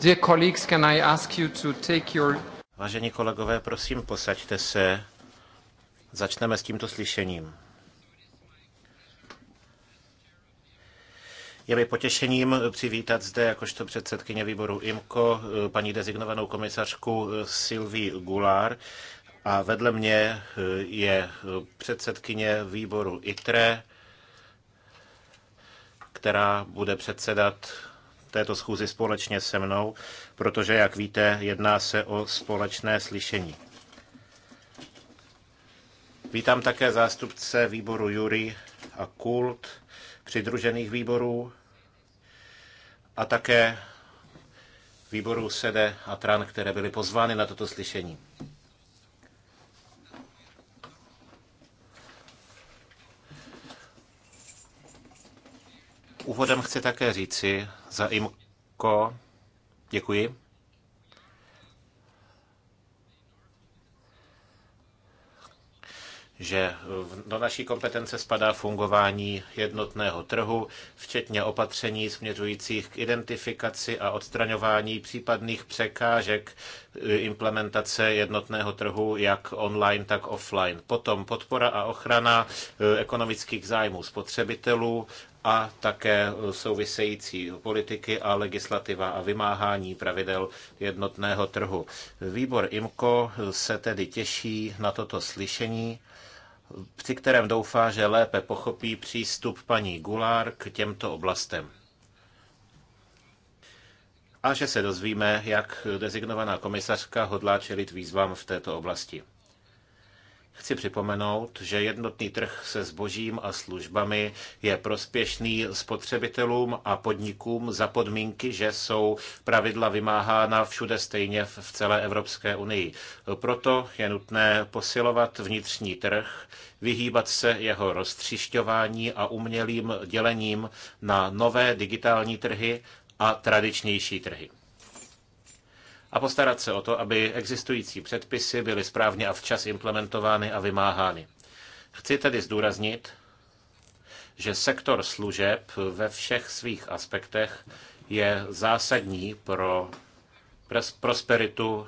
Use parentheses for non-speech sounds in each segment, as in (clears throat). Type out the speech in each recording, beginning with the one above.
Dear colleagues, can I ask you to take your... Vážení kolegové, prosím, posaďte se. Začneme s tímto slyšením. Je mi potěšením přivítat zde jakožto předsedkyně výboru IMCO paní dezignovanou komisařku Sylvie Goulart. a vedle mě je předsedkyně výboru ITRE, která bude předsedat této schůzi společně se mnou, protože, jak víte, jedná se o společné slyšení. Vítám také zástupce výboru Jury a Kult, přidružených výborů a také výboru Sede a Tran, které byly pozvány na toto slyšení. Úvodem chci také říci, za IMKO. Děkuji. že do naší kompetence spadá fungování jednotného trhu, včetně opatření směřujících k identifikaci a odstraňování případných překážek e, implementace jednotného trhu, jak online, tak offline. Potom podpora a ochrana e, ekonomických zájmů spotřebitelů a také související politiky a legislativa a vymáhání pravidel jednotného trhu. Výbor IMCO se tedy těší na toto slyšení při kterém doufá, že lépe pochopí přístup paní Gulár k těmto oblastem. A že se dozvíme, jak dezignovaná komisařka hodlá čelit výzvám v této oblasti. Chci připomenout, že jednotný trh se zbožím a službami je prospěšný spotřebitelům a podnikům za podmínky, že jsou pravidla vymáhána všude stejně v celé Evropské unii. Proto je nutné posilovat vnitřní trh, vyhýbat se jeho roztřišťování a umělým dělením na nové digitální trhy a tradičnější trhy a postarat se o to, aby existující předpisy byly správně a včas implementovány a vymáhány. Chci tedy zdůraznit, že sektor služeb ve všech svých aspektech je zásadní pro prosperitu,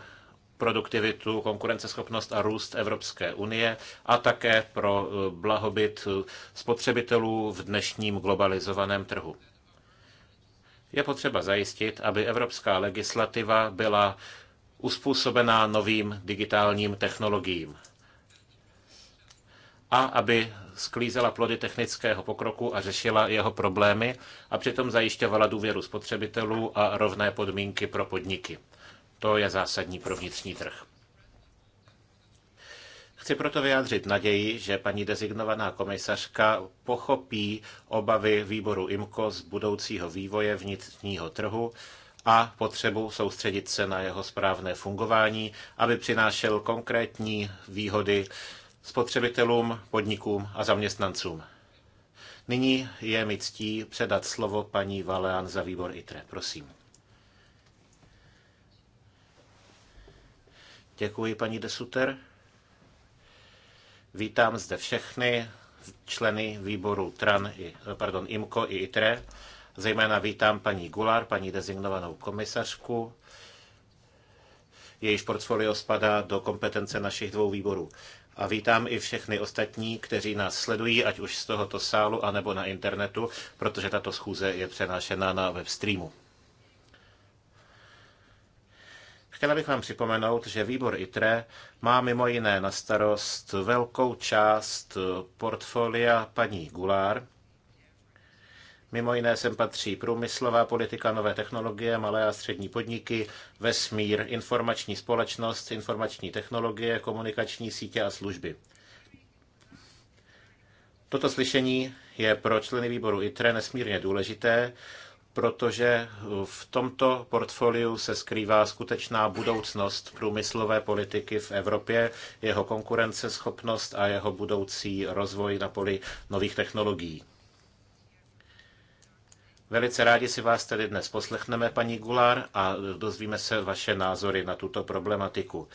produktivitu, konkurenceschopnost a růst Evropské unie a také pro eh, blahobyt eh, spotřebitelů v dnešním globalizovaném trhu. Je potřeba zajistit, aby evropská legislativa byla uspůsobená novým digitálním technologiím a aby sklízela plody technického pokroku a řešila jeho problémy a přitom zajišťovala důvěru spotřebitelů a rovné podmínky pro podniky. To je zásadní pro vnitřní trh. Chci proto vyjádřit naději, že paní dezignovaná komisařka pochopí obavy výboru IMCO z budoucího vývoje vnitřního trhu a potřebu soustředit se na jeho správné fungování, aby přinášel konkrétní výhody spotřebitelům, podnikům a zaměstnancům. Nyní je mi ctí předat slovo paní Valean za výbor ITRE. Prosím. Děkuji, paní Desuter. Vítám zde všechny členy výboru TRAN, i, pardon, IMCO i ITRE. Zejména vítám paní Gular, paní dezignovanou komisařku, jejíž portfolio spadá do kompetence našich dvou výborů. A vítám i všechny ostatní, kteří nás sledují, ať už z tohoto sálu, anebo na internetu, protože tato schůze je přenášena na webstreamu. Chtěla bych vám připomenout, že výbor ITRE má mimo jiné na starost velkou část portfolia paní Gulár. Mimo jiné sem patří průmyslová politika, nové technologie, malé a střední podniky, vesmír, informační společnost, informační technologie, komunikační sítě a služby. Toto slyšení je pro členy výboru ITRE nesmírně důležité, protože v tomto portfoliu se skrývá skutečná budoucnost průmyslové politiky v Evropě, jeho konkurenceschopnost a jeho budoucí rozvoj na poli nových technologií. Velice rádi si vás tedy dnes poslechneme, paní Gulár, a dozvíme se vaše názory na tuto problematiku.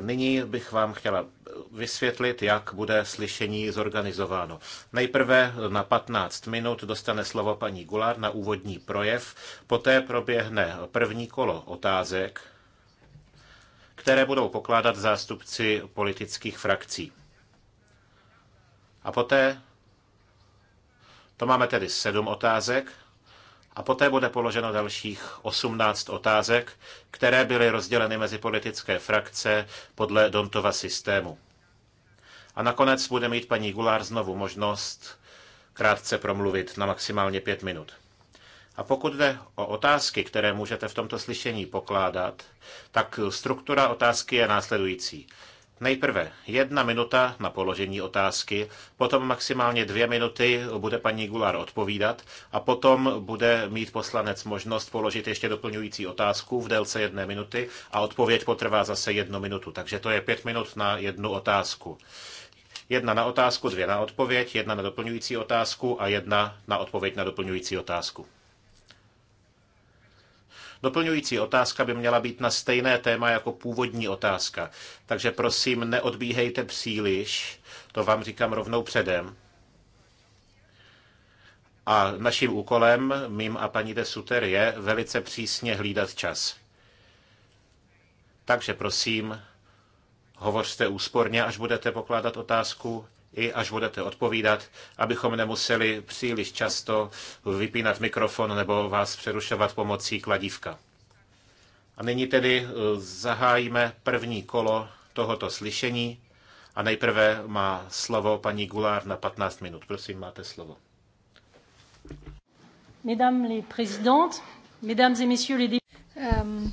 Nyní bych vám chtěla vysvětlit, jak bude slyšení zorganizováno. Nejprve na 15 minut dostane slovo paní Gulár na úvodní projev, poté proběhne první kolo otázek, které budou pokládat zástupci politických frakcí. A poté, to máme tedy sedm otázek, a poté bude položeno dalších 18 otázek, které byly rozděleny mezi politické frakce podle Dontova systému. A nakonec bude mít paní Gulár znovu možnost krátce promluvit na maximálně pět minut. A pokud jde o otázky, které můžete v tomto slyšení pokládat, tak struktura otázky je následující. Nejprve jedna minuta na položení otázky, potom maximálně dvě minuty bude paní Gular odpovídat a potom bude mít poslanec možnost položit ještě doplňující otázku v délce jedné minuty a odpověď potrvá zase jednu minutu. Takže to je pět minut na jednu otázku. Jedna na otázku, dvě na odpověď, jedna na doplňující otázku a jedna na odpověď na doplňující otázku. Doplňující otázka by měla být na stejné téma jako původní otázka. Takže prosím, neodbíhejte příliš, to vám říkám rovnou předem. A naším úkolem, mým a paní de Suter, je velice přísně hlídat čas. Takže prosím, hovořte úsporně, až budete pokládat otázku i až budete odpovídat, abychom nemuseli příliš často vypínat mikrofon nebo vás přerušovat pomocí kladívka. A nyní tedy eh, zahájíme první kolo tohoto slyšení a nejprve má slovo paní Gulár na 15 minut. Prosím, máte slovo. Mesdames les présidentes, mesdames et messieurs les députés,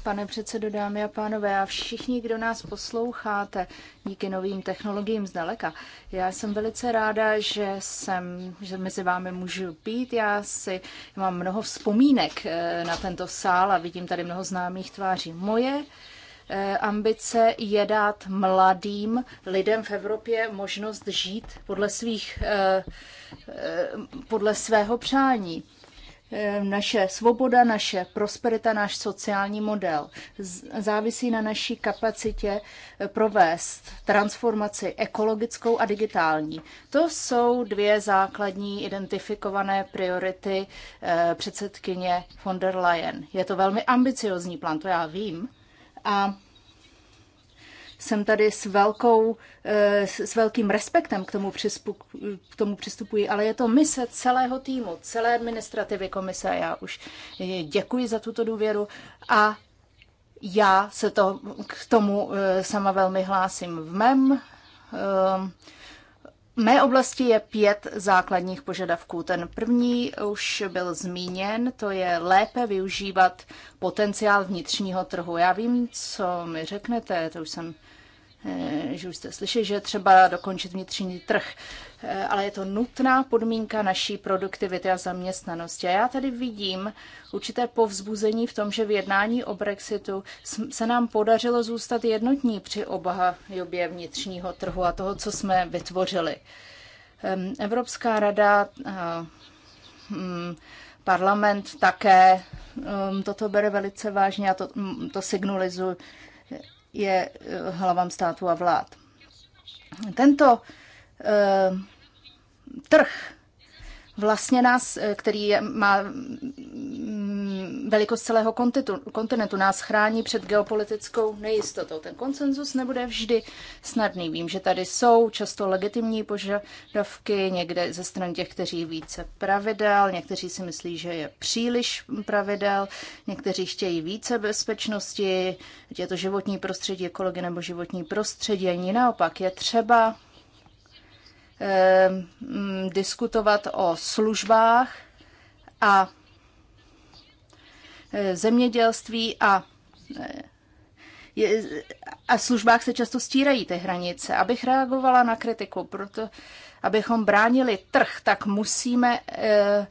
Pane předsedo, dámy a pánové, a všichni, kdo nás posloucháte díky novým technologiím zdaleka, já jsem velice ráda, že jsem, že mezi vámi můžu být. Já si mám mnoho vzpomínek eh, na tento sál a vidím tady mnoho známých tváří. Moje eh, ambice je dát mladým lidem v Evropě možnost žít podle svých, eh, podle svého přání Ehm, naše svoboda, naše prosperita, náš sociální model závisí na naší kapacitě eh, provést transformaci ekologickou a digitální. To jsou dvě základní identifikované priority eh, předsedkyně von der Leyen. Je to velmi ambiciozní plán, to já vím. A jsem tady s, velkou, eh, s velkým respektem k tomu, přispu, k tomu přistupuji, ale je to mise celého týmu, celé administrativy komise. Já už eh, děkuji za tuto důvěru a já se to k tomu eh, sama velmi hlásím. V mém mé oblasti je pět základních požadavků. Ten první už byl zmíněn, to je lépe využívat potenciál vnitřního trhu. Já vím, co mi řeknete, to už jsem Eh, že už jste slyšeli, že třeba dokončit vnitřní trh, eh, ale je to nutná podmínka naší produktivity a zaměstnanosti. A já tady vidím určité povzbuzení v tom, že v jednání o Brexitu se nám podařilo zůstat jednotní při obhajobě vnitřního trhu a toho, co jsme vytvořili. Evropská rada, hm, parlament také toto bere velice vážně a to, hm, to signalizuje je eh, hlavám státu a vlád. Tento uh, trh vlastně nás, eh, který má Velikost celého kontinentu nás chrání před geopolitickou nejistotou. Ten konsenzus nebude vždy snadný. Vím, že tady jsou často legitimní požadavky někde ze strany těch, kteří více pravidel, někteří si myslí, že je příliš pravidel, někteří chtějí více bezpečnosti, ať je to životní prostředí, ekologie nebo životní prostředí, ani naopak. Je třeba eh, diskutovat o službách a Eh, zemědělství a eh, a službách se často stírají ty hranice. Abych reagovala na kritiku, proto abychom bránili trh, tak musíme eh,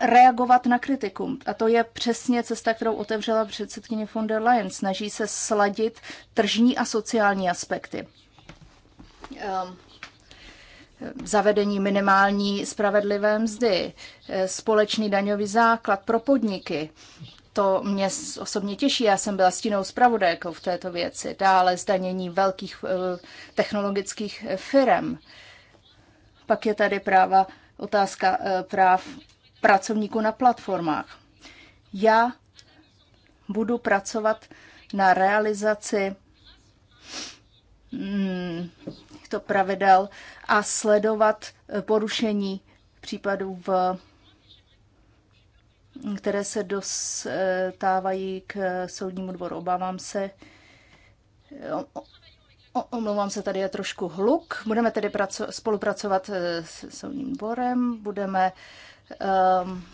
reagovat na kritikum. A to je přesně cesta, kterou otevřela předsedkyně von der Leyen. Snaží se sladit tržní a sociální aspekty zavedení minimální spravedlivé mzdy, eh, společný daňový základ pro podniky. To mě osobně těší, já jsem byla stínou zpravodajkou v této věci. Dále zdanění velkých eh, technologických eh, firm. Pak je tady práva, otázka práv pracovníků na platformách. Já budu pracovat na realizaci mm, těchto pravidel a sledovat eh, porušení případů, v, které se dostávají k eh, soudnímu dvoru. Obávám se, eh, Omlouvám se, tady je trošku hluk. Budeme tedy praco- spolupracovat s soudním dvorem, budeme um,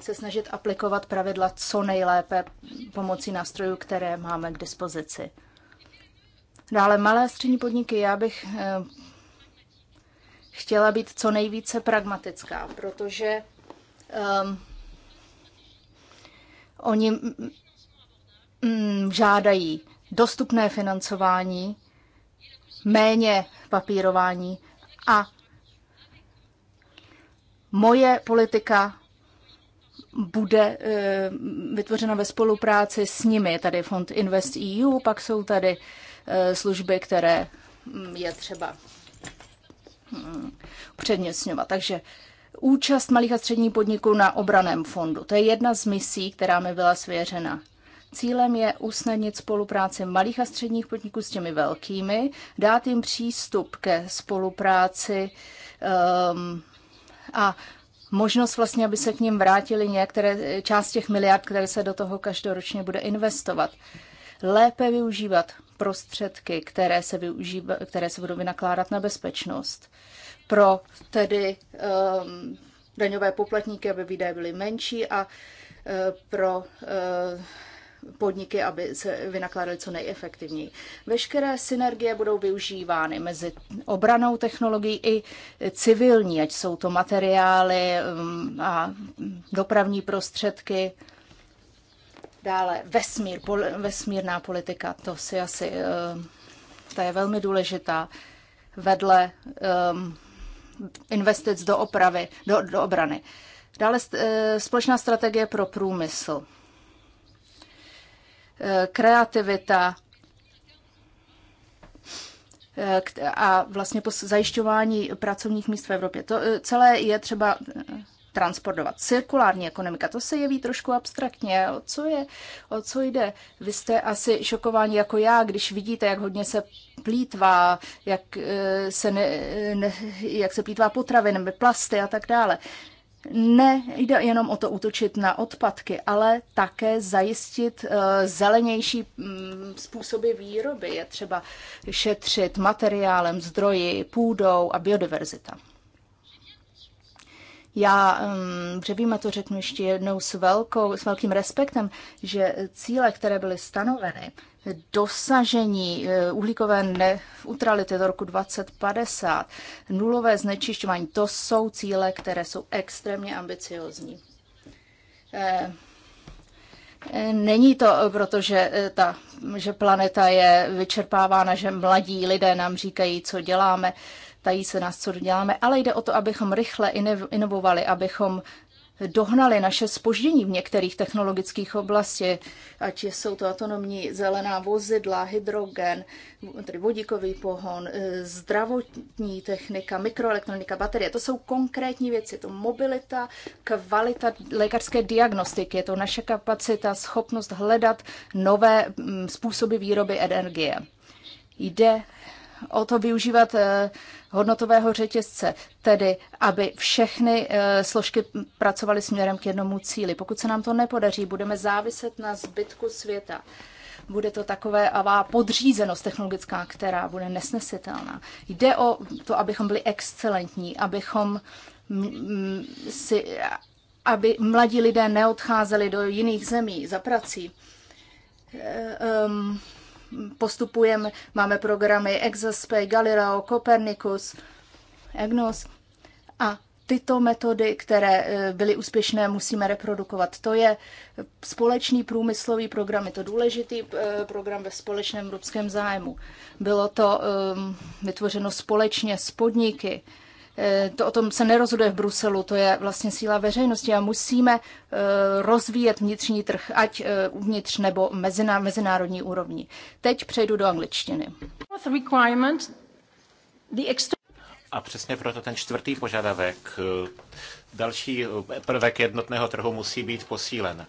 se snažit aplikovat pravidla co nejlépe pomocí nástrojů, které máme k dispozici. Dále malé střední podniky. Já bych eh, chtěla být co nejvíce pragmatická, protože um, oni mm, žádají dostupné financování, méně papírování a moje politika bude e, vytvořena ve spolupráci s nimi. Tady fond Invest EU, pak jsou tady Eh, služby, které mm, je třeba mm, předměstňovat. Takže účast malých a středních podniků na obraném fondu. To je jedna z misí, která mi byla svěřena. Cílem je usnadnit spolupráci malých a středních podniků s těmi velkými, dát jim přístup ke spolupráci um, a možnost vlastně, aby se k ním vrátili některé eh, část těch miliard, které se do toho každoročně bude investovat. Lépe využívat prostředky, které se, využíva, které se budou vynakládat na bezpečnost. Pro tedy um, daňové poplatníky, aby výdaje byly menší a uh, pro uh, podniky, aby se vynakládaly co nejefektivněji. Veškeré synergie budou využívány mezi obranou technologií i civilní, ať jsou to materiály um, a dopravní prostředky Dále vesmír, pol, vesmírná politika, to si asi, eh, ta je velmi důležitá. Vedle um, investic do opravy, do, do obrany. Dále eh, společná strategie pro průmysl. Eh, kreativita a vlastně zajišťování pracovních míst v Evropě. To celé je třeba transportovat. Cirkulární ekonomika, to se jeví trošku abstraktně. O co, je, o co jde? Vy jste asi šokováni jako já, když vidíte, jak hodně se plítvá, jak eh, se, ne, eh, ne, jak se plítvá potravinami, plasty a tak dále. Ne, jde jenom o to útočit na odpadky, ale také zajistit eh, zelenější mm, způsoby výroby. Je třeba šetřit materiálem, zdroji, půdou a biodiverzita. Já um, mm, dřevím, to řeknu ještě jednou s, velkou, s velkým respektem, že cíle, které byly stanoveny, dosažení eh, uhlíkové neutrality do roku 2050, nulové znečišťování, to jsou cíle, které jsou extrémně ambiciozní. Eh, eh, není to proto, že, ta, že planeta je vyčerpávána, že mladí lidé nám říkají, co děláme ptají se nás, co děláme, ale jde o to, abychom rychle inovovali, abychom dohnali naše spoždění v některých technologických oblasti, ať jsou to autonomní zelená vozidla, hydrogen, tedy vodíkový pohon, eh, zdravotní technika, mikroelektronika, baterie. To jsou konkrétní věci, to mobilita, kvalita lékařské diagnostiky, je to naše kapacita, schopnost hledat nové mm, způsoby výroby energie. Jde o to využívat eh, hodnotového řetězce, tedy aby všechny eh, složky pracovaly směrem k jednomu cíli. Pokud se nám to nepodaří, budeme záviset na zbytku světa. Bude to takové avá podřízenost technologická, která bude nesnesitelná. Jde o to, abychom byli excelentní, abychom si, aby mladí lidé neodcházeli do jiných zemí za prací. Um, postupujeme, máme programy Exaspe, Galileo, Copernicus, EGNOS a tyto metody, které eh, byly úspěšné, musíme reprodukovat. To je společný průmyslový program, je to důležitý eh, program ve společném evropském zájmu. Bylo to ehm, vytvořeno společně s podniky, Eh, to o tom se nerozhoduje v Bruselu, to je vlastně síla veřejnosti a musíme eh, rozvíjet vnitřní trh, ať eh, uvnitř nebo mezina, mezinárodní úrovni. Teď přejdu do angličtiny. A přesně proto ten čtvrtý požadavek, další prvek jednotného trhu musí být posílen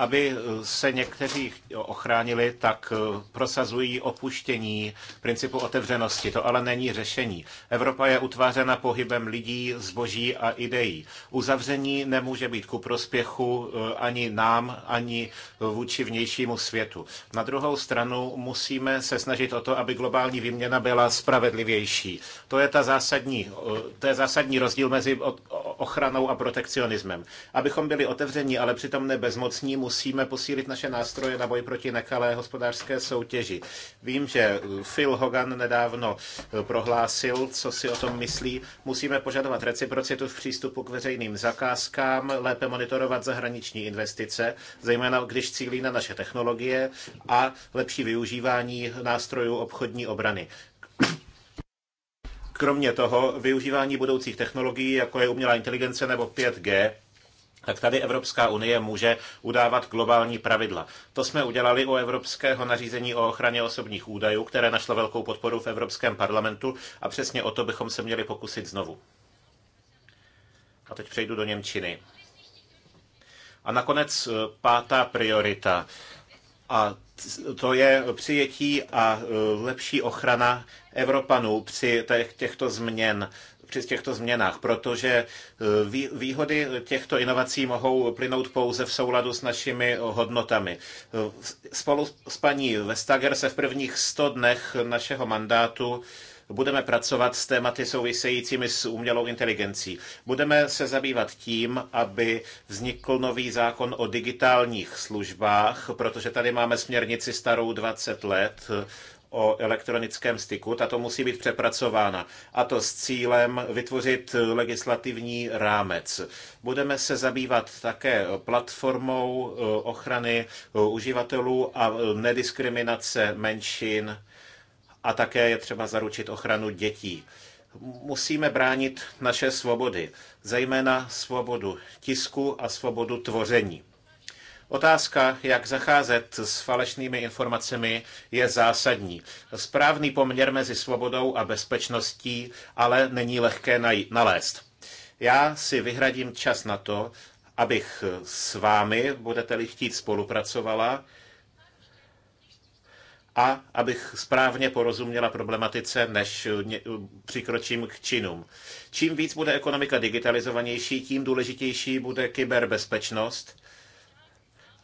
aby eh, se někteří ochránili, tak eh, prosazují opuštění principu otevřenosti. To ale není řešení. Evropa je utvářena pohybem lidí, zboží a ideí. Uzavření nemůže být ku prospěchu eh, ani nám, ani vůči vnějšímu světu. Na druhou stranu musíme se snažit o to, aby globální výměna byla spravedlivější. To je, ta zásadní, to je zásadní rozdíl mezi ochranou a protekcionismem. Abychom byli otevření, ale přitom ne bezmocní, musíme posílit naše nástroje na boj proti nekalé hospodářské soutěži. Vím, že eh, Phil Hogan nedávno eh, prohlásil, co si o tom myslí. Musíme požadovat reciprocitu v přístupu k veřejným zakázkám, lépe monitorovat zahraniční investice, zejména když cílí na naše technologie a lepší využívání nástrojů obchodní obrany. Kromě toho využívání budoucích technologií, jako je umělá inteligence nebo 5G, tak tady Evropská unie může udávat globální pravidla. To jsme udělali u Evropského nařízení o ochraně osobních údajů, které našlo velkou podporu v Evropském parlamentu a přesně o to bychom se měli pokusit znovu. A teď přejdu do Němčiny. A nakonec eh, pátá priorita. A to je přijetí a eh, lepší ochrana Evropanů při těchto změn při těchto změnách, protože e, výhody těchto inovací mohou plynout pouze v souladu s našimi hodnotami. E, spolu s paní Vestager se v prvních 100 dnech našeho mandátu budeme pracovat s tématy souvisejícími s umělou inteligencí. Budeme se zabývat tím, aby vznikl nový zákon o digitálních službách, protože tady máme směrnici starou 20 let o elektronickém styku. Tato musí být přepracována. A to s cílem vytvořit legislativní rámec. Budeme se zabývat také platformou eh, ochrany eh, uživatelů a eh, nediskriminace menšin a také je třeba zaručit ochranu dětí. Musíme bránit naše svobody, zejména svobodu tisku a svobodu tvoření. Otázka, jak zacházet s falešnými informacemi, je zásadní. Správný poměr mezi svobodou a bezpečností ale není lehké nalézt. Já si vyhradím čas na to, abych s vámi, budete-li chtít, spolupracovala a abych správně porozuměla problematice, než přikročím k činům. Čím víc bude ekonomika digitalizovanější, tím důležitější bude kyberbezpečnost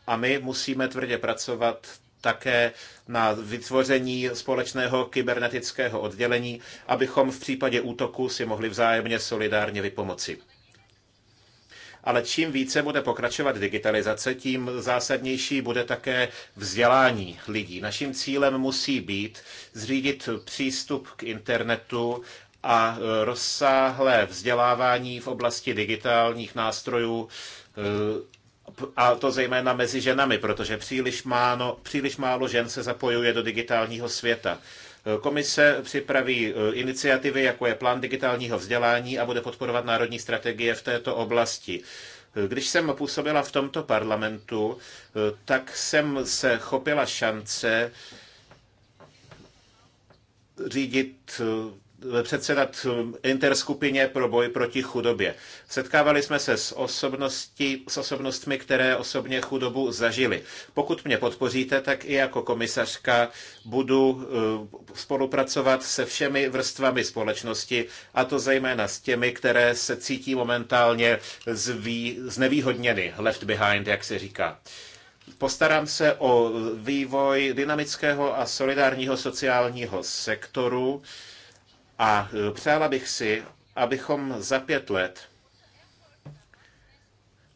a my musíme tvrdě pracovat také na vytvoření společného kybernetického oddělení, abychom v případě útoku si mohli vzájemně solidárně vypomoci. Ale čím více bude pokračovat digitalizace, tím zásadnější bude také vzdělání lidí. Naším cílem musí být zřídit přístup k internetu a rozsáhlé vzdělávání v oblasti digitálních nástrojů eh, a to zejména mezi ženami, protože příliš, málo, příliš málo žen se zapojuje do digitálního světa. Komise připraví eh, iniciativy, jako je plán digitálního vzdělání a bude podporovat národní strategie v této oblasti. Eh, když jsem působila v tomto parlamentu, eh, tak jsem se chopila šance řídit předsedat interskupině pro boj proti chudobě. Setkávali jsme se s, osobnosti, s osobnostmi, které osobně chudobu zažili. Pokud mě podpoříte, tak i jako komisařka budu eh, spolupracovat se všemi vrstvami společnosti, a to zejména s těmi, které se cítí momentálně zví, znevýhodněny, left behind, jak se říká. Postarám se o vývoj dynamického a solidárního sociálního sektoru, a e, přála bych si, abychom za pět let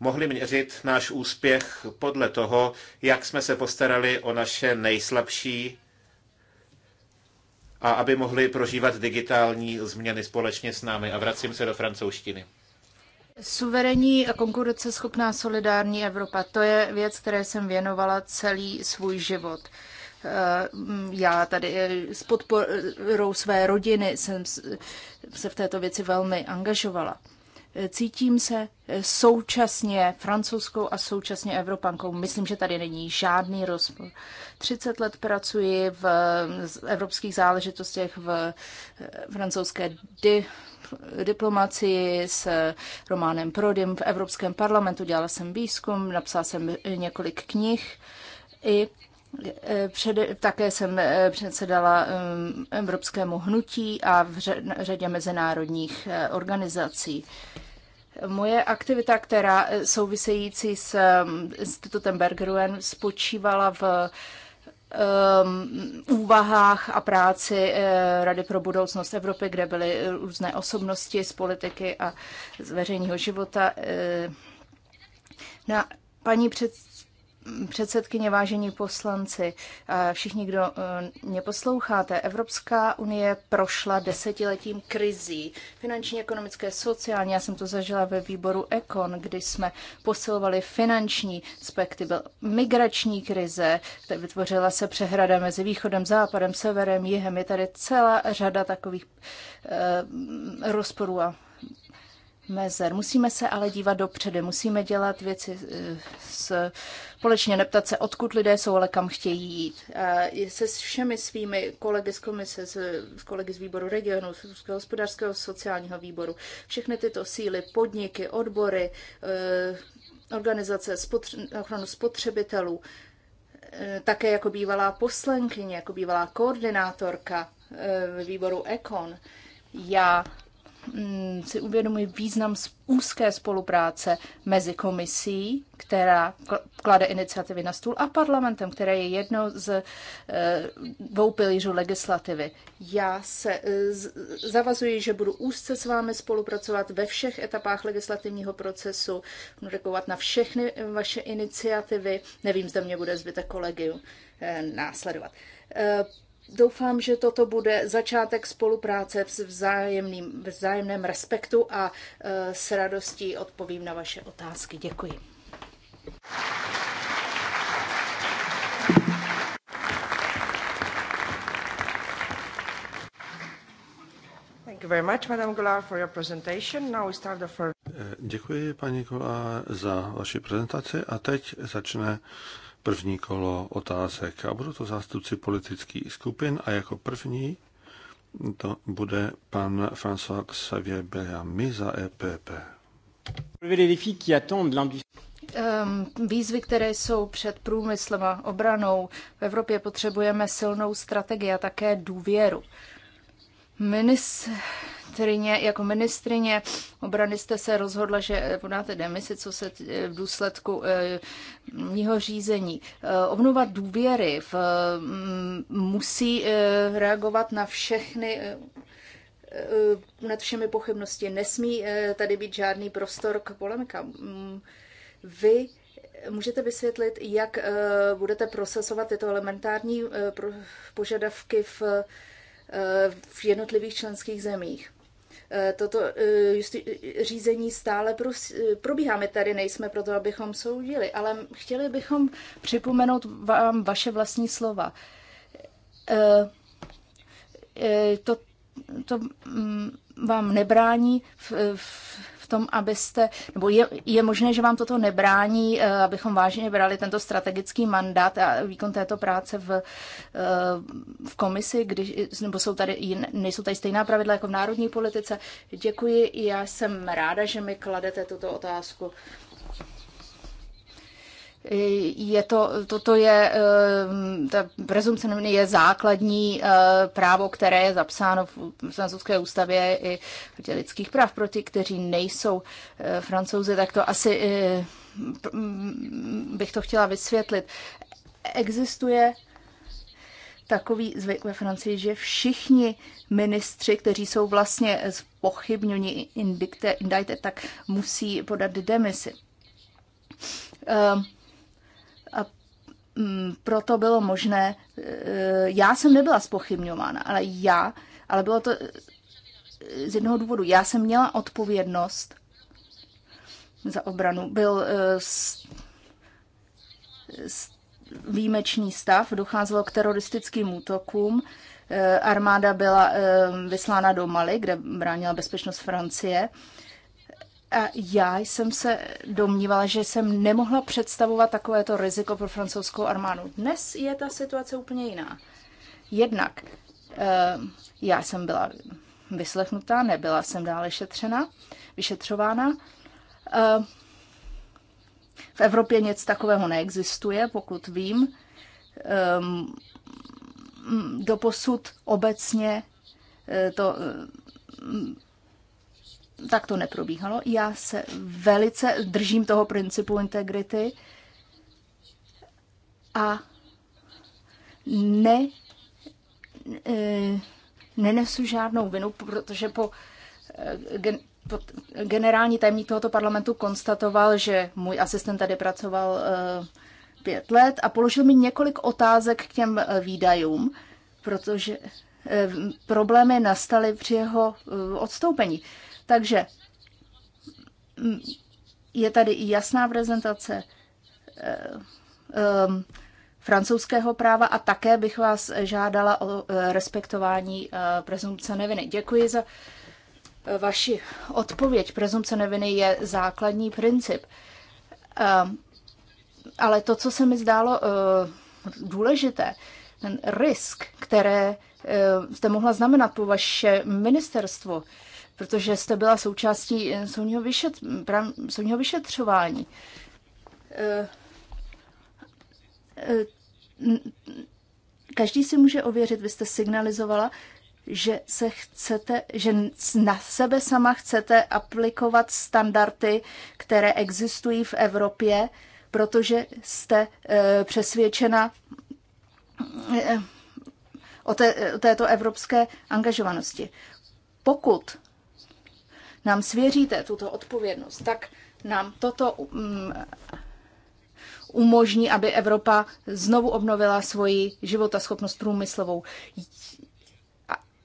mohli měřit náš úspěch podle toho, jak jsme se postarali o naše nejslabší a aby mohli prožívat digitální změny společně s námi. A vracím se do francouzštiny. Suverení a konkurenceschopná solidární Evropa, to je věc, které jsem věnovala celý svůj život. Já tady eh, s podporou své rodiny jsem se v této věci velmi angažovala. Eh, cítím se eh, současně francouzskou a současně evropankou. Myslím, že tady není žádný rozpor. 30 let pracuji v evropských záležitostech v francouzské di- diplomacii s Románem Prodym v Evropském parlamentu. Dělala jsem výzkum, napsala jsem několik knih i Eh, před, také jsem eh, předsedala eh, Evropskému hnutí a v řadě mezinárodních organizací. Moje aktivita, která související s Institutem Bergeruen, spočívala v um, úvahách a práci Rady pro budoucnost Evropy, kde byly různé osobnosti z politiky a z veřejného života. Na paní před, předsedkyně, vážení poslanci, eh, všichni, kdo eh, mě posloucháte, Evropská unie prošla desetiletím krizí finanční, ekonomické, sociální. Já jsem to zažila ve výboru Ekon, kdy jsme posilovali finanční aspekty. Byl migrační krize, vytvořila se přehrada mezi východem, západem, severem, jihem. Je tady celá řada takových eh, rozporů a mezer. Musíme se ale dívat dopředu, musíme dělat věci eh, společně, neptat se, odkud lidé jsou, ale kam chtějí jít. A se všemi svými kolegy z komise, s kolegy z výboru regionu, z hospodářského sociálního výboru, všechny tyto síly, podniky, odbory, eh, organizace spotře- ochranu spotřebitelů, eh, také jako bývalá poslankyně, jako bývalá koordinátorka výboru ECON, já Mm, si uvědomuji význam úzké spolupráce mezi komisí, která klade iniciativy na stůl, a parlamentem, které je jednou z eh, dvou pilířů legislativy. Já se eh, zavazuji, že budu úzce s vámi spolupracovat ve všech etapách legislativního procesu, budu reagovat na všechny vaše iniciativy. Nevím, zda mě bude zbytek kolegiu eh, následovat Doufám, že toto bude začátek spolupráce v vzájemným, vzájemném respektu a e, s radostí odpovím na vaše otázky. Děkuji. Děkuji, paní Goulart, za vaši prezentaci a teď začne první kolo otázek. A budou to zástupci politických skupin a jako první to bude pan François Xavier Bellamy za EPP. Ehm, výzvy, které jsou před průmyslem a obranou, v Evropě potřebujeme silnou strategii a také důvěru. Minis, ministrině, jako ministrině obrany jste se rozhodla, že eh, podáte demisi, co se eh, v důsledku eh, mního řízení. Obnova důvěry v, mm, musí reagovat na všechny nad všemi pochybnosti. Nesmí tady být žádný prostor k polemikám. Mm, vy můžete vysvětlit, jak budete procesovat tyto elementární požadavky v v jednotlivých členských zemích. Eh, toto eh, eh, řízení stále probíhá. My tady nejsme proto, abychom soudili, ale chtěli bychom připomenout vám vaše vlastní slova. To, to mm, vám nebrání v, v tom, abyste, nebo je, je možné, že vám toto nebrání, eh, abychom vážně brali tento strategický mandát a výkon této práce v, eh, v komisi, když, nebo jsou tady, nejsou tady stejná pravidla jako v národní politice. Děkuji, já jsem ráda, že mi kladete tuto otázku je to, toto je, eh, ta prezumce neviny je základní eh, právo, které je zapsáno v francouzské ústavě i v lidských práv pro ty, kteří nejsou eh, francouzi, tak to asi mm, bych to chtěla vysvětlit. Existuje takový zvyk ve Francii, že všichni ministři, kteří jsou vlastně pochybňoni indicted, tak musí podat demisi. Um, Mm, proto bylo možné, e, já jsem nebyla spochybňována, ale já, ale bylo to e, z jednoho důvodu. Já jsem měla odpovědnost za obranu. Byl e, výjimečný stav, docházelo k teroristickým útokům. Armáda byla vyslána do Mali, kde bránila bezpečnost Francie. A já jsem se domnívala, že jsem nemohla představovat takovéto riziko pro francouzskou armádu. Dnes je ta situace úplně jiná. Jednak eh, já jsem byla vyslechnutá, nebyla jsem dále šetřena, vyšetřována. Eh, v Evropě nic takového neexistuje, pokud vím. Ehm, doposud obecně eh, to tak to neprobíhalo. Já se velice držím toho principu integrity a ne, e, nenesu žádnou vinu, protože po, e, gen, po generální tajemník tohoto parlamentu konstatoval, že můj asistent tady pracoval e, pět let a položil mi několik otázek k těm e, výdajům, protože e, problémy nastaly při jeho odstoupení. Takže mm, je tady i jasná prezentace eh, eh, francouzského práva a také bych vás žádala o eh, respektování prezumpce neviny. Děkuji za vaši odpověď. Prezumce neviny je základní princip. Ale to, co se mi zdálo důležité, ten risk, které jste mohla znamenat po vaše ministerstvo, protože jste byla součástí eh, soudního, vyšet, prav, soudního vyšetřování. Eh, eh, každý si může ověřit, vy jste signalizovala, že se chcete, že na sebe sama chcete aplikovat standardy, které existují v Evropě, protože jste přesvědčena o, té, o této evropské angažovanosti. Pokud nám svěříte tuto odpovědnost, tak nám toto mm, umožní, aby Evropa znovu obnovila svoji životaschopnost průmyslovou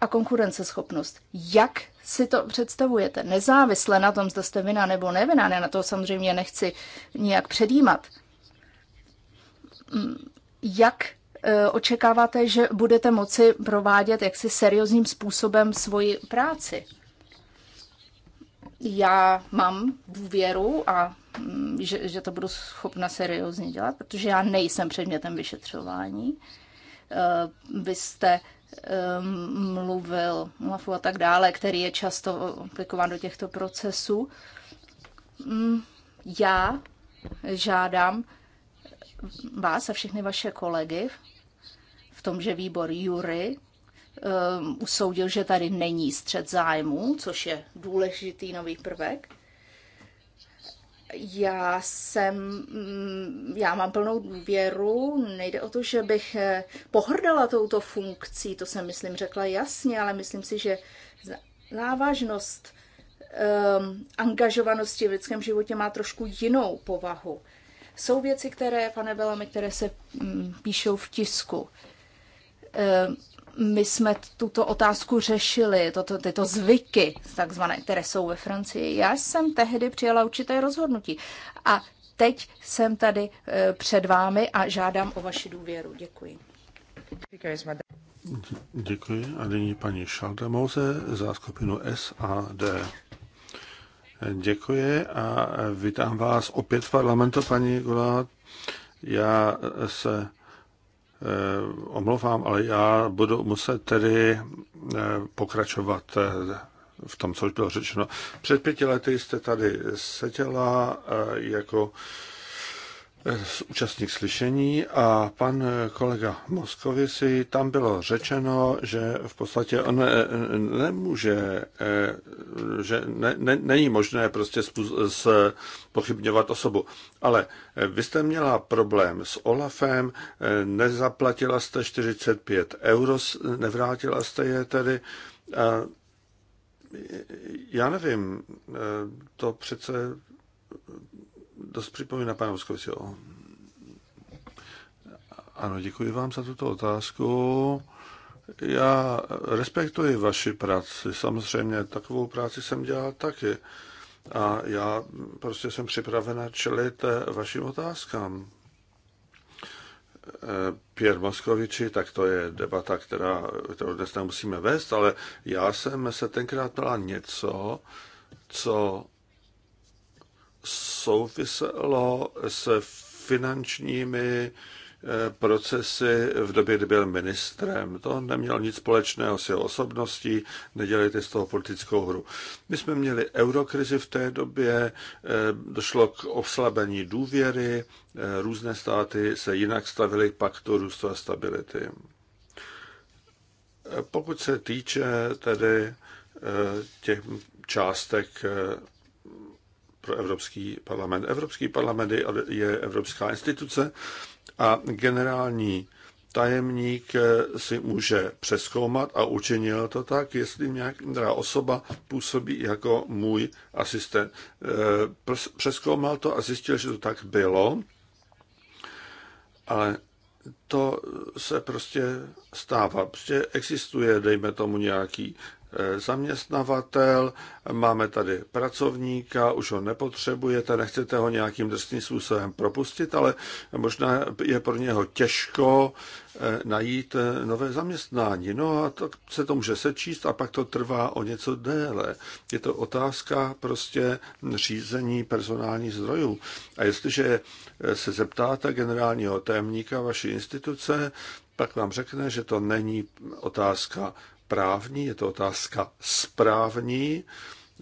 a konkurenceschopnost. Jak si to představujete? Nezávisle na tom, zda jste vina nebo nevina, ne, na to samozřejmě nechci nijak předjímat. Mm, jak e, očekáváte, že budete moci provádět jaksi seriózním způsobem svoji práci? já mám důvěru a mm, že, že to budu schopna seriózně dělat, protože já nejsem předmětem vyšetřování. Eh, vy jste ehm, mluvil Lafu a tak dále, který je často aplikován do těchto procesů. Mm, já žádám vás a všechny vaše kolegy v tom, že výbor Jury um, usoudil, že tady není střed zájmů, což je důležitý nový prvek. Já jsem, mm, já mám plnou důvěru, nejde o to, že bych eh, pohrdala touto funkcí, to jsem, myslím, řekla jasně, ale myslím si, že závažnost um, angažovanosti v lidském životě má trošku jinou povahu. Jsou věci, které, pane Velami, které se um, píšou v tisku. Um, my jsme tuto otázku řešili, toto, tyto zvyky, takzvané, které jsou ve Francii. Já jsem tehdy přijala určité rozhodnutí a teď jsem tady e, před vámi a žádám o vaši důvěru. Děkuji. Děkuji. A nyní paní Šaldemouze za skupinu SAD. Děkuji a vítám vás opět v parlamentu, paní Gulát. Já se Eh, omlouvám, ale já budu muset tedy eh, pokračovat eh, v tom, co už bylo řečeno. Před pěti lety jste tady seděla jako účastník slyšení a pan kolega Moskovi si tam bylo řečeno, že v podstatě on eh, nemůže, eh, že ne, ne, není možné prostě pochybňovat osobu. Ale eh, vy jste měla problém s Olafem, nezaplatila jste 45 euro, nevrátila jste je tedy. Já nevím, to přece dost připomíná pana Voskovici. Ano, děkuji vám za tuto otázku. Já respektuji vaši práci, samozřejmě takovou práci jsem dělal taky. A já prostě jsem připravena čelit vašim otázkám. Pěr Moskoviči, tak to je debata, která, kterou dnes nemusíme vést, ale já jsem se tenkrát ptala něco, co souviselo s finančními eh, procesy v době, kdy byl ministrem. To nemělo nic společného s jeho osobností, nedělejte z toho politickou hru. My jsme měli eurokrizi v té době, eh, došlo k oslabení důvěry, eh, různé státy se jinak stavily k paktu růstu a stability. Pokud se týče tedy těch částek pro Evropský parlament. Evropský parlament je evropská instituce a generální tajemník si může přeskoumat a učinil to tak, jestli nějaká osoba působí jako můj asistent. Eh, přeskoumal to a zjistil, že to tak bylo, ale to se prostě stává. Prostě existuje, dejme tomu, nějaký Eh, zaměstnavatel, máme tady pracovníka, už ho nepotřebujete, nechcete ho nějakým drsným způsobem propustit, ale možná je pro něho těžko eh, najít eh, nové zaměstnání. No a tak se to může sečíst a pak to trvá o něco déle. Je to otázka prostě řízení personálních zdrojů. A jestliže se zeptáte generálního témníka vaší instituce, pak vám řekne, že to není otázka právní, je to otázka správní,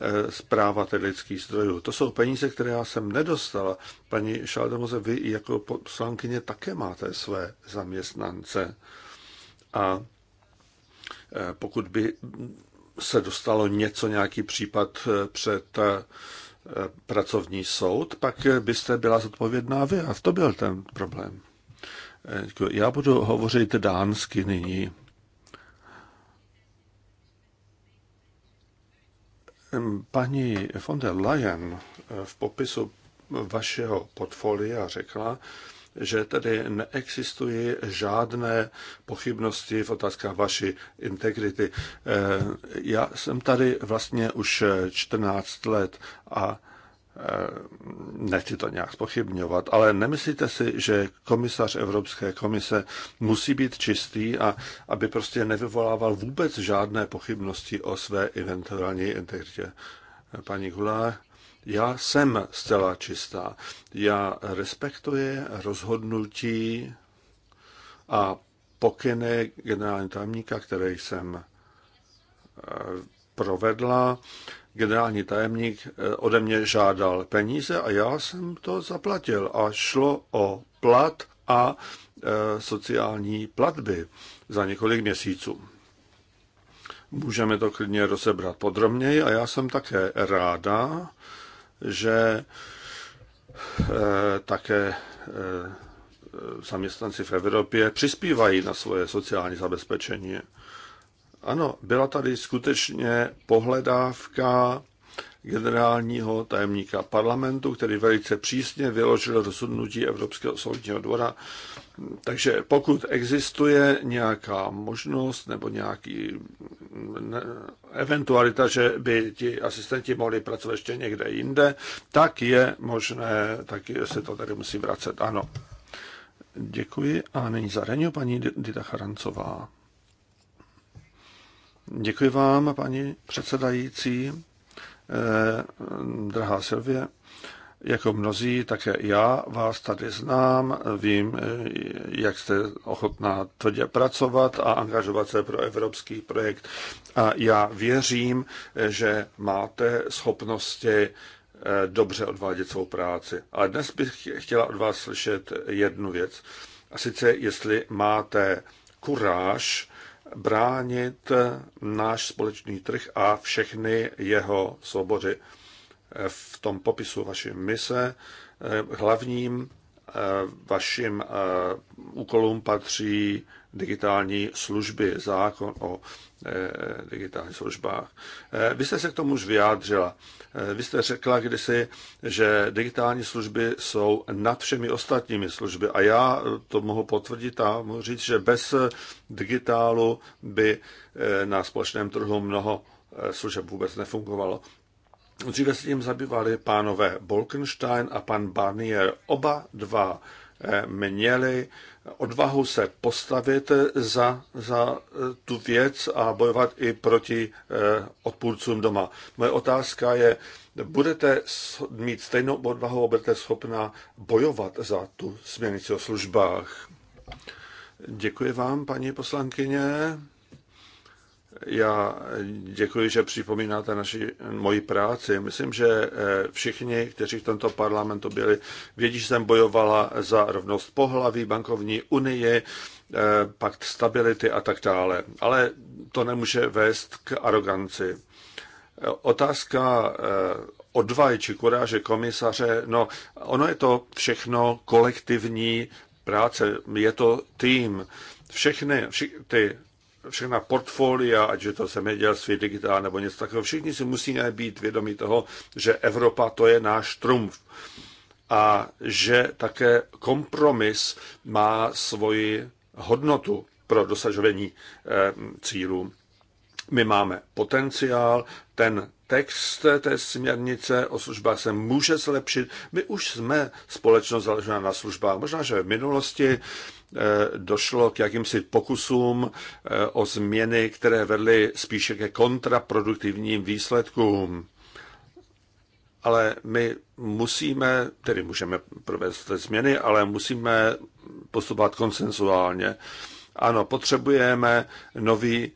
eh, zpráva tedy lidských zdrojů. To jsou peníze, které já jsem nedostala. Paní Šaldemoze, vy jako poslankyně také máte své zaměstnance. A eh, pokud by se dostalo něco, nějaký případ eh, před pracovní soud, pak byste byla zodpovědná vy. A to byl ten problém. Já budu hovořit dánsky nyní. Paní von der Leyen eh, v popisu vašeho portfolia řekla, že tedy neexistují žádné pochybnosti v otázkách vaší integrity. Eh, já jsem tady vlastně už 14 let a Eh, nechci to nějak spochybňovat, ale nemyslíte si, že komisař Evropské komise musí být čistý a aby prostě nevyvolával vůbec žádné pochybnosti o své eventuální integritě? Paní Gula, já jsem zcela čistá. Já respektuji rozhodnutí a pokyny generální tajemníka, které jsem eh, provedla generální tajemník eh, ode mě žádal peníze a já jsem to zaplatil. A šlo o plat a eh, sociální platby za několik měsíců. Můžeme to klidně rozebrat podrobněji a já jsem také ráda, že eh, také zaměstnanci v Evropě přispívají na svoje sociální zabezpečení. Ano, byla tady skutečně pohledávka generálního tajemníka parlamentu, který velice přísně vyložil rozhodnutí Evropského soudního dvora. Takže pokud existuje nějaká možnost nebo nějaký eventualita, že by ti asistenti mohli pracovat ještě někde jinde, tak je možné, tak se to tady musí vracet. Ano. Děkuji a nyní za paní Dita Charancová. Děkuji vám, paní předsedající, eh, drahá Silvě. Jako mnozí, také já vás tady znám, vím, eh, jak jste ochotná tvrdě pracovat a angažovat se pro evropský projekt. A já věřím, eh, že máte schopnosti dobře odvádět svou práci. Ale dnes bych chtěla od vás slyšet jednu věc. A sice, jestli máte kuráž bránit náš společný trh a všechny jeho svobody V tom popisu vaší mise eh, hlavním eh, vašim eh, úkolům patří digitální služby, zákon o Eh, digitálních službách. Eh, vy jste se k tomu už vyjádřila. Eh, vy jste řekla kdysi, že digitální služby jsou nad všemi ostatními služby a já to mohu potvrdit a mohu říct, že bez digitálu by na společném trhu mnoho služeb vůbec nefungovalo. Dříve se tím zabývali pánové Bolkenstein a pan Barnier. Oba dva měli odvahu se postavit za, za tu věc a bojovat i proti eh, odpůrcům doma. Moje otázka je, budete mít stejnou odvahu a budete schopna bojovat za tu směrnici o službách? Děkuji vám, paní poslankyně. Já děkuji, že připomínáte naši, moji práci. Myslím, že eh, všichni, kteří v tomto parlamentu byli, vědí, že jsem bojovala za rovnost pohlaví, bankovní unii, eh, pakt stability a tak dále. Ale to nemůže vést k aroganci. Eh, otázka odvahy či kuráže komisaře, no ono je to všechno kolektivní práce, je to tým. Všechny vši, ty všechna portfolia, ať je to zemědělství, digitál nebo něco takového, všichni si musíme být vědomi toho, že Evropa to je náš trumf a že také kompromis má svoji hodnotu pro dosažení eh, cílů. My máme potenciál, ten text té směrnice o službách se může zlepšit. My už jsme společnost založená na službách. Možná, že v minulosti Eh, došlo k jakýmsi pokusům eh, o změny, které vedly spíše ke kontraproduktivním výsledkům. Ale my musíme, tedy můžeme provést změny, ale musíme postupovat konsensuálně. Ano, potřebujeme nový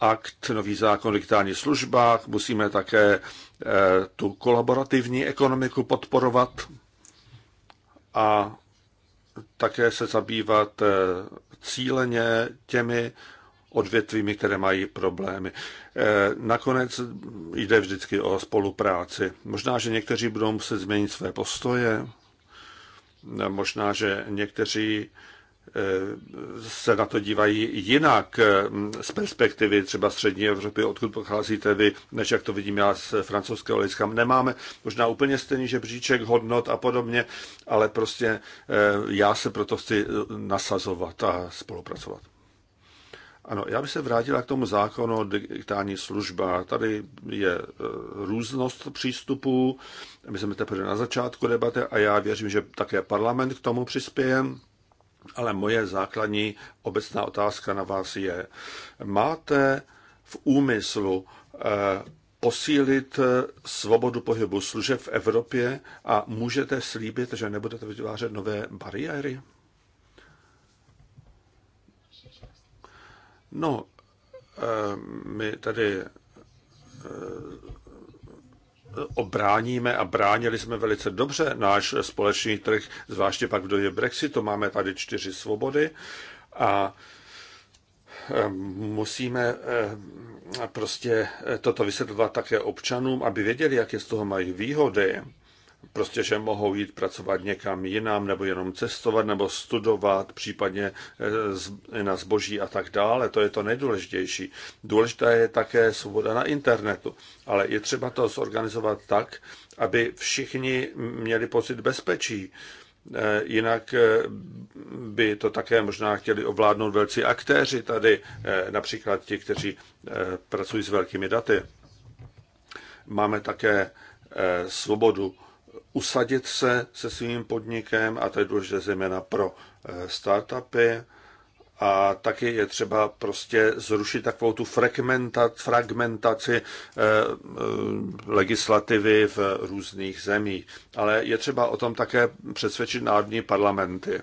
akt, nový zákon o digitálních službách, musíme také eh, tu kolaborativní ekonomiku podporovat a také se zabývat eh, cíleně těmi odvětvími, které mají problémy. Eh, nakonec jde vždycky o spolupráci. Možná, že někteří budou muset změnit své postoje, možná, že někteří Eh, se na to dívají jinak eh, z perspektivy třeba střední Evropy, odkud pocházíte vy, než jak to vidím já z francouzského lidska. Nemáme možná úplně stejný žebříček hodnot a podobně, ale prostě eh, já se proto chci nasazovat a spolupracovat. Ano, já bych se vrátila k tomu zákonu o digitální služba. Tady je různost přístupů, my jsme teprve na začátku debaty a já věřím, že také parlament k tomu přispěje. Ale moje základní obecná otázka na vás je, máte v úmyslu eh, posílit eh, svobodu pohybu služeb v Evropě a můžete slíbit, že nebudete vytvářet nové bariéry? No, eh, my tady obráníme a bránili jsme velice dobře náš společný trh, zvláště pak v době Brexitu. Máme tady čtyři svobody a eh, musíme eh, prostě eh, toto vysvětlovat také občanům, aby věděli, jaké z toho mají výhody prostě, že mohou jít pracovat někam jinam, nebo jenom cestovat, nebo studovat, případně eh, na zboží a tak dále. To je to nejdůležitější. Důležitá je také svoboda na internetu, ale je třeba to zorganizovat tak, aby všichni měli pocit bezpečí. Eh, jinak eh, by to také možná chtěli ovládnout velcí aktéři tady, například ti, kteří pracují s velkými daty. Máme také svobodu usadit se se svým podnikem, a to je důležité zejména pro eh, startupy, a taky je třeba prostě zrušit takovou tu fragmentaci eh, eh, legislativy v různých zemích. Ale je třeba o tom také přesvědčit národní parlamenty.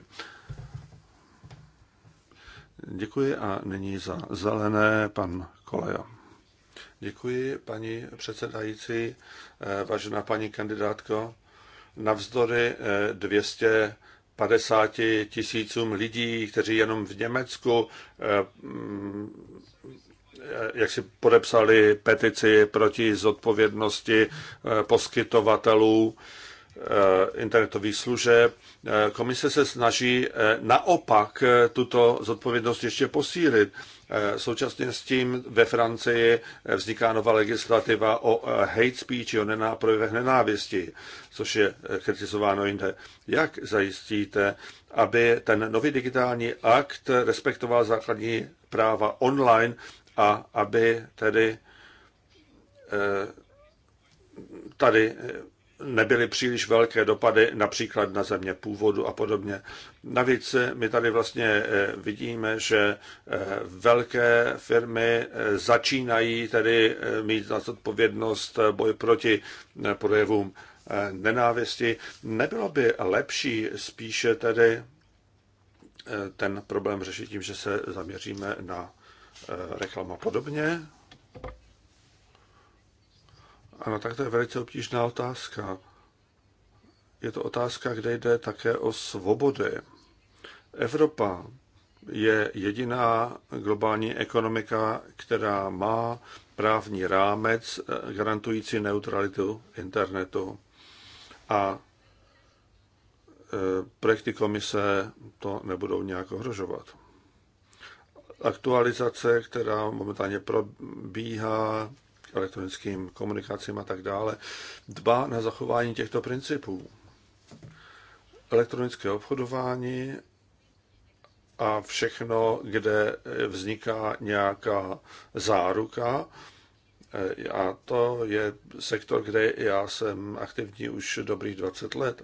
Děkuji a nyní za zelené pan Koleja. Děkuji, paní předsedající. Eh, vážená paní kandidátko, navzdory 250 eh, tisícům lidí, kteří jenom v Německu eh, mm, jak si podepsali petici proti zodpovědnosti poskytovatelů internetových služeb. Komise se snaží naopak tuto zodpovědnost ještě posílit. Eh, současně s tím ve Francii eh, vzniká nová legislativa o eh, hate speech, o projevech nenávisti, což je kritizováno jinde. Jak zajistíte, aby ten nový digitální akt respektoval základní práva online a aby tedy tady nebyly příliš velké dopady například na země původu a podobně. Navíc my tady vlastně eh, vidíme, že eh, velké firmy eh, začínají tedy mít na odpovědnost boj proti projevům nenávisti. Nebylo by lepší spíše tedy ten problém řešit tím, že se zaměříme na reklama podobně? Ano, tak to je velice obtížná otázka. Je to otázka, kde jde také o svobody. Evropa je jediná globální ekonomika, která má právní rámec garantující neutralitu internetu. A e, projekty komise to nebudou nějak ohrožovat. Aktualizace, která momentálně probíhá, k elektronickým komunikacím a tak dále, dbá na zachování těchto principů. Elektronické obchodování a všechno, kde vzniká nějaká záruka, e, a to je sektor, kde já jsem aktivní už dobrých 20 let.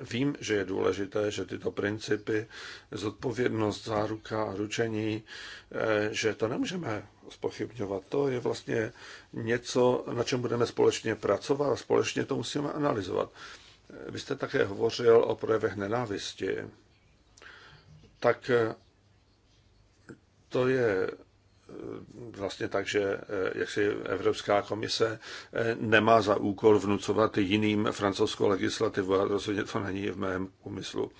Vím, že je důležité, že tyto principy, zodpovědnost, záruka a ručení, e, že to nemůžeme spochybňovat. To je vlastně něco, na čem budeme společně pracovat a společně to musíme analyzovat. Vy jste také hovořil o projevech nenávisti. Tak eh, to je eh, vlastně tak, že eh, jak si Evropská komise nemá za úkol vnucovat jiným francouzskou legislativu a rozhodně to není v mém úmyslu.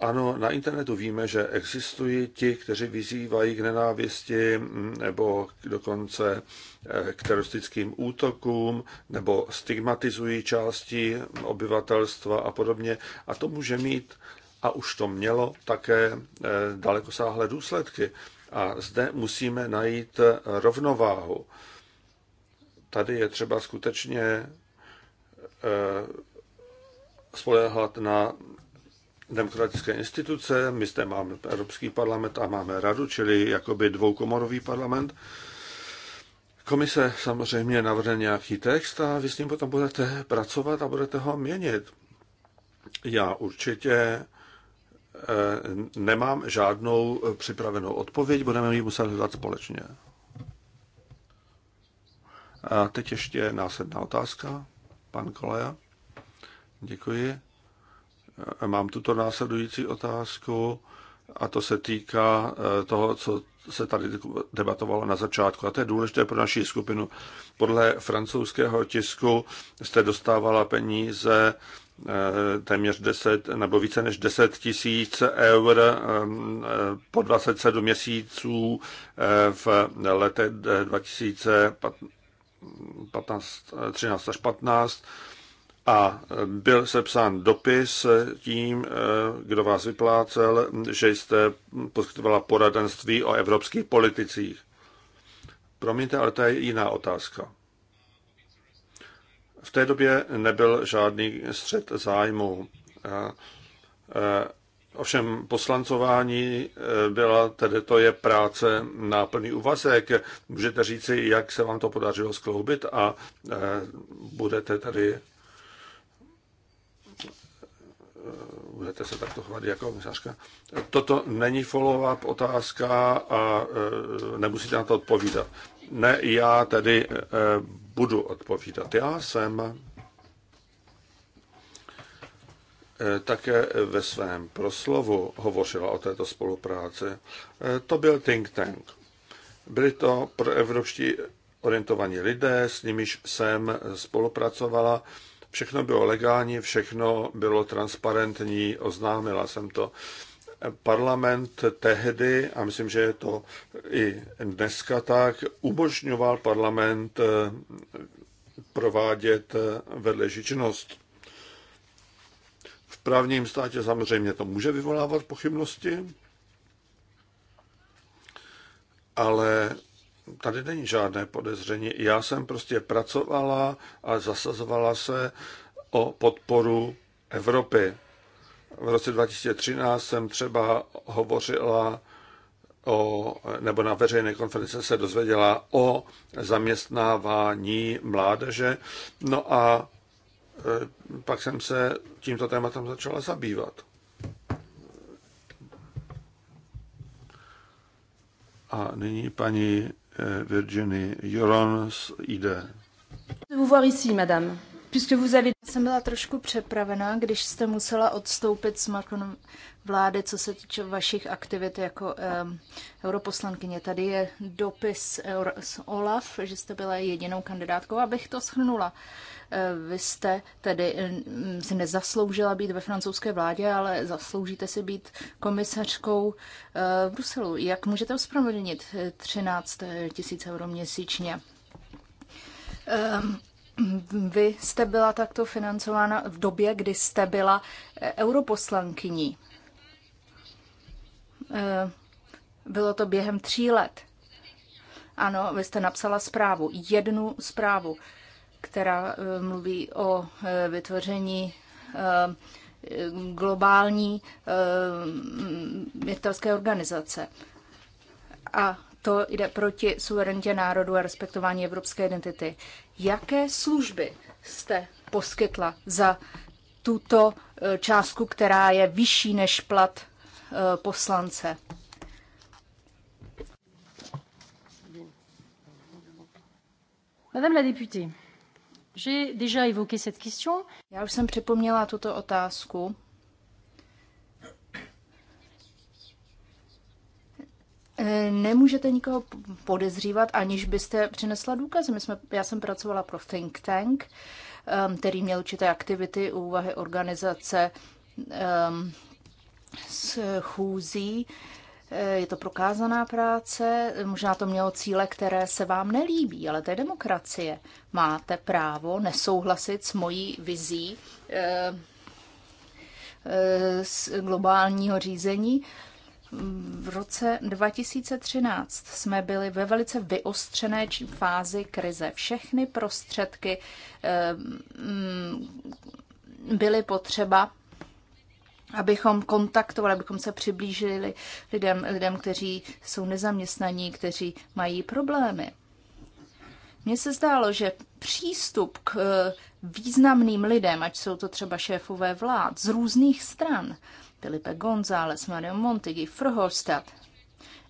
Ano, na internetu víme, že existují ti, kteří vyzývají k nenávisti mm, nebo dokonce eh, k teroristickým útokům nebo stigmatizují části obyvatelstva a podobně. A to může mít a už to mělo také eh, dalekosáhlé důsledky. A zde musíme najít eh, rovnováhu. Tady je třeba skutečně spolehat na demokratické instituce, my zde máme Evropský parlament a máme radu, čili jakoby dvoukomorový parlament. Komise samozřejmě navrhne nějaký text a vy s ním potom budete pracovat a budete ho měnit. Já určitě eh, nemám žádnou připravenou odpověď, budeme ji muset hledat společně. A teď ještě následná otázka, pan Koleja. Děkuji mám tuto následující otázku a to se týká eh, toho, co se tady debatovalo na začátku. A to je důležité pro naši skupinu. Podle francouzského tisku jste dostávala peníze eh, téměř 10 nebo více než 10 tisíc eur eh, po 27 měsíců v letech 2015, 13 až 15 a byl sepsán dopis tím, eh, kdo vás vyplácel, že jste poskytovala poradenství o evropských politicích. Promiňte, ale to je jiná otázka. V té době nebyl žádný střed zájmu. Eh, eh, ovšem poslancování byla, tedy to je práce na plný úvazek. Můžete říci, jak se vám to podařilo skloubit a budete tady Eh, budete se takto chovat jako komisářka. Toto není follow-up otázka a eh, nemusíte na to odpovídat. Ne, já tedy eh, budu odpovídat. Já jsem také ve svém proslovu hovořila o této spolupráci. To byl think tank. Byli to pro evropští orientovaní lidé, s nimiž jsem spolupracovala Všechno bylo legální, všechno bylo transparentní, oznámila jsem to. Parlament tehdy, a myslím, že je to i dneska tak, umožňoval parlament eh, provádět eh, vedlejší činnost. V právním státě samozřejmě to může vyvolávat pochybnosti, ale tady není žádné podezření. Já jsem prostě pracovala a zasazovala se o podporu Evropy. V roce 2013 jsem třeba hovořila o, nebo na veřejné konference se dozvěděla o zaměstnávání mládeže. No a e, pak jsem se tímto tématem začala zabývat. A nyní paní Eh, Virginie Joran z Jsem byla trošku přepravená, když jste musela odstoupit s Macronem vlády, co se týče vašich aktivit jako um, europoslankyně. Tady je dopis z Olaf, že jste byla jedinou kandidátkou, abych to shrnula. Uh, vy jste tedy eh, si nezasloužila být ve francouzské vládě, ale zasloužíte si být komisařkou eh, v Bruselu. Jak můžete ospravedlnit 13 eh, tisíc euro měsíčně? Ehm, vy jste byla takto financována v době, kdy jste byla europoslankyní. Bylo to během tří let. Ano, vy jste napsala zprávu, jednu zprávu která eh, mluví o eh, vytvoření eh, globální větelské organizace. A to jde proti suverenitě národu a respektování evropské identity. Jaké služby jste poskytla za tuto částku, která je vyšší než plat poslance? Madame la députée. J'ai déjà évoqué cette question. Já už jsem připomněla tuto otázku. Eh, nemůžete nikoho podezřívat, aniž byste přinesla důkazy. My jsme, já jsem pracovala pro think tank, um, který měl určité aktivity, úvahy organizace um, schůzí je to prokázaná práce, možná to mělo cíle, které se vám nelíbí, ale to je demokracie. Máte právo nesouhlasit s mojí vizí z eh, eh, globálního řízení. V roce 2013 jsme byli ve velice vyostřené fázi krize. Všechny prostředky eh, mm, byly potřeba abychom kontaktovali, abychom se přiblížili lidem, lidem, kteří jsou nezaměstnaní, kteří mají problémy. Mně se zdálo, že přístup k eh, významným lidem, ať jsou to třeba šéfové vlád z různých stran, Filipe González, Mario Montigi, Frhofstadt,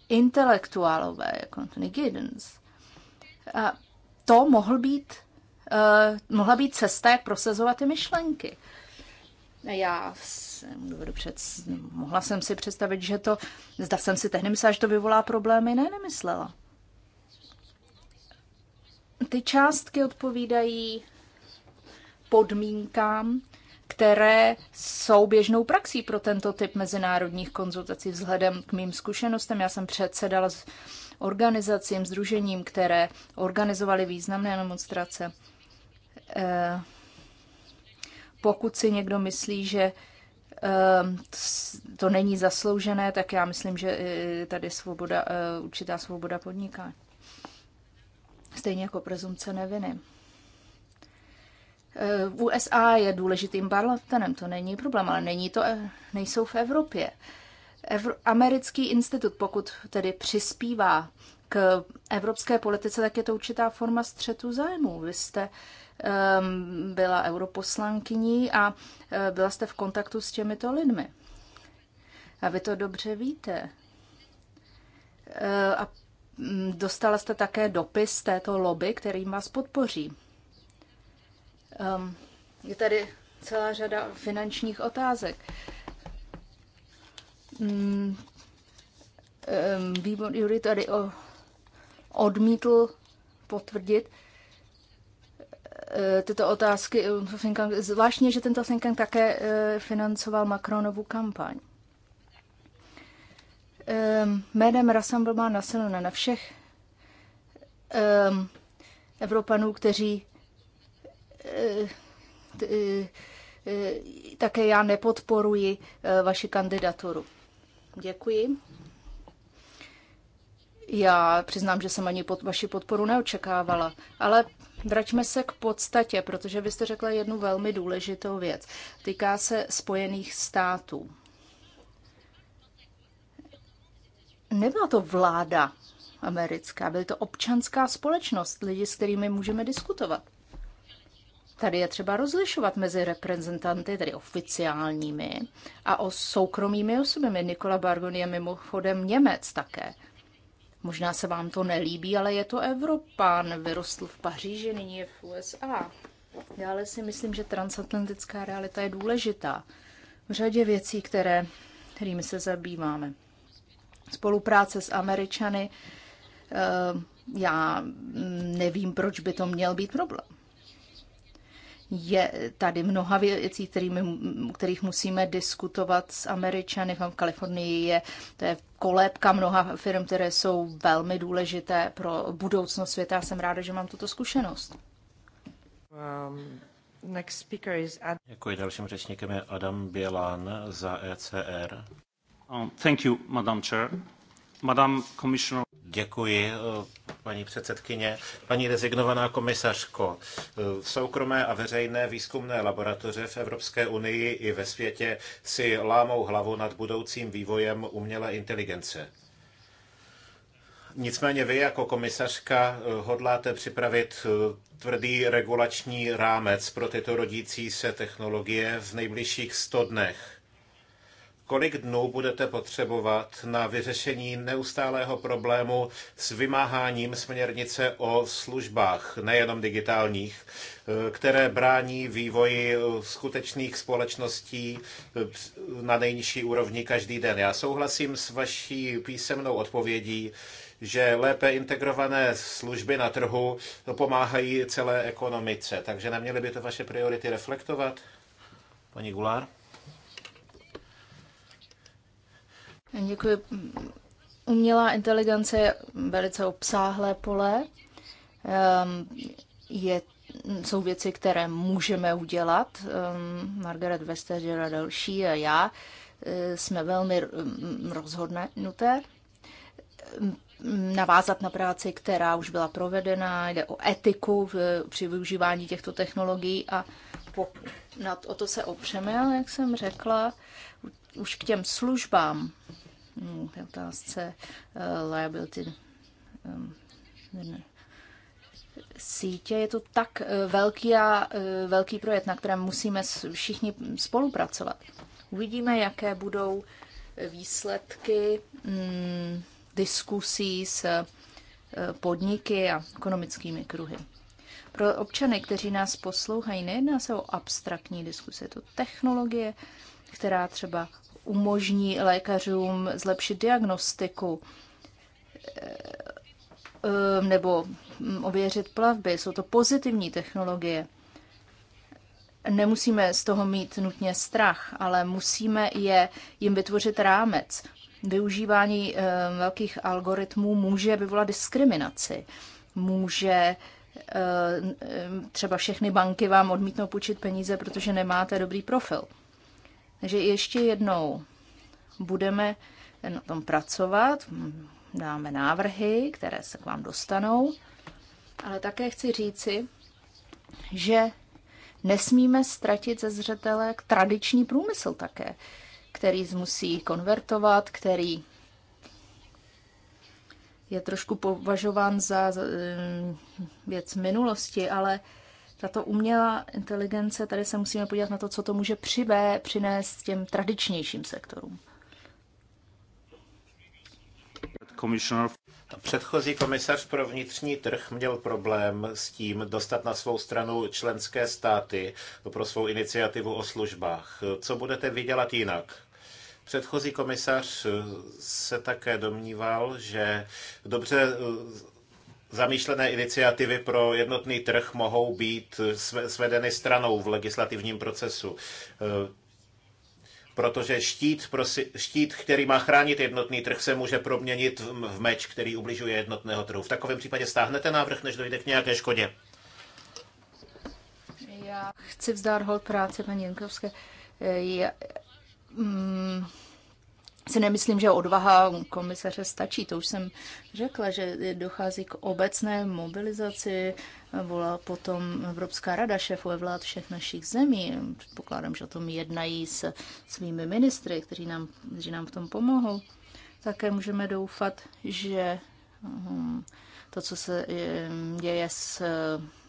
intelektuálové jako Anthony Giddens. A to mohl být, uh, mohla být cesta, jak prosazovat ty myšlenky. Já jsem dovedu před... Mohla jsem si představit, že to... Zda jsem si tehdy myslela, že to vyvolá problémy. Ne, nemyslela. Ty částky odpovídají podmínkám, které jsou běžnou praxí pro tento typ mezinárodních konzultací vzhledem k mým zkušenostem. Já jsem předsedala s organizacím, združením, které organizovaly významné demonstrace. Eh, pokud si někdo myslí, že ehm, to není zasloužené, tak já myslím, že e, tady svoboda, e, určitá svoboda podniká. Stejně jako prezumce neviny. V e, USA je důležitým barlatenem, to není problém, ale není to, nejsou v Evropě. Evro, Americký institut, pokud tedy přispívá k evropské politice, tak je to určitá forma střetu zájmů. Vy jste byla europoslankyní a eh, byla jste v kontaktu s těmito lidmi. A vy to dobře víte. Eh, a mm, dostala jste také dopis této lobby, který vás podpoří. Je tady celá řada finančních otázek. Mm, výbor Jury tady odmítl potvrdit, Eh, tyto otázky. Eh, zvláštně, že tento think tank také eh, financoval Macronovu kampaň. Ehm, jménem Rassemblement má na všech ehm, Evropanů, kteří také já nepodporuji vaši kandidaturu. Děkuji. Já přiznám, že jsem ani pod vaši podporu neočekávala, ale Vraťme se k podstatě, protože vy jste řekla jednu velmi důležitou věc. Týká se Spojených států. Nebyla to vláda americká, byla to občanská společnost, lidi, s kterými můžeme diskutovat. Tady je třeba rozlišovat mezi reprezentanty, tedy oficiálními, a o soukromými osobami. Nikola Bargon je mimochodem Němec také. Možná se vám to nelíbí, ale je to evropan, Vyrostl v Paříži, nyní je v USA. Já ale si myslím, že transatlantická realita je důležitá v řadě věcí, které, kterými se zabýváme. Spolupráce s Američany, eh, já nevím, proč by to měl být problém je tady mnoha věcí, kterými, kterých musíme diskutovat s Američany. V Kalifornii je, to je kolébka mnoha firm, které jsou velmi důležité pro budoucnost světa. Já jsem ráda, že mám tuto zkušenost. Um, next speaker is Děkuji. Dalším řečníkem je Adam Bělán za ECR. Um, thank you, Madam Chair. Děkuji, eh, paní předsedkyně. Paní rezignovaná komisařko, eh, soukromé a veřejné výzkumné laboratoře v Evropské unii i ve světě si lámou hlavu nad budoucím vývojem umělé inteligence. Nicméně vy jako komisařka eh, hodláte připravit tvrdý regulační rámec pro tyto rodící se technologie v nejbližších 100 dnech kolik dnů budete potřebovat na vyřešení neustálého problému s vymáháním směrnice o službách, nejenom digitálních, které brání vývoji skutečných společností na nejnižší úrovni každý den. Já souhlasím s vaší písemnou odpovědí, že lépe integrované služby na trhu pomáhají celé ekonomice. Takže neměly by to vaše priority reflektovat? Pani Gulár? Děkuji. Umělá inteligence je velice obsáhlé pole. Ehm, je, jsou věci, které můžeme udělat. Ehm, Margaret Vestager a další a já eh, jsme velmi mm, rozhodnuté ehm, navázat na práci, která už byla provedena, jde o etiku v, při využívání těchto technologií a po, na, o to se opřeme, ale jak jsem řekla, už k těm službám Hmm, té otázce eh, liability ehm, sítě. Je to tak eh, velký, a, eh, velký projekt, na kterém musíme všichni spolupracovat. Uvidíme, jaké budou výsledky um, diskusí s podniky a ekonomickými kruhy. Pro občany, kteří nás poslouchají, nejedná se o abstraktní diskuse, je to technologie, která třeba umožní lékařům zlepšit diagnostiku eh, nebo mm, ověřit plavby. Jsou to pozitivní technologie. Nemusíme z toho mít nutně strach, ale musíme je jim vytvořit rámec. Využívání eh, velkých algoritmů může vyvolat diskriminaci. Může eh, třeba všechny banky vám odmítnou půjčit peníze, protože nemáte dobrý profil. Takže ještě jednou budeme na tom pracovat, dáme návrhy, které se k vám dostanou, ale také chci říci, že nesmíme ztratit ze zřetele tradiční průmysl také, který musí konvertovat, který je trošku považován za eh, věc minulosti, ale tato umělá inteligence, tady se musíme podívat na to, co to může přibé, přinést těm tradičnějším sektorům. No, předchozí komisař pro vnitřní trh měl problém s tím dostat na svou stranu členské státy pro svou iniciativu o službách. Co budete vydělat jinak? Předchozí komisař se také domníval, že dobře zamýšlené iniciativy pro jednotný trh mohou být svedeny stranou v legislativním procesu eh, protože štít, prosi, štít, který má chránit jednotný trh, se může proměnit v meč, který ubližuje jednotného trhu. V takovém případě stáhnete návrh, než dojde k nějaké škodě. Já chci vzdát hold práci paní Jankovské. Eh, já, mm, si nemyslím, že odvaha komisaře stačí. To už jsem řekla, že dochází k obecné mobilizaci. Volá potom Evropská rada šéfů vlád všech našich zemí. Předpokládám, že o tom jednají s svými ministry, kteří nám, kteří nám v tom pomohou. Také můžeme doufat, že hm, to, co se děje s eh,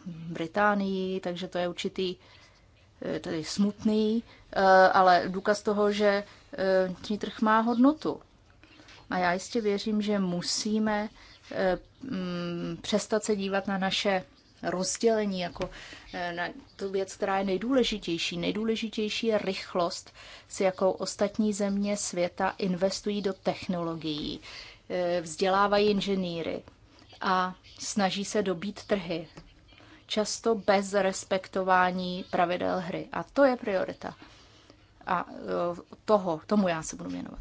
Británií, takže to je určitý eh, tedy smutný, eh, ale důkaz toho, že vnitřní trh má hodnotu. A já jistě věřím, že musíme eh, mm, přestat se dívat na naše rozdělení jako eh, na tu věc, která je nejdůležitější. Nejdůležitější je rychlost, s jakou ostatní země světa investují do technologií, eh, vzdělávají inženýry a snaží se dobít trhy. Často bez respektování pravidel hry. A to je priorita a e, toho, tomu já se budu věnovat.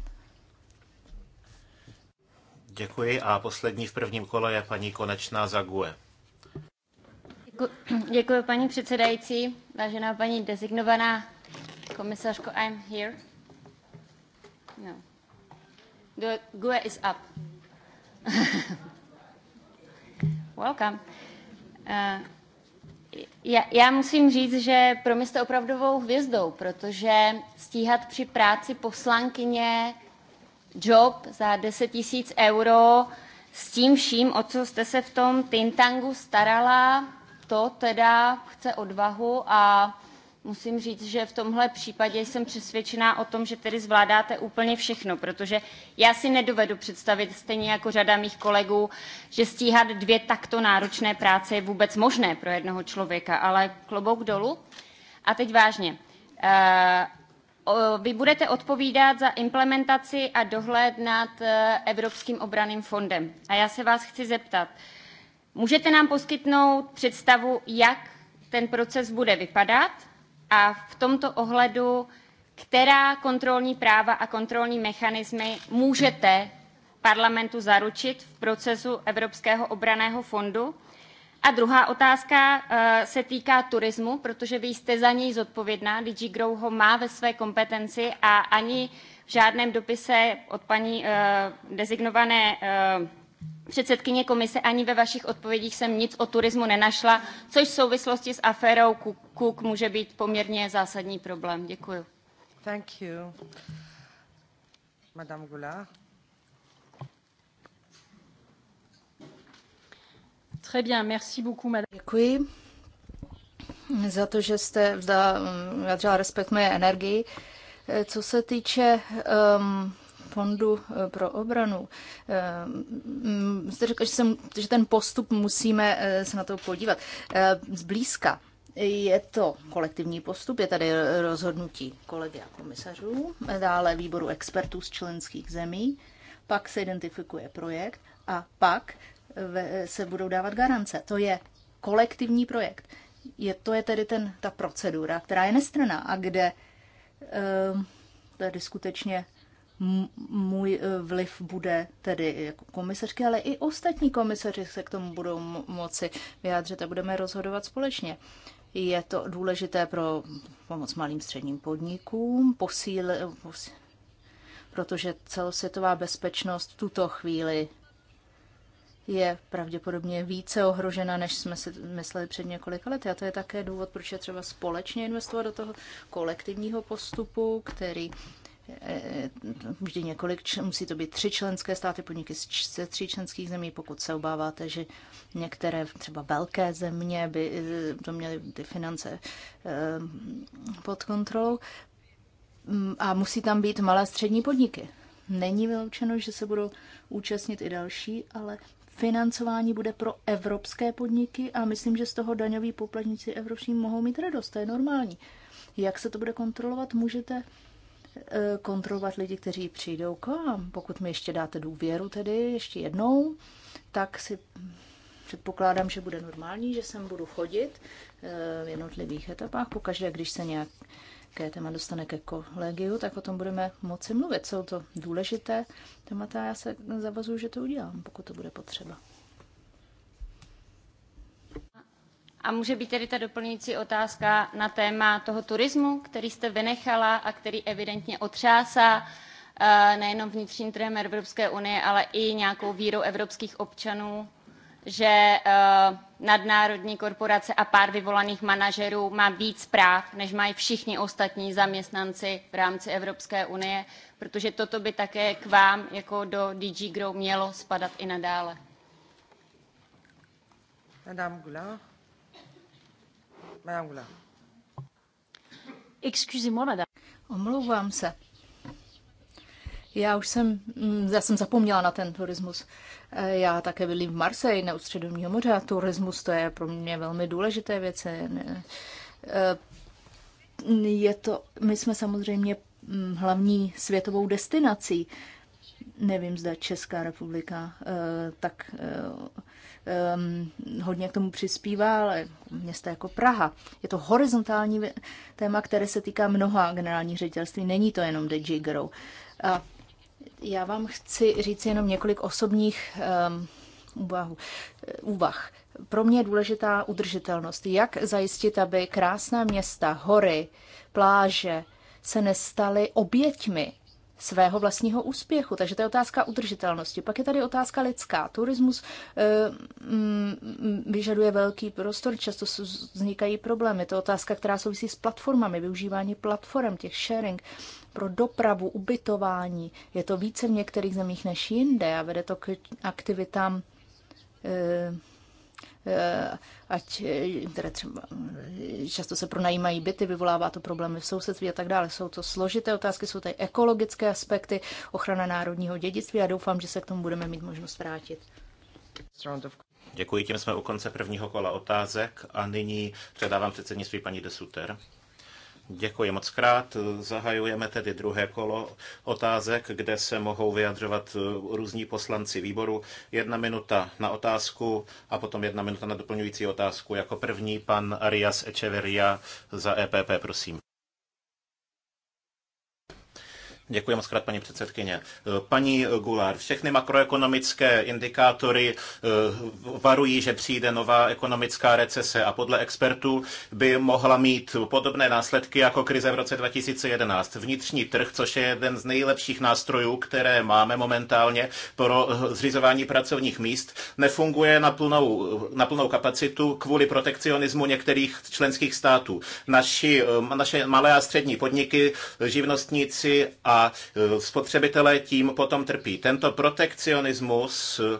Děkuji a poslední v prvním kole je paní Konečná Zague. (clears throat) Děkuji, paní předsedající, vážená paní designovaná komisařko, I'm here. No. The GUE is up. (laughs) Welcome. Uh, já, já musím říct, že pro mě jste opravdovou hvězdou, protože stíhat při práci poslankyně job za 10 tisíc euro s tím vším, o co jste se v tom Tintangu starala, to teda chce odvahu a musím říct, že v tomhle případě jsem přesvědčená o tom, že tedy zvládáte úplně všechno, protože já si nedovedu představit, stejně jako řada mých kolegů, že stíhat dvě takto náročné práce je vůbec možné pro jednoho člověka, ale klobouk dolů. A teď vážně. Eh, vy budete odpovídat za implementaci a dohled nad eh, Evropským obraným fondem. A já se vás chci zeptat, můžete nám poskytnout představu, jak ten proces bude vypadat a v tomto ohledu, která kontrolní práva a kontrolní mechanismy můžete parlamentu zaručit v procesu Evropského obraného fondu. A druhá otázka eh, se týká turismu, protože vy jste za něj zodpovědná. DG Grow ho má ve své kompetenci a ani v žádném dopise od paní eh, designované eh, Předsedkyně komise, ani ve vašich odpovědích jsem nic o turismu nenašla, což v souvislosti s aférou Cook může být poměrně zásadní problém. Děkuji. Thank you. Madame Goulard. Très bien, merci beaucoup, madame. Děkuji za to, že jste vyjádřila respekt mé energii. Co se týče um, fondu eh, pro obranu, eh, mm, jste řekl, že, se, že ten postup musíme eh, se na to podívat zblízka. Je to kolektivní postup, je tady rozhodnutí kolegy a komisařů, dále výboru expertů z členských zemí, pak se identifikuje projekt a pak se budou dávat garance. To je kolektivní projekt. Je, to je tedy ten, ta procedura, která je nestraná a kde e, tady skutečně můj eh, vliv bude tedy jako komisařky, ale i ostatní komisaři se k tomu budou moci vyjádřit a budeme rozhodovat společně. Je to důležité pro pomoc malým středním podnikům, posíl, posíl, protože celosvětová bezpečnost v tuto chvíli je pravděpodobně více ohrožena, než jsme si mysleli před několika lety. A to je také důvod, proč je třeba společně investovat do toho kolektivního postupu, který vždy eh, několik, musí to být tři členské státy, podniky ze tří členských zemí, pokud se obáváte, že některé třeba velké země by eh, to měly ty finance eh, pod kontrolou. Mm, a musí tam být malé střední podniky. Není vyloučeno, že se budou účastnit i další, ale financování bude pro evropské podniky a myslím, že z toho daňoví poplatníci evropští mohou mít radost, to je normální. Jak se to bude kontrolovat, můžete Eh, kontrolovat lidi, kteří přijdou k vám. Pokud mi ještě dáte důvěru tedy ještě jednou, tak si předpokládám, že bude normální, že sem budu chodit eh, v jednotlivých etapách. Pokaždé, když se nějaké téma dostane ke kolegiu, tak o tom budeme moci mluvit. Jsou to důležité témata a já se zavazuju, že to udělám, pokud to bude potřeba. A může být tedy ta doplňující otázka na téma toho turismu, který jste vynechala a který evidentně otřásá eh, nejenom vnitřním trhem Evropské unie, ale i nějakou vírou evropských občanů, že eh, nadnárodní korporace a pár vyvolaných manažerů má víc práv, než mají všichni ostatní zaměstnanci v rámci Evropské unie, protože toto by také k vám jako do DG Grow mělo spadat i nadále. Madame Goulard. Excusez-moi, madame. Omlouvám se. Já už jsem, mm, já jsem zapomněla na ten turismus. Eh, já také byl v Marseille, na ústředovního moře a turismus to je pro mě velmi důležité věce. Eh, je to, my jsme samozřejmě mm, hlavní světovou destinací. Nevím, zda Česká republika eh, tak um, hodně k tomu přispívá, ale města jako Praha. Je to horizontální téma, které se týká mnoha generálních ředitelství, není to jenom de Grow. A já vám chci říct jenom několik osobních um, ehm, úvahu, úvah. Pro mě je důležitá udržitelnost. Jak zajistit, aby krásná města, hory, pláže se nestaly oběťmi svého vlastního úspěchu. Takže to je otázka udržitelnosti. Pak je tady otázka lidská. Turismus eh, mm, mm, vyžaduje velký prostor, často vznikají problémy. To je otázka, která souvisí s platformami, využívání platform, těch sharing pro dopravu, ubytování. Je to více v některých zemích než jinde a vede to k aktivitám eh, Eh, ať eh, které třeba eh, často se pronajímají byty, vyvolává to problémy v sousedství a tak dále. Jsou to složité otázky, jsou tady ekologické aspekty, ochrana národního dědictví a doufám, že se k tomu budeme mít možnost vrátit. Děkuji, tím jsme u konce prvního kola otázek a nyní předávám předsednictví paní Desuter. Děkuji moc krát. Zahajujeme tedy druhé kolo otázek, kde se mohou vyjadřovat eh, různí poslanci výboru. Jedna minuta na otázku a potom jedna minuta na doplňující otázku. Jako první pan Arias Echeveria za EPP, prosím. Děkuji moc krát, paní předsedkyně. Eh, paní Gulár, všechny makroekonomické indikátory eh, varují, že přijde nová ekonomická recese a podle expertů by mohla mít podobné následky jako krize v roce 2011. Vnitřní trh, což je jeden z nejlepších nástrojů, které máme momentálně pro eh, zřizování pracovních míst, nefunguje na plnou, na plnou kapacitu kvůli protekcionismu některých členských států. Naši, naše malé a střední podniky, živnostníci a a eh, spotřebitelé tím potom trpí. Tento protekcionismus eh,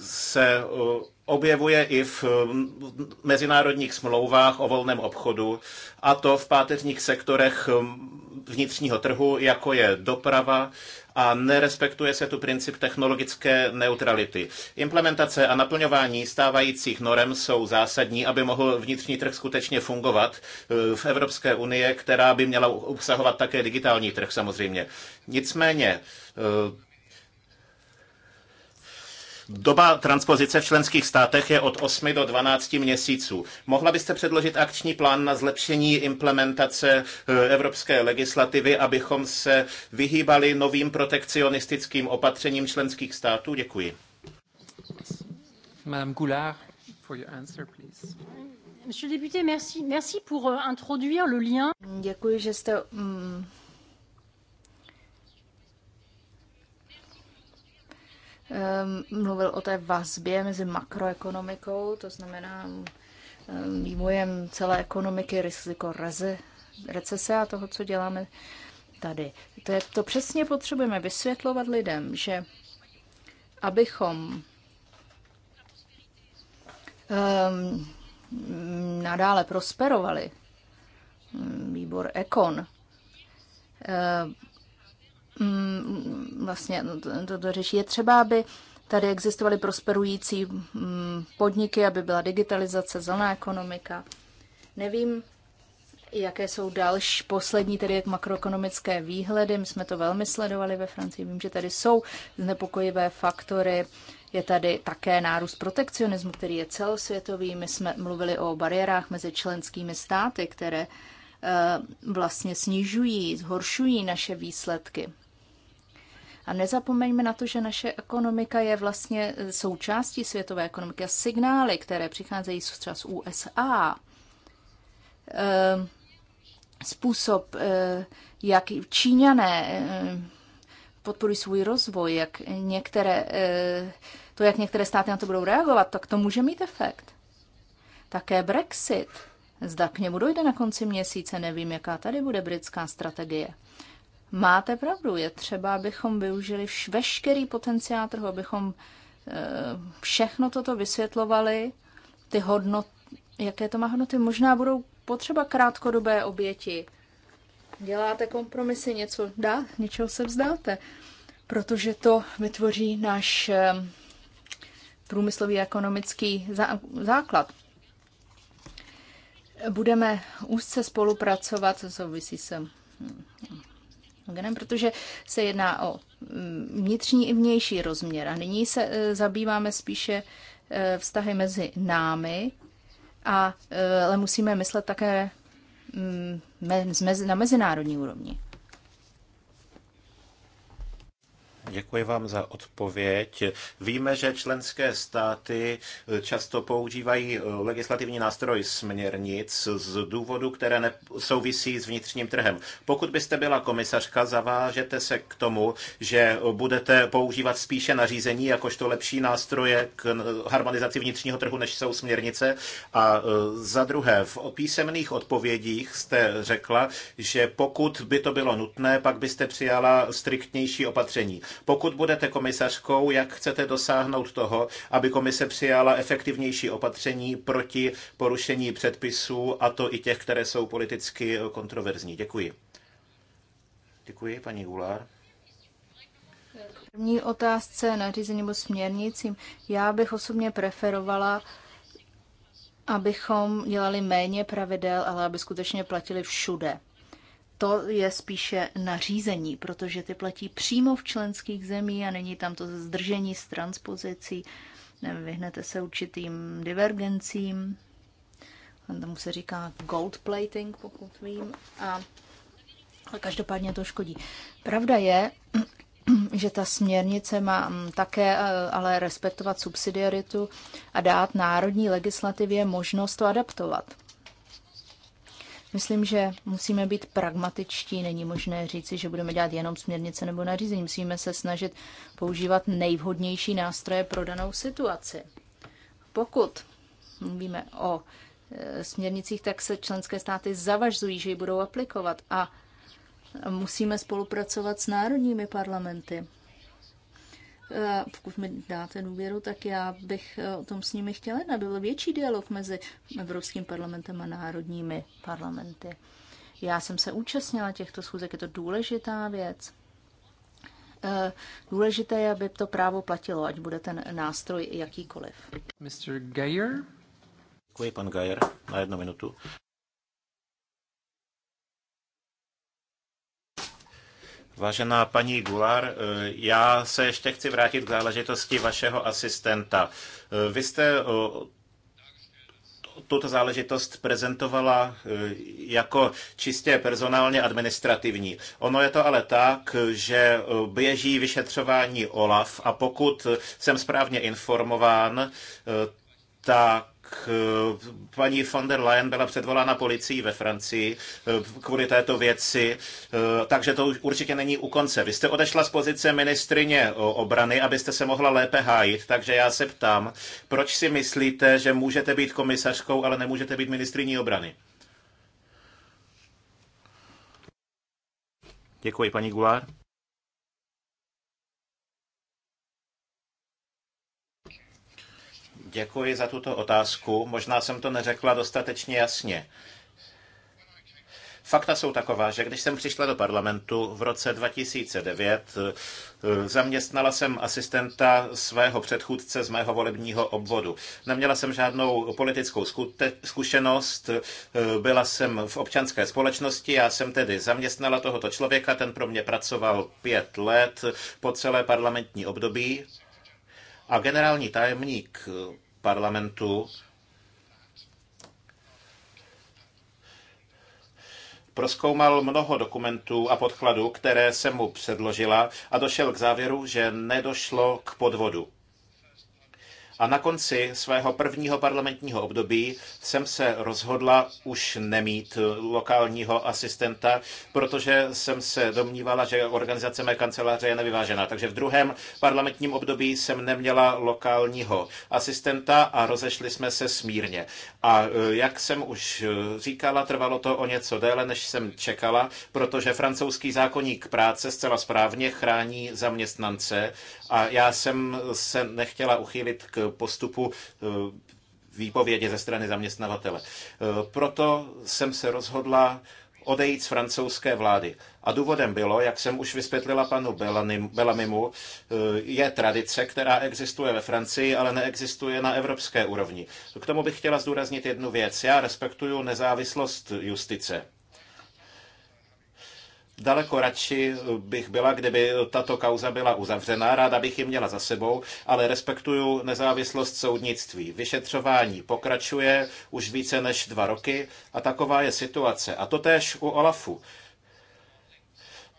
se eh, objevuje i v mezinárodních smlouvách o volném obchodu, a to v páteřních sektorech vnitřního trhu, jako je doprava a nerespektuje se tu princip technologické neutrality. Implementace a naplňování stávajících norem jsou zásadní, aby mohl vnitřní trh skutečně fungovat eh, v Evropské unii, která by měla obsahovat také digitální trh samozřejmě. Nicméně eh, Doba transpozice v členských státech je od 8 do 12 měsíců. Mohla byste předložit akční plán na zlepšení implementace eh, evropské legislativy, abychom se vyhýbali novým protekcionistickým opatřením členských států? Děkuji. Madame Goulard, for your answer, please. Monsieur député, merci. Merci pour euh, introduire le lien. Děkuji, že jste mm, Ehm, mluvil o té vazbě mezi makroekonomikou, to znamená ehm, vývojem celé ekonomiky, riziko reze, recese a toho, co děláme tady. To, je, to přesně potřebujeme vysvětlovat lidem, že abychom um, nadále prosperovali, mm, výbor Ekon um, Mm, vlastně to, to řeší. Je třeba, aby tady existovaly prosperující mm, podniky, aby byla digitalizace, zelená ekonomika. Nevím, jaké jsou další, poslední tedy makroekonomické výhledy. My jsme to velmi sledovali ve Francii. Vím, že tady jsou znepokojivé faktory. Je tady také nárůst protekcionismu, který je celosvětový. My jsme mluvili o bariérách mezi členskými státy, které eh, vlastně snižují, zhoršují naše výsledky. A nezapomeňme na to, že naše ekonomika je vlastně e, součástí světové ekonomiky a signály, které přicházejí třeba z USA, e, způsob, e, jak Číňané podporují svůj rozvoj, jak některé, to, jak některé státy na to budou reagovat, tak to může mít efekt. Také Brexit. Zda k němu dojde na konci měsíce, nevím, jaká tady bude britská strategie. Máte pravdu, je třeba, abychom využili veškerý potenciál trhu, abychom eh, všechno toto vysvětlovali, ty hodnoty, jaké to má hodnoty. Možná budou potřeba krátkodobé oběti. Děláte kompromisy, něco dá, něčeho se vzdáte, protože to vytvoří náš eh, průmyslový ekonomický základ. Budeme úzce spolupracovat, co souvisí se hm, genem, protože se jedná o mm, vnitřní i vnější rozměr. A nyní se e, zabýváme spíše e, vztahy mezi námi, a, e, ale musíme myslet také mm, na mezinárodní úrovni. Děkuji vám za odpověď. Víme, že členské státy často používají eh, legislativní nástroj směrnic z důvodu, které souvisí s vnitřním trhem. Pokud byste byla komisařka, zavážete se k tomu, že budete používat spíše nařízení jakožto lepší nástroje k harmonizaci vnitřního trhu, než jsou směrnice. A eh, za druhé, v písemných odpovědích jste řekla, že pokud by to bylo nutné, pak byste přijala striktnější opatření. Pokud budete komisařkou, jak chcete dosáhnout toho, aby komise přijala efektivnější opatření proti porušení předpisů, a to i těch, které jsou politicky kontroverzní? Děkuji. Děkuji, paní Gulár první otázce nařízení nebo směrnicím. Já bych osobně preferovala, abychom dělali méně pravidel, ale aby skutečně platili všude to je spíše nařízení, protože ty platí přímo v členských zemí a není tam to zdržení s transpozicí, vyhnete se určitým divergencím, tomu se říká gold plating, pokud vím, a ale každopádně to škodí. Pravda je, (clears throat) že ta směrnice má mm, také eh, ale respektovat subsidiaritu a dát národní legislativě možnost to adaptovat. Myslím, že musíme být pragmatičtí. Není možné říci, že budeme dělat jenom směrnice nebo nařízení. Musíme se snažit používat nejvhodnější nástroje pro danou situaci. Pokud mluvíme o e, směrnicích, tak se členské státy zavažují, že ji budou aplikovat a musíme spolupracovat s národními parlamenty. Eh, pokud mi dáte důvěru, tak já bych eh, o tom s nimi chtěla, aby byl větší dialog mezi Evropským parlamentem a národními parlamenty. Já jsem se účastnila těchto schůzek, je to důležitá věc. Eh, důležité je, aby to právo platilo, ať bude ten nástroj jakýkoliv. Mr. Geyer? Děkuji, pan Geyer, na jednu minutu. Vážená paní Gular, eh, já se ještě chci vrátit k záležitosti vašeho asistenta. Eh, vy jste eh, tuto záležitost prezentovala jako čistě personálně administrativní. Ono je to ale tak, že běží vyšetřování OLAF a pokud jsem správně informován, tak Eh, paní von der Leyen byla předvolána policií ve Francii eh, kvůli této věci, eh, takže to určitě není u konce. Vy jste odešla z pozice ministrině obrany, abyste se mohla lépe hájit, takže já se ptám, proč si myslíte, že můžete být komisařkou, ale nemůžete být ministriní obrany? Děkuji, paní Gulár. Děkuji za tuto otázku. Možná jsem to neřekla dostatečně jasně. Fakta jsou taková, že když jsem přišla do parlamentu v roce 2009, zaměstnala jsem asistenta svého předchůdce z mého volebního obvodu. Neměla jsem žádnou politickou zkušenost, byla jsem v občanské společnosti, já jsem tedy zaměstnala tohoto člověka, ten pro mě pracoval pět let po celé parlamentní období a generální tajemník parlamentu proskoumal mnoho dokumentů a podkladů, které se mu předložila a došel k závěru, že nedošlo k podvodu. A na konci svého prvního parlamentního období jsem se rozhodla už nemít eh, lokálního asistenta, protože jsem se domnívala, že organizace mé kanceláře je nevyvážená. Takže v druhém parlamentním období jsem neměla lokálního asistenta a rozešli jsme se smírně. A eh, jak jsem už eh, říkala, trvalo to o něco déle, než jsem čekala, protože francouzský zákonník práce zcela správně chrání zaměstnance a já jsem se nechtěla uchýlit k postupu eh, výpovědi ze strany zaměstnavatele. Eh, proto jsem se rozhodla odejít z francouzské vlády. A důvodem bylo, jak jsem už vysvětlila panu Belamimu, eh, je tradice, která existuje ve Francii, ale neexistuje na evropské úrovni. K tomu bych chtěla zdůraznit jednu věc. Já respektuju nezávislost justice. Daleko radši bych byla, kdyby tato kauza byla uzavřená, ráda bych ji měla za sebou, ale respektuju nezávislost soudnictví. Vyšetřování pokračuje už více než dva roky a taková je situace. A to též u Olafu.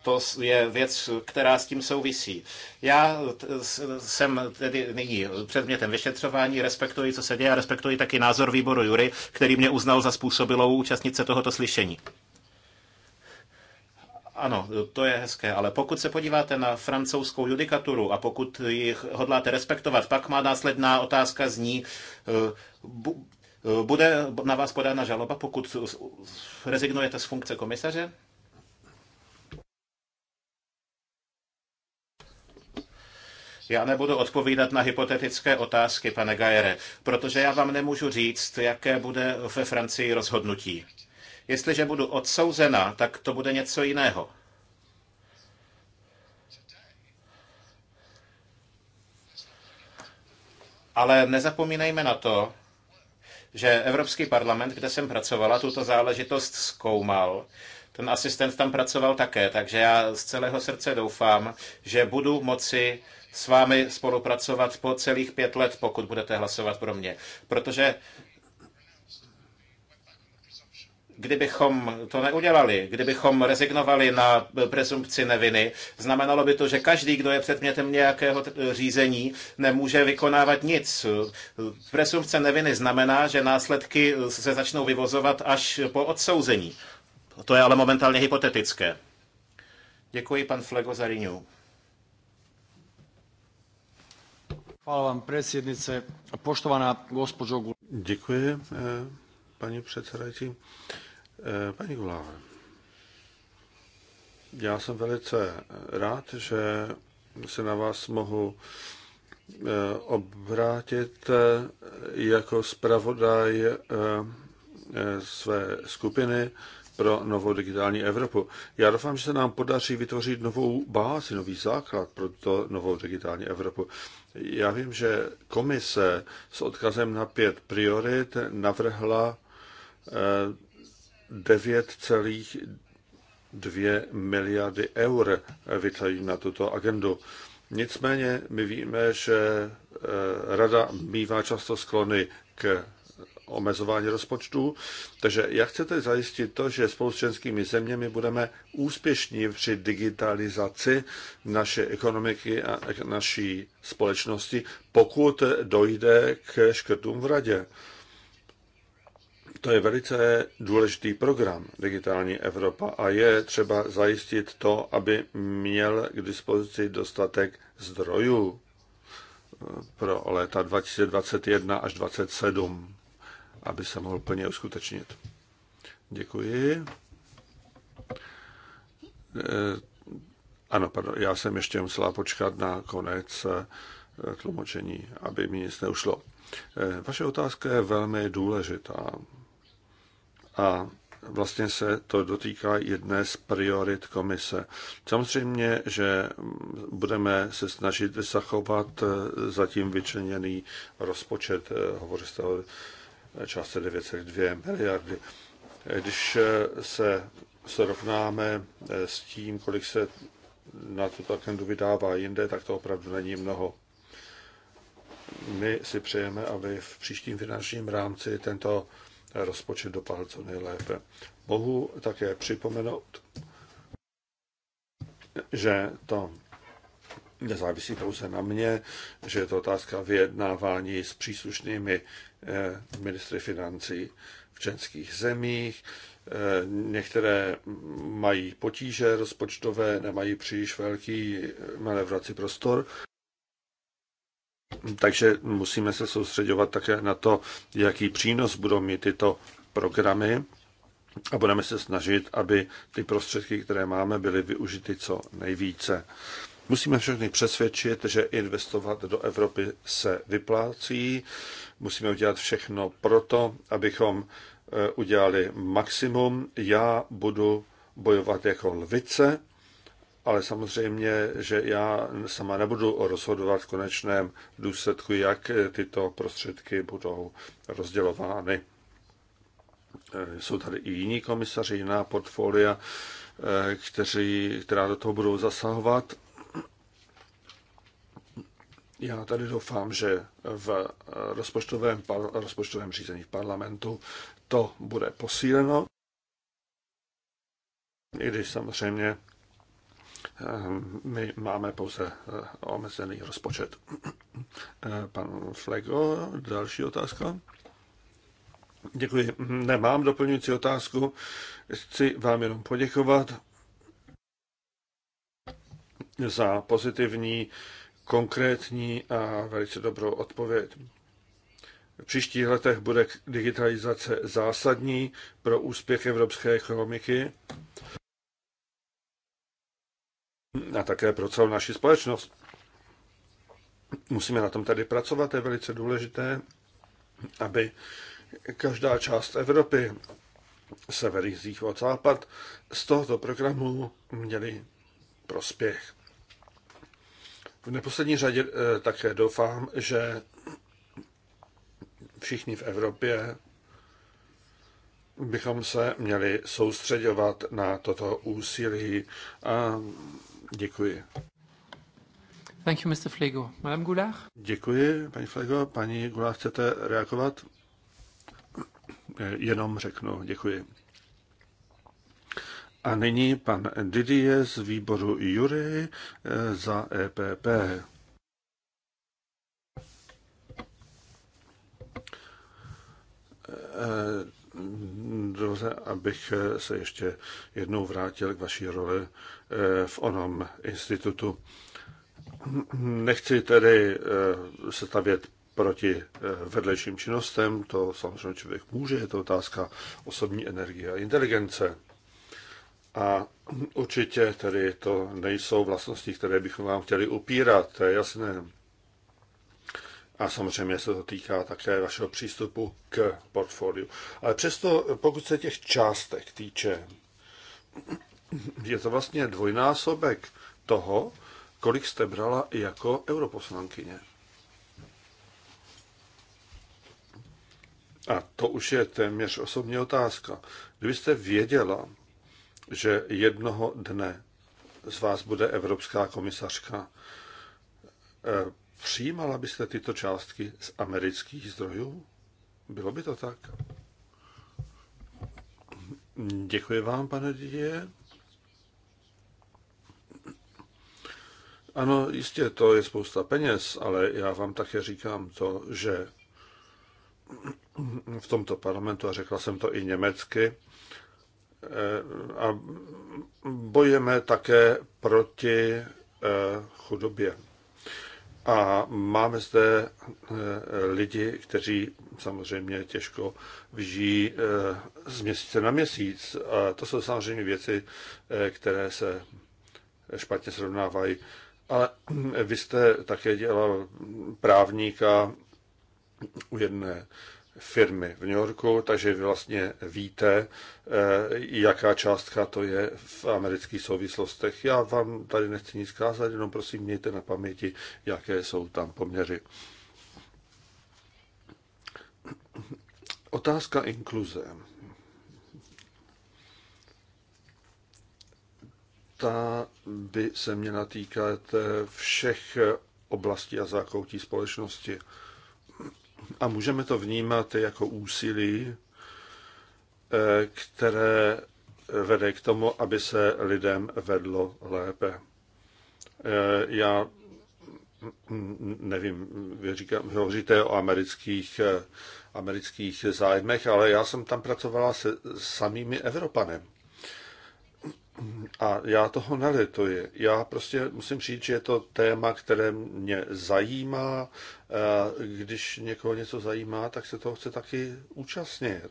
To je věc, která s tím souvisí. Já jsem tedy nyní předmětem vyšetřování, respektuji, co se děje a respektuji taky názor výboru Jury, který mě uznal za způsobilou účastnice tohoto slyšení. Ano, to je hezké, ale pokud se podíváte na francouzskou judikaturu a pokud jich hodláte respektovat, pak má následná otázka zní, eh, eh, bude na vás podána žaloba, pokud rezignujete z funkce komisaře? Já nebudu odpovídat na hypotetické otázky, pane Gajere, protože já vám nemůžu říct, jaké bude ve Francii rozhodnutí. Jestliže budu odsouzena, tak to bude něco jiného. Ale nezapomínejme na to, že Evropský parlament, kde jsem pracovala, tuto záležitost zkoumal. Ten asistent tam pracoval také, takže já z celého srdce doufám, že budu moci s vámi spolupracovat po celých pět let, pokud budete hlasovat pro mě. Protože Kdybychom to neudělali, kdybychom rezignovali na presumpci neviny, znamenalo by to, že každý, kdo je předmětem nějakého řízení, nemůže vykonávat nic. Presumpce neviny znamená, že následky se začnou vyvozovat až po odsouzení. To je ale momentálně hypotetické. Děkuji, pan Flego, za Hvala vám, predsjednice. Poštovaná gospođo... Děkuji, eh, paní předsedající. Eh, paní Gulár, já jsem velice rád, že se na vás mohu eh, obrátit eh, jako zpravodaj své skupiny pro novou digitální Evropu. Já doufám, že se nám podaří vytvořit novou bázi, nový základ pro to novou digitální Evropu. Já vím, že komise s odkazem na pět priorit navrhla 9,2 miliardy eur vytají na tuto agendu. Nicméně my víme, že eh, rada mývá často sklony k omezování rozpočtů. Takže jak chcete zajistit to, že spolu s českými zeměmi budeme úspěšní při digitalizaci naší ekonomiky a naší společnosti, pokud dojde k škrtům v radě? To je velice důležitý program Digitální Evropa a je třeba zajistit to, aby měl k dispozici dostatek zdrojů eh, pro léta 2021 až 2027, aby se mohl plně uskutečnit. Děkuji. Eh, ano, pardon, já jsem ještě musela počkat na konec eh, tlumočení, aby mi nic neušlo. Vaše otázka je velmi důležitá a vlastně se to dotýká jedné z priorit komise. Samozřejmě, že budeme se snažit zachovat eh, zatím vyčleněný rozpočet, eh, hovoří se o částce 9,2 miliardy. Když eh, se srovnáme s tím, kolik se na tuto agendu vydává jinde, tak to opravdu není mnoho. My si přejeme, aby v příštím finančním rámci tento rozpočet dopadl co nejlépe. Mohu také připomenout, že to nezávisí pouze na mě, že je to otázka vyjednávání s příslušnými eh, ministry financí v českých zemích. Eh, některé mají potíže rozpočtové, nemají příliš velký manevrací prostor takže musíme se soustředovat také na to, jaký přínos budou mít tyto programy a budeme se snažit, aby ty prostředky, které máme, byly využity co nejvíce. Musíme všechny přesvědčit, že investovat do Evropy se vyplácí. Musíme udělat všechno proto, abychom eh, udělali maximum. Já budu bojovat jako lvice ale samozřejmě, že já sama nebudu rozhodovat v konečném důsledku, jak eh, tyto prostředky budou rozdělovány. Eh, jsou tady i jiní komisaři, jiná portfolia, eh, kteří, která do toho budou zasahovat. Já tady doufám, že v rozpočtovém, rozpočtovém řízení v parlamentu to bude posíleno, i když samozřejmě Ehm, my máme pouze eh, omezený rozpočet. Eh, pan Flego, další otázka? Děkuji. Nemám doplňující otázku. Chci vám jenom poděkovat za pozitivní, konkrétní a velice dobrou odpověď. V příštích letech bude digitalizace zásadní pro úspěch evropské ekonomiky a také pro celou naši společnost. Musíme na tom tady pracovat, je velice důležité, aby každá část Evropy, sever, východ, západ, z tohoto programu měli prospěch. V neposlední řadě eh, také doufám, že všichni v Evropě bychom se měli soustředovat na toto úsilí a Děkuji. Thank you, Mr. Flego. Madame Goulard? Děkuji, paní Flego. Paní Goulard, chcete reagovat? Jenom řeknu, děkuji. A nyní pan Didier z výboru Jury eh, za EPP. Eh, Dobře, abych se ještě jednou vrátil k vaší roli Eh, v onom institutu. Nechci tedy eh, se stavět proti eh, vedlejším činnostem, to samozřejmě člověk může, je to otázka osobní energie a inteligence. A určitě tedy to nejsou vlastnosti, které bychom vám chtěli upírat, to je jasné. A samozřejmě se to týká také vašeho přístupu k portfoliu. Ale přesto, pokud se těch částek týče, je to vlastně dvojnásobek toho, kolik jste brala jako europoslankyně. A to už je téměř osobní otázka. Kdybyste věděla, že jednoho dne z vás bude evropská komisařka, eh, přijímala byste tyto částky z amerických zdrojů? Bylo by to tak? Děkuji vám, pane Didier. Ano, jistě to je spousta peněz, ale já vám také říkám to, že v tomto parlamentu, a řekla jsem to i německy, eh, a bojeme také proti eh, chudobě. A máme zde eh, lidi, kteří samozřejmě těžko žijí z měsíce na měsíc. A to jsou samozřejmě věci, které se špatně srovnávají ale vy jste také dělal právníka u jedné firmy v New Yorku, takže vy vlastně víte, eh, jaká částka to je v amerických souvislostech. Já vám tady nechci nic kázat, jenom prosím mějte na paměti, jaké jsou tam poměry. Otázka inkluze. ta by se měla týkat eh, všech oblastí a zákoutí společnosti. A můžeme to vnímat jako úsilí, eh, které vede k tomu, aby se lidem vedlo lépe. Eh, já nevím, vy říkám, hovoříte o amerických, amerických zájmech, ale já jsem tam pracovala se samými Evropanem. A já toho nelituji. Já prostě musím říct, že je to téma, které mě zajímá. Když někoho něco zajímá, tak se toho chce taky účastnit.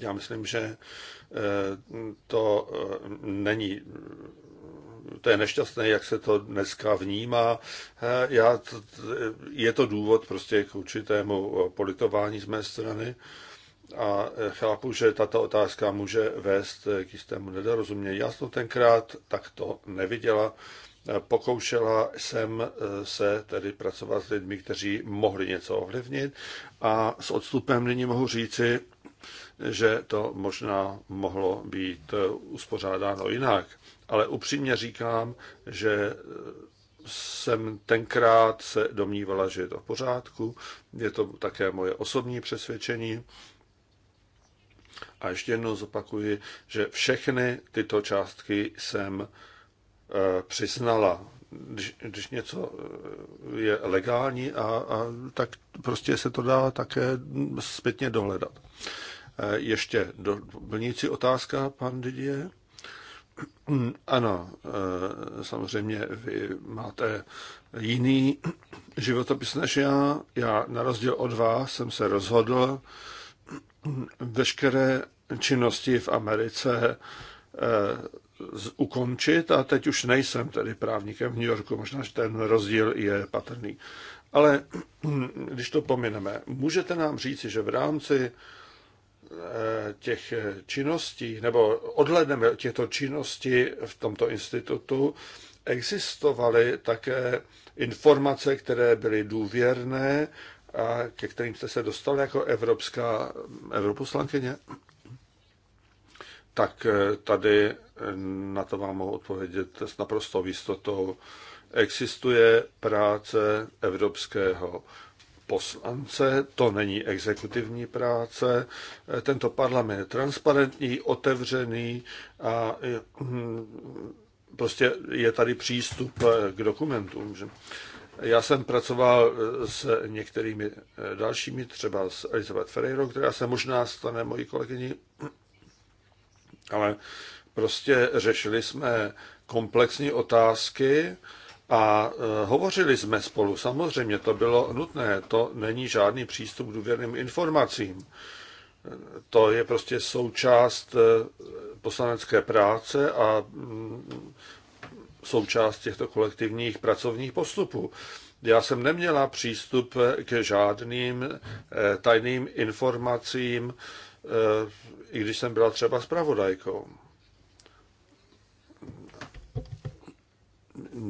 Já myslím, že e, to e, není to je nešťastné, jak se to dneska vnímá. E, já, je to důvod prostě k určitému politování z mé strany a e, chápu, že tato otázka může vést e, k jistému nedorozumění. Já jsem to tenkrát takto neviděla. E, pokoušela jsem se tedy pracovat s lidmi, kteří mohli něco ovlivnit a s odstupem nyní mohu říci, že to možná mohlo být uspořádáno jinak. Ale upřímně říkám, že jsem tenkrát se domnívala, že je to v pořádku. Je to také moje osobní přesvědčení a ještě jednou zopakuji, že všechny tyto částky jsem eh, přiznala. Když, když něco eh, je legální, a, a, tak prostě se to dá také zpětně dohledat. Eh, ještě doplňující otázka, pan Didier? (clears throat) Ano, samozřejmě vy máte jiný životopis než já. Já na rozdíl od vás jsem se rozhodl, veškeré činnosti v Americe eh, ukončit a teď už nejsem tedy právníkem v New Yorku, možná, že ten rozdíl je patrný. Ale hm, když to pomineme, můžete nám říci, že v rámci eh, těch činností, nebo odhledneme těchto činností v tomto institutu, existovaly také informace, které byly důvěrné, a ke kterým jste se dostal jako evropská europoslankyně? Tak eh, tady eh, na to vám mohu odpovědět s naprostou jistotou. Existuje práce evropského poslance, to není exekutivní práce. Eh, tento parlament je transparentní, otevřený a hm, prostě je tady přístup k dokumentům. Že? Já jsem pracoval e, s některými e, dalšími, třeba s Elizabeth Ferreiro, která se možná stane mojí kolegyní, (clears throat) ale prostě řešili jsme komplexní otázky a e, hovořili jsme spolu. Samozřejmě to bylo nutné, to není žádný přístup k důvěrným informacím. To je prostě součást poslanecké práce a mm, součást těchto kolektivních pracovních postupů. Já jsem neměla přístup k žádným eh, tajným informacím, eh, i když jsem byla třeba zpravodajkou.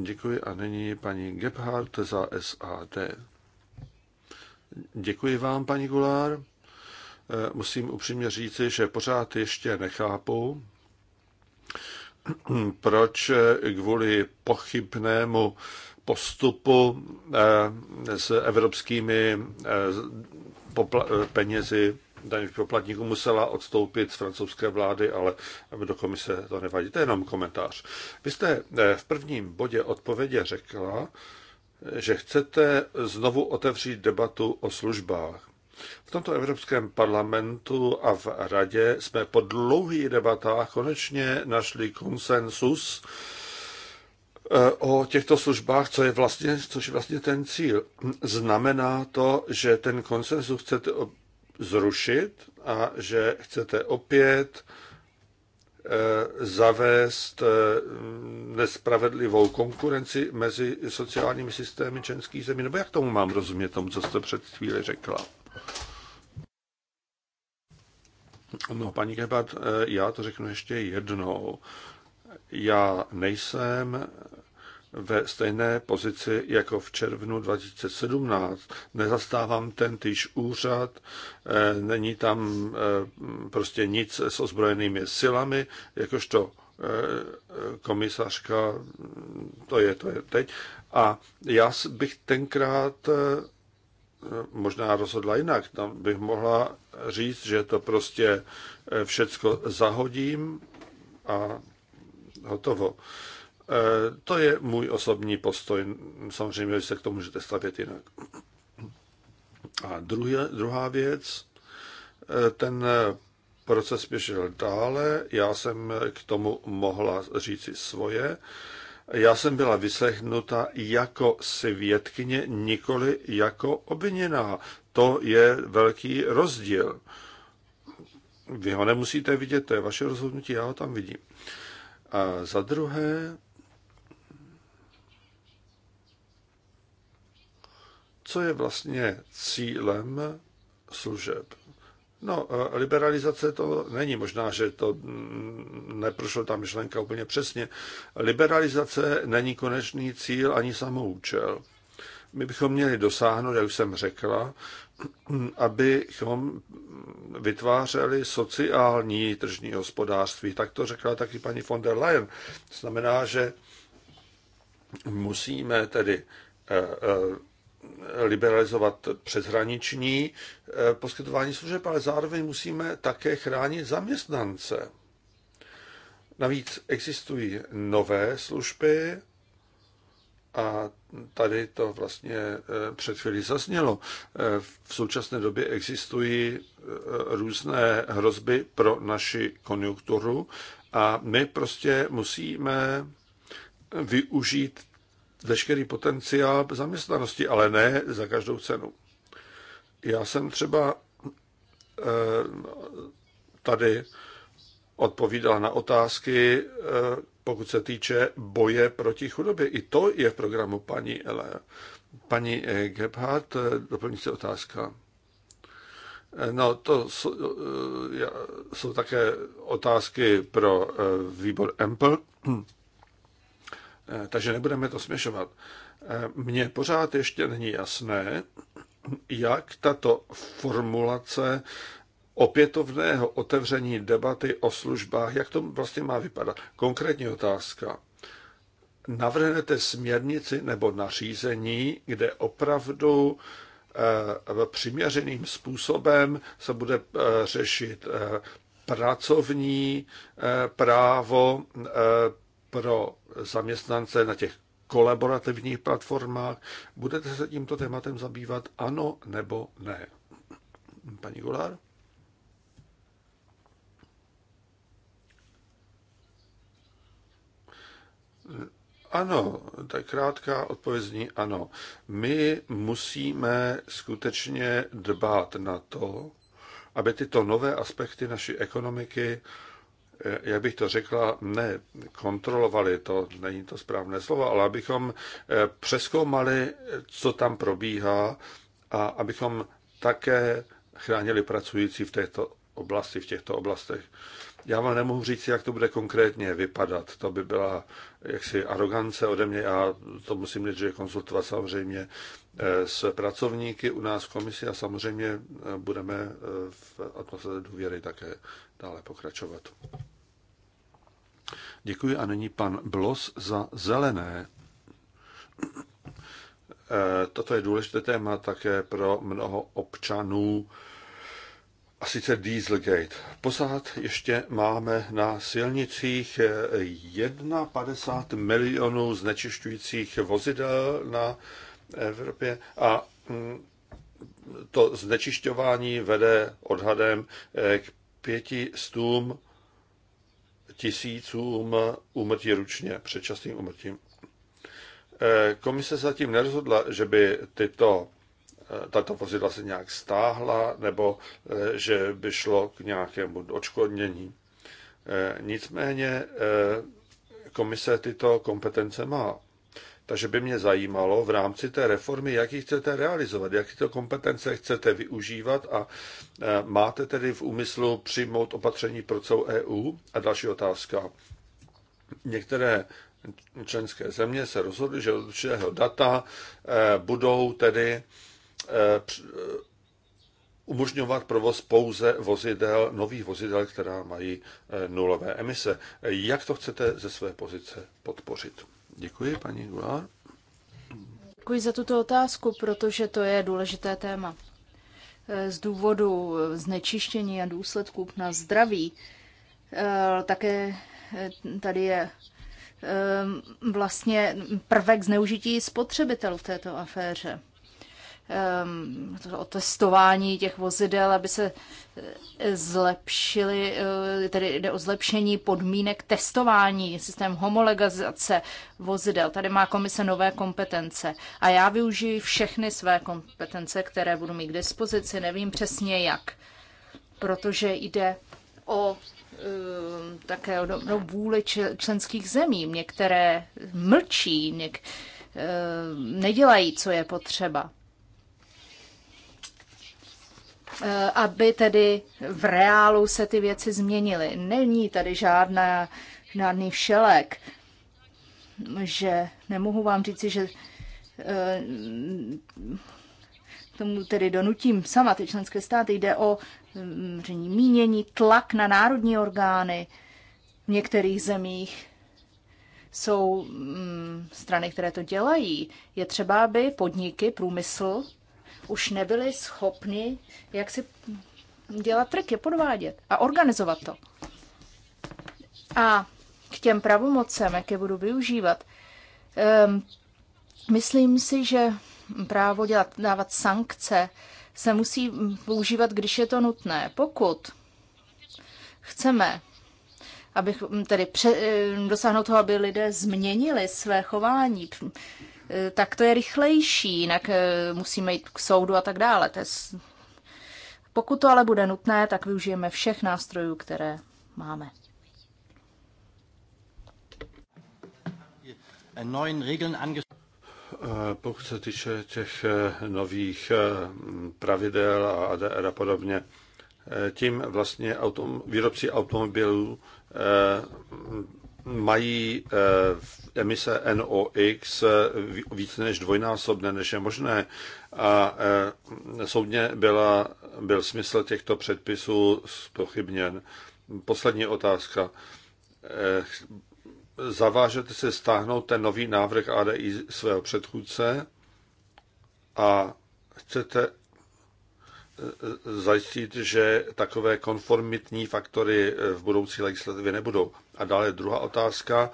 Děkuji a nyní paní Gebhardt za SAD. Děkuji vám, paní Gulár. Eh, musím upřímně říci, že pořád ještě nechápu, (clears throat) proč eh, kvůli pochybnému postupu eh, s evropskými eh, penězi daňových poplatníků musela odstoupit z francouzské vlády, ale do komise to nevadí. To je jenom komentář. Vy jste v prvním bodě odpovědi řekla, že chcete znovu otevřít debatu o službách. V tomto Evropském parlamentu a v Radě jsme po dlouhých debatách konečně našli konsensus eh, o těchto službách, co je vlastně, což je vlastně ten cíl. Znamená to, že ten konsensus chcete zrušit a že chcete opět eh, zavést eh, nespravedlivou konkurenci mezi sociálními systémy členských zemí? Nebo jak tomu mám rozumět tomu, co jste před chvíli řekla? No, paní Gebhardt, eh, já to řeknu ještě jednou. Já nejsem ve stejné pozici jako v červnu 2017. Nezastávám ten týž úřad, eh, není tam eh, prostě nic s ozbrojenými silami, jakožto komisařka, to je, to je teď. A já bych tenkrát možná rozhodla jinak. Tam bych mohla říct, že to prostě eh, všecko zahodím a hotovo. Eh, to je můj osobní postoj. Samozřejmě, že se k tomu můžete stavět jinak. A druhé, druhá věc, eh, ten proces běžel dále, já jsem k tomu mohla říci svoje já jsem byla vyslechnuta jako svědkyně, nikoli jako obviněná. To je velký rozdíl. Vy ho nemusíte vidět, to je vaše rozhodnutí, já ho tam vidím. A za druhé, co je vlastně cílem služeb. No, e, liberalizace to není možná, že to mm, neprošlo ta myšlenka úplně přesně. Liberalizace není konečný cíl ani samoučel. My bychom měli dosáhnout, jak už jsem řekla, (clears throat) abychom vytvářeli sociální tržní hospodářství. Tak to řekla taky paní von der Leyen. To znamená, že musíme tedy e, e, liberalizovat přeshraniční eh, poskytování služeb, ale zároveň musíme také chránit zaměstnance. Navíc existují nové služby a tady to vlastně eh, před chvíli zaznělo. Eh, v současné době existují různé hrozby pro naši konjunkturu a my prostě musíme využít veškerý potenciál zaměstnanosti, ale ne za každou cenu. Já jsem třeba eh, tady odpovídala na otázky, eh, pokud se týče boje proti chudobě. I to je v programu paní Ele. Paní eh, Gebhardt, doplňující otázka. No, to jsou, jsou také otázky pro výbor EMPL. Eh, takže nebudeme to směšovat. Eh, mně pořád ještě není jasné, jak tato formulace opětovného otevření debaty o službách, jak to vlastně má vypadat. Konkrétní otázka. Navrhnete směrnici nebo nařízení, kde opravdu eh, přiměřeným způsobem se bude řešit pracovní právo, pro zaměstnance na těch kolaborativních platformách. Budete se tímto tématem zabývat ano nebo ne? Paní Golár? Ano, tak krátká odpověď zní ano. My musíme skutečně dbát na to, aby tyto nové aspekty naší ekonomiky Eh, jak bych to řekla, ne kontrolovali, to není to správné slovo, ale abychom eh, přeskoumali, co tam probíhá a abychom také chránili pracující v této oblasti, v těchto oblastech. Já vám nemohu říct, jak to bude konkrétně vypadat. To by byla jaksi arogance ode mě. a to musím říct, že konzultovat samozřejmě eh, s pracovníky u nás v komisi a samozřejmě budeme v atmosféře důvěry také dále pokračovat. Děkuji a nyní pan Blos za zelené. Eh, toto je důležité téma také pro mnoho občanů, a sice Dieselgate. Posad ještě máme na silnicích 51 eh, milionů znečišťujících vozidel na Evropě a mm, to znečišťování vede odhadem eh, k pěti stům tisícům umrtí ručně, předčasným umrtím. Eh, komise zatím nerozhodla, že by tyto, eh, tato vozidla se nějak stáhla nebo eh, že by šlo k nějakému odškodnění. Nicméně komise tyto kompetence má. Takže by mě zajímalo v rámci té reformy, jak ji chcete realizovat, jak tyto kompetence chcete využívat a e, máte tedy v úmyslu přijmout opatření pro celou EU? A další otázka. Některé členské země se rozhodly, že od určitého data e, budou tedy e, umožňovat provoz pouze vozidel, nových vozidel, která mají nulové emise. Jak to chcete ze své pozice podpořit? Děkuji, paní Gula. Děkuji za tuto otázku, protože to je důležité téma. Z důvodu znečištění a důsledků na zdraví eh, také eh, tady je eh, vlastně prvek zneužití spotřebitelů v této aféře. Ehm, o testování těch vozidel, aby se eh, zlepšili, eh, tedy jde o zlepšení podmínek testování, systém homologizace vozidel. Tady má komise nové kompetence a já využiji všechny své kompetence, které budu mít k dispozici, nevím přesně jak, protože jde o ehm, také o dobrou vůli členských zemí. Některé mlčí, něk, ehm, nedělají, co je potřeba. Eh, aby tedy v reálu se ty věci změnily. Není tady žádná, žádný všelek, že nemohu vám říci, že eh, tomu tedy donutím sama ty členské státy. Jde o hm, říní, mínění, tlak na národní orgány v některých zemích. Jsou hm, strany, které to dělají. Je třeba, aby podniky, průmysl už nebyli schopni jak si dělat triky, podvádět a organizovat to. A k těm pravomocem, jak je budu využívat, um, myslím si, že právo dělat, dávat sankce se musí používat, když je to nutné. Pokud chceme abych tedy pře- e, dosáhnout toho, aby lidé změnili své chování, Eh, tak to je rychlejší, jinak eh, musíme jít k soudu a tak dále. To je... Pokud to ale bude nutné, tak využijeme všech nástrojů, které máme. Eh, pokud se týče těch nových pravidel a ADR a podobně, tím vlastně autom, výrobci automobilů mají eh, emise NOx eh, více než dvojnásobné, než je možné. A eh, soudně byla, byl smysl těchto předpisů spochybněn. Poslední otázka. Zavážete se stáhnout ten nový návrh ADI svého předchůdce a chcete zajistit, že takové konformitní faktory v budoucí legislativě nebudou. A dále druhá otázka,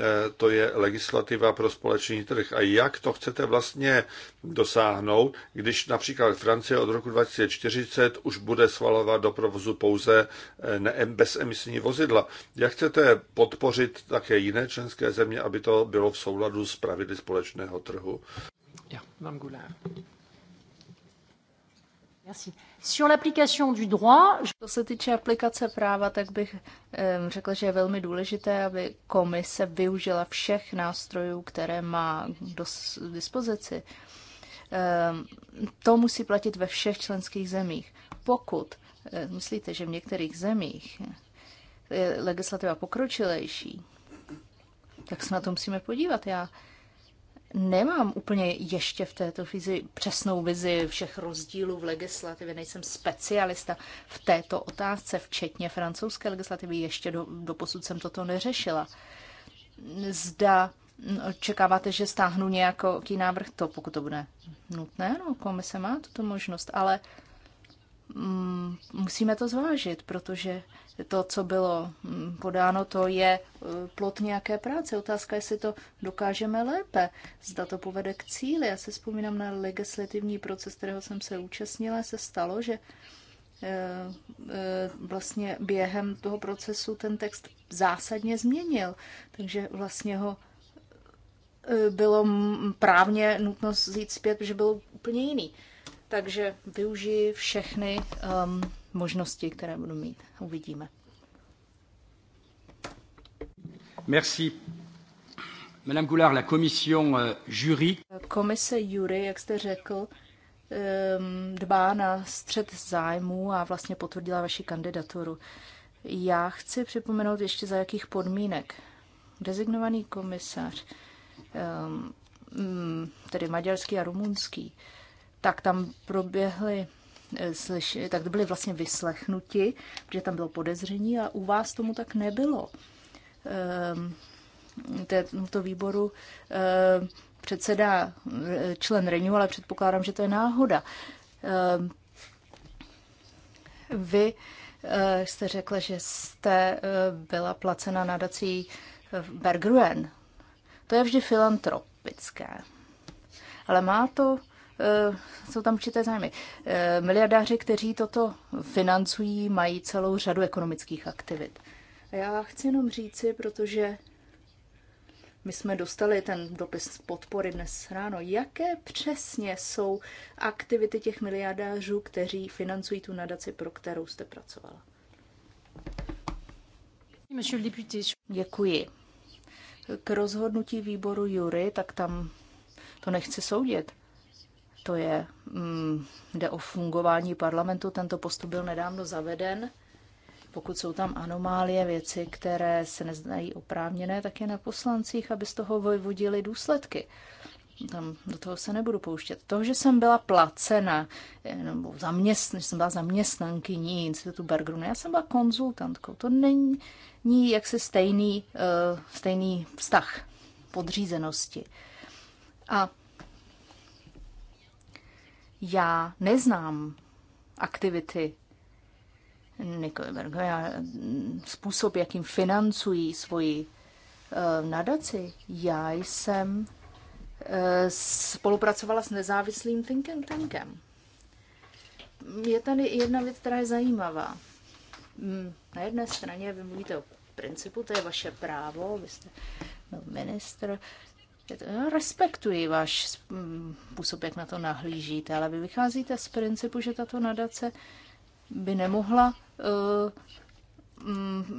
eh, to je legislativa pro společný trh. A jak to chcete vlastně dosáhnout, když například Francie od roku 2040 už bude svalovat do provozu pouze eh, bezemisní vozidla? Jak chcete podpořit také jiné členské země, aby to bylo v souladu s pravidly společného trhu? Já vám Merci. Sur l'application du droit... Co se týče aplikace práva, tak bych um, řekla, že je velmi důležité, aby komise využila všech nástrojů, které má k dispozici. Um, to musí platit ve všech členských zemích. Pokud uh, myslíte, že v některých zemích je legislativa pokročilejší, tak se na to musíme podívat. Já nemám úplně ještě v této vizi přesnou vizi všech rozdílů v legislativě, nejsem specialista v této otázce, včetně francouzské legislativy, ještě do, do posud jsem toto neřešila. Zda mm, očekáváte, že stáhnu nějaký návrh, to pokud to bude nutné, no, komise má tuto možnost, ale Mm, musíme to zvážit, protože to, co bylo mm, podáno, to je e, plot nějaké práce. Otázka, jestli to dokážeme lépe, zda to povede k cíli. Já se vzpomínám na legislativní proces, kterého jsem se účastnila, se stalo, že e, e, vlastně během toho procesu ten text zásadně změnil, takže vlastně ho bylo právně nutno vzít zpět, protože byl úplně jiný. Takže využiji všechny um, možnosti, které budu mít. Uvidíme. Merci. Madame Goulard, la commission uh, jury. Komise jury, jak jste řekl, um, dbá na střed zájmu a vlastně potvrdila vaši kandidaturu. Já chci připomenout ještě za jakých podmínek. Rezignovaný komisař, um, mm, tedy maďarský a rumunský, tak tam proběhly eh, tak byli vlastně vyslechnuti, protože tam bylo podezření a u vás tomu tak nebylo. Ehm, to výboru ehm, předseda eh, člen Renew, ale předpokládám, že to je náhoda. Ehm, vy eh, jste řekla, že jste byla placena nadací Bergruen. To je vždy filantropické. Ale má to Eh, jsou tam určité zájmy. Eh, miliardáři, kteří toto financují, mají celou řadu ekonomických aktivit. A já chci jenom říci, protože my jsme dostali ten dopis podpory dnes ráno. Jaké přesně jsou aktivity těch miliardářů, kteří financují tu nadaci, pro kterou jste pracovala? Děkuji. K rozhodnutí výboru Jury, tak tam to nechci soudit to je, mm, jde o fungování parlamentu. Tento postup byl nedávno zaveden. Pokud jsou tam anomálie, věci, které se neznají oprávněné, tak je na poslancích, aby z toho vojvodili důsledky. Tam do toho se nebudu pouštět. To, že jsem byla placena, nebo zaměstn, že jsem byla zaměstnankyní Institutu Bergrunu, já jsem byla konzultantkou. To není, není jaksi stejný, uh, stejný vztah podřízenosti. A já neznám aktivity Nikoli Bergera, mm, způsob, jakým financují svoji uh, nadaci. Já jsem uh, spolupracovala s nezávislým think tankem. Je tady jedna věc, která je zajímavá. Mm, na jedné straně vy mluvíte o principu, to je vaše právo, vy jste byl ministr, Respektuji váš způsob, jak na to nahlížíte, ale vy vycházíte z principu, že tato nadace by nemohla uh,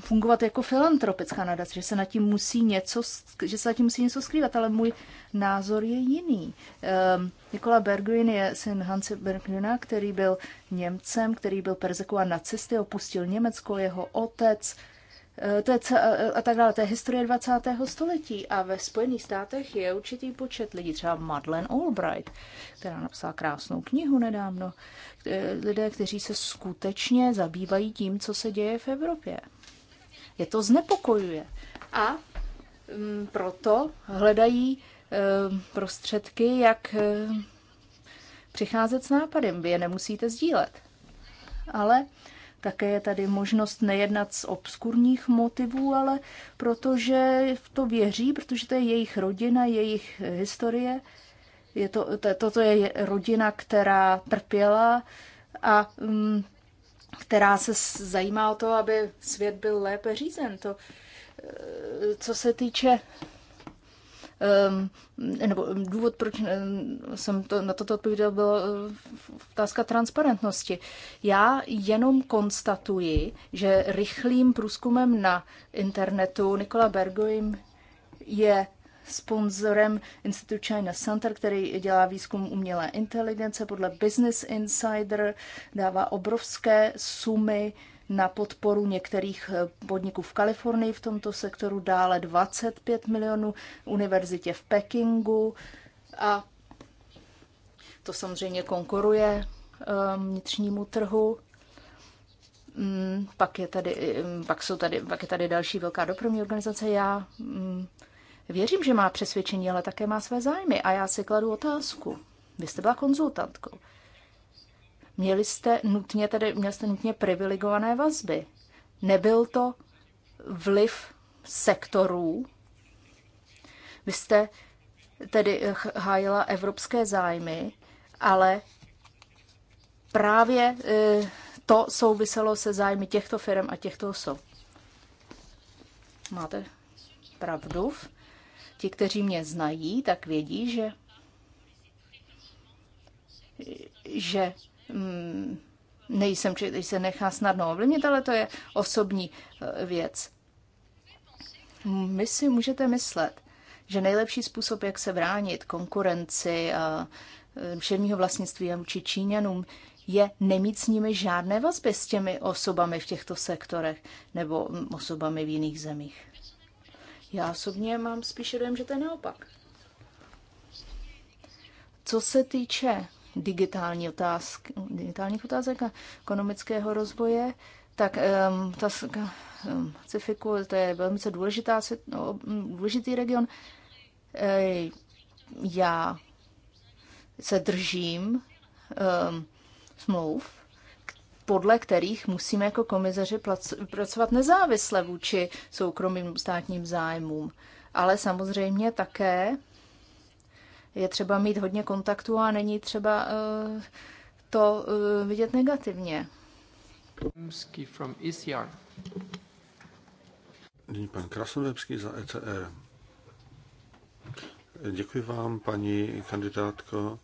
fungovat jako filantropická nadace, že se nad tím musí něco, že se nad tím musí něco skrývat, ale můj názor je jiný. Um, uh, Nikola Bergwin je syn Hanse Bergwina, který byl Němcem, který byl persekuován nacisty, opustil Německo, jeho otec uh, Eh, to je eh, a tak dále. To je historie 20. století a ve Spojených státech je určitý počet lidí, třeba Madeleine Albright, která napsala krásnou knihu nedávno. Lidé, kteří se skutečně zabývají tím, co se děje v Evropě. Je to znepokojuje. A mm, proto hledají eh, prostředky, jak přicházet s nápadem. Vy je nemusíte sdílet. Ale také je tady možnost nejednat z obskurních motivů, ale protože v to věří, protože to je jejich rodina, jejich historie. Je to, to, toto je rodina, která trpěla a um, která se zajímá o to, aby svět byl lépe řízen. To, eh, co se týče Ehm, nebo ehm, důvod, proč ehm, jsem to, na toto odpověděl, byla otázka transparentnosti. Já jenom konstatuji, že rychlým průzkumem na internetu Nikola Bergoim je sponzorem Institute China Center, který dělá výzkum umělé inteligence. Podle Business Insider dává obrovské sumy na podporu některých eh, podniků v Kalifornii v tomto sektoru, dále 25 milionů univerzitě v Pekingu a to samozřejmě konkuruje ehm, vnitřnímu trhu. Mm, pak, je tady, ehm, pak, jsou tady, pak je tady další velká dopravní organizace. Já mm, věřím, že má přesvědčení, ale také má své zájmy. A já si kladu otázku. Vy jste byla konzultantkou. Měli jste nutně, tedy, měli jste nutně privilegované vazby. Nebyl to vliv sektorů. Vy jste tedy hájila evropské zájmy, ale právě e, to souviselo se zájmy těchto firm a těchto osob. Máte pravdu. Ti, kteří mě znají, tak vědí, že že Mm, nejsem, či se nechá snadno ovlivnit, ale to je osobní eh, věc. My si můžete myslet, že nejlepší způsob, jak se bránit konkurenci eh, a všemního vlastnictví vůči Číňanům, je nemít s nimi žádné vazby s těmi osobami v těchto sektorech nebo mm, osobami v jiných zemích. Já osobně mám spíše dojem, že to je naopak. Co se týče digitální otázky, digitálních otázek a ekonomického rozvoje, tak um, ta um, Pacifiku, to je velmi důležitá, no, důležitý region. E, já se držím um, ehm, smlouv, podle kterých musíme jako komisaři pracovat nezávisle vůči soukromým státním zájmům. Ale samozřejmě také je třeba mít hodně kontaktů a není třeba eh, to eh, vidět negativně. E Nyní pan Krasnodebský za ECR. Děkuji vám, paní kandidátko.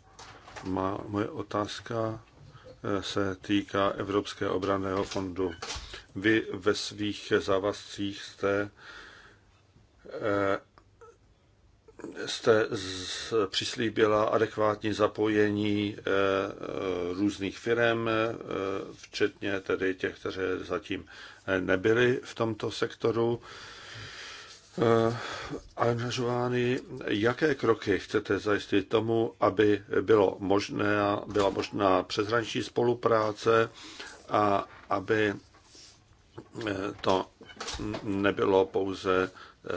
Má, moje otázka eh, se týká Evropského obranného fondu. Vy ve svých závazcích jste jste z, přislíbila adekvátní zapojení eh, eh, různých firm, eh, včetně tedy těch, kteří zatím nebyli v tomto sektoru e, angažovány. Jaké kroky chcete zajistit tomu, aby bylo možné, byla možná přeshraniční spolupráce a aby to nebylo pouze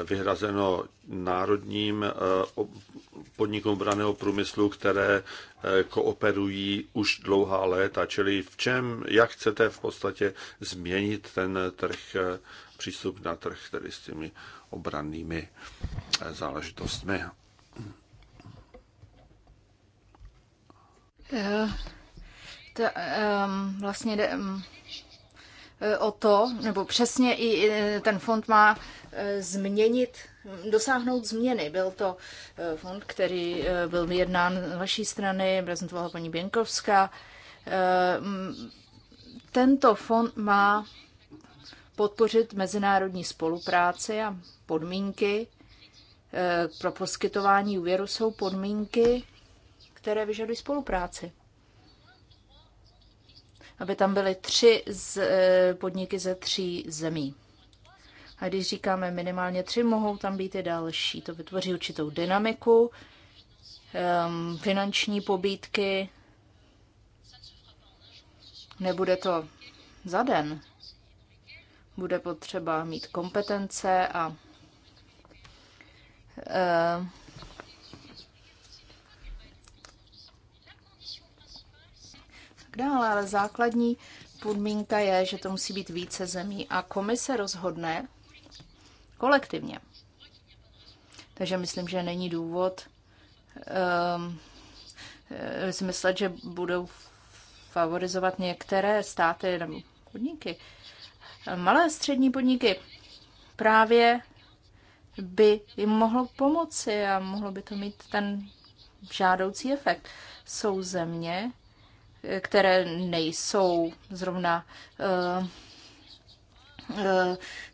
vyhrazeno národním eh, podnikům braného průmyslu, které eh, kooperují už dlouhá léta. Čili v čem, jak chcete v podstatě změnit ten trh, eh, přístup na trh tedy s těmi obrannými záležitostmi? To, um, vlastně de, um, ehm, E, o to, nebo přesně i e, ten fond má e, změnit, dosáhnout změny. Byl to fond, který byl vyjednán z vaší strany, prezentovala paní Běnkovská. Tento fond má podpořit mezinárodní spolupráci a podmínky pro poskytování úvěru jsou podmínky, které vyžadují spolupráci aby tam byly tři z, e, podniky ze tří zemí. A když říkáme minimálně tři, mohou tam být i další. To vytvoří určitou dynamiku, um, finanční pobídky. Nebude to za den. Bude potřeba mít kompetence a e, tak dále, ale základní podmínka je, že to musí být více zemí a komise rozhodne kolektivně. Takže myslím, že není důvod um, si myslet, že budou favorizovat některé státy nebo podniky. Malé střední podniky právě by jim mohlo pomoci a mohlo by to mít ten žádoucí efekt. Jsou země, které nejsou zrovna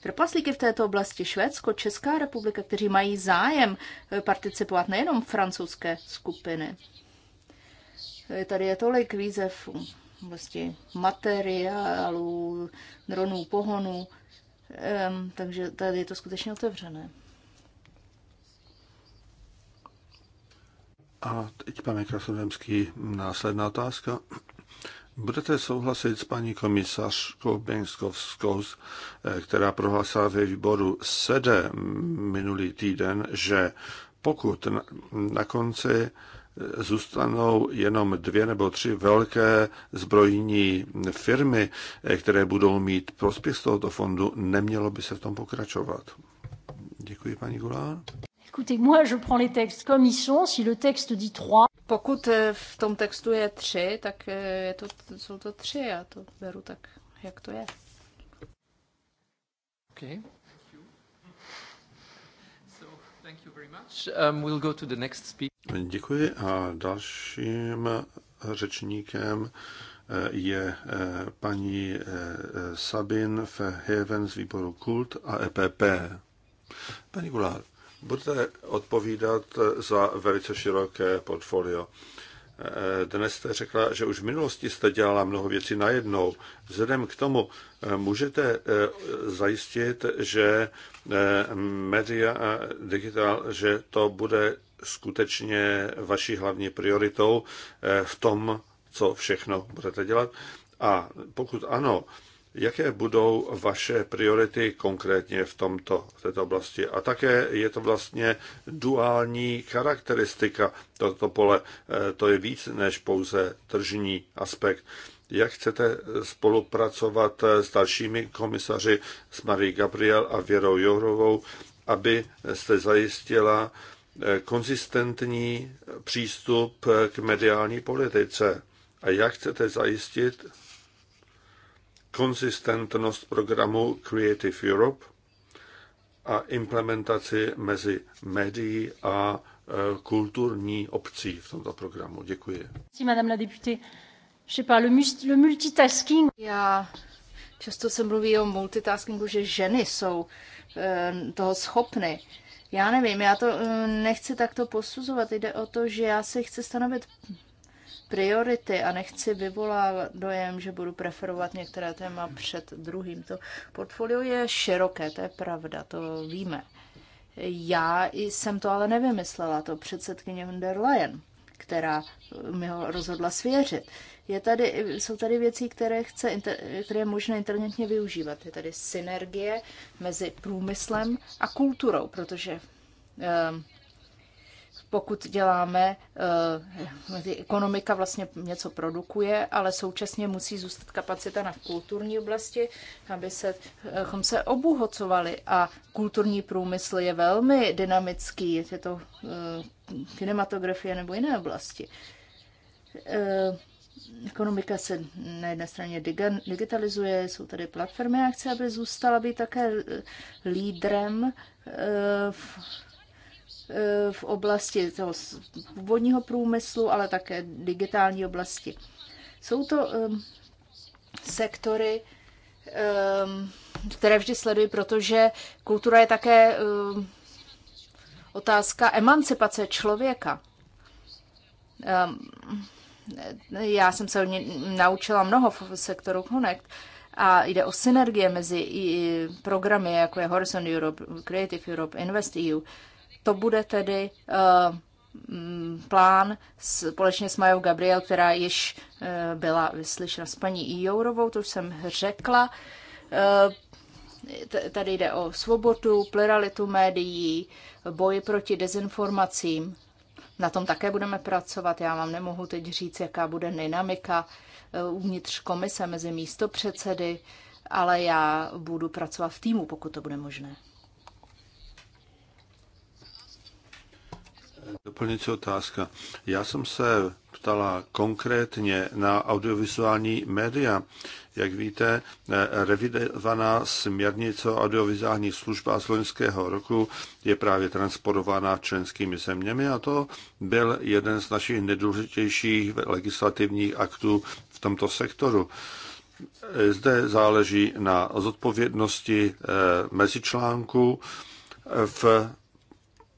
trpaslíky eh, eh, v této oblasti Švédsko, Česká republika, kteří mají zájem eh, participovat nejenom francouzské skupiny. Tady je tolik výzev vlastně materiálů, dronů, pohonů, takže tady je to skutečně otevřené. A teď, pane Krasnodemský, následná otázka. Budete souhlasit s paní komisařkou Bengskovskou, která prohlásila ve výboru SEDE minulý týden, že pokud na konci zůstanou jenom dvě nebo tři velké zbrojní firmy, které budou mít prospěch z tohoto fondu, nemělo by se v tom pokračovat. Děkuji, paní Gulá. Écoutez, moi, je prends les textes comme ils sont. Si le texte dit 3... Pokud eh, v tom textu je tři, tak eh, je to, jsou to tři. Já to beru tak, jak to je. Okay. Um, Děkuji a dalším řečníkem eh, je paní Sabin Verheven z výboru Kult a EPP. Paní Gulár. Budete odpovídat za velice široké portfolio. Dnes jste řekla, že už v minulosti jste dělala mnoho věcí najednou. Vzhledem k tomu můžete eh, zajistit, že eh, media a eh, digitál, že to bude skutečně vaší hlavní prioritou v tom, co všechno budete dělat. A pokud ano, jaké budou vaše priority konkrétně v tomto, v této oblasti. A také je to vlastně duální charakteristika tohoto pole. E, to je víc než pouze tržní aspekt. Jak chcete spolupracovat s dalšími komisaři, s Marie Gabriel a Věrou Jourovou, aby jste zajistila e, konzistentní přístup k mediální politice? A jak chcete zajistit konzistentnost programu Creative Europe a implementaci mezi médií a e, kulturní obcí v tomto programu. Děkuji. Madame la députée. Je sais pas, le, multitasking. Já často se mluví o multitaskingu, že ženy jsou e, toho schopny. Já nevím, já to e, nechci takto posuzovat. Jde o to, že já si chci stanovit priority a nechci vyvolávat dojem, že budu preferovat některé téma před druhým. To portfolio je široké, to je pravda, to víme. Já jsem to ale nevymyslela, to předsedkyně von der Leyen, která mi ho rozhodla svěřit. Je tady, jsou tady věci, které, chce, které je možné internetně využívat. Je tady synergie mezi průmyslem a kulturou, protože ehm, pokud děláme, eh, ekonomika vlastně něco produkuje, ale současně musí zůstat kapacita na kulturní oblasti, aby se, abychom se obuhocovali. A kulturní průmysl je velmi dynamický, je to eh, kinematografie nebo jiné oblasti. Eh, ekonomika se na jedné straně digitalizuje, jsou tady platformy a chce, aby zůstala být také lídrem v Eh, v oblasti toho původního průmyslu, ale také digitální oblasti. Jsou to sektory, které vždy sleduji, protože kultura je také otázka emancipace člověka. Já jsem se naučila mnoho v sektoru Connect a jde o synergie mezi programy, jako je Horizon Europe, Creative Europe, Invest EU to bude tedy eh, mm, plán společně s Majou Gabriel, která již eh, byla vyslyšena s paní Jourovou, to už jsem řekla. Eh, tady jde o svobodu, pluralitu médií, boji proti dezinformacím. Na tom také budeme pracovat. Já vám nemohu teď říct, jaká bude dynamika uvnitř komise mezi místopředsedy, ale já budu pracovat v týmu, pokud to bude možné. Doplňující otázka. Já jsem se ptala konkrétně na audiovizuální média. Jak víte, eh, revidovaná směrnice o audiovizuálních službách z loňského roku je právě transportována členskými zeměmi a to byl jeden z našich nejdůležitějších legislativních aktů v tomto sektoru. Eh, zde záleží na zodpovědnosti eh, mezičlánku v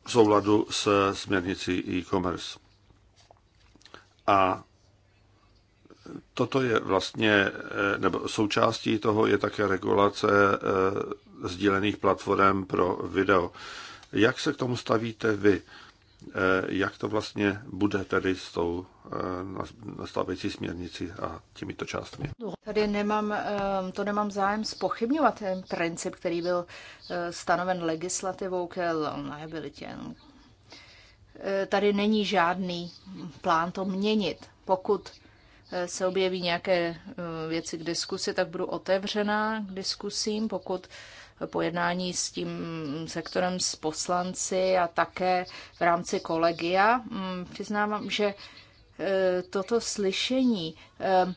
v souladu se směrnicí e-commerce. A toto je vlastně, eh, nebo součástí toho je také regulace eh, sdílených platform pro video. Jak se k tomu stavíte vy? Eh, jak to vlastně bude tedy s tou eh, nastávající směrnici a těmito částmi. Tady nemám, eh, to nemám zájem spochybňovat ten princip, který byl stanoven legislativou ke liability. Tady není žádný plán to měnit. Pokud se objeví nějaké věci k diskusi, tak budu otevřená k diskusím. Pokud pojednání s tím sektorem, s poslanci a také v rámci kolegia. Mm, přiznávám, že e, toto slyšení e,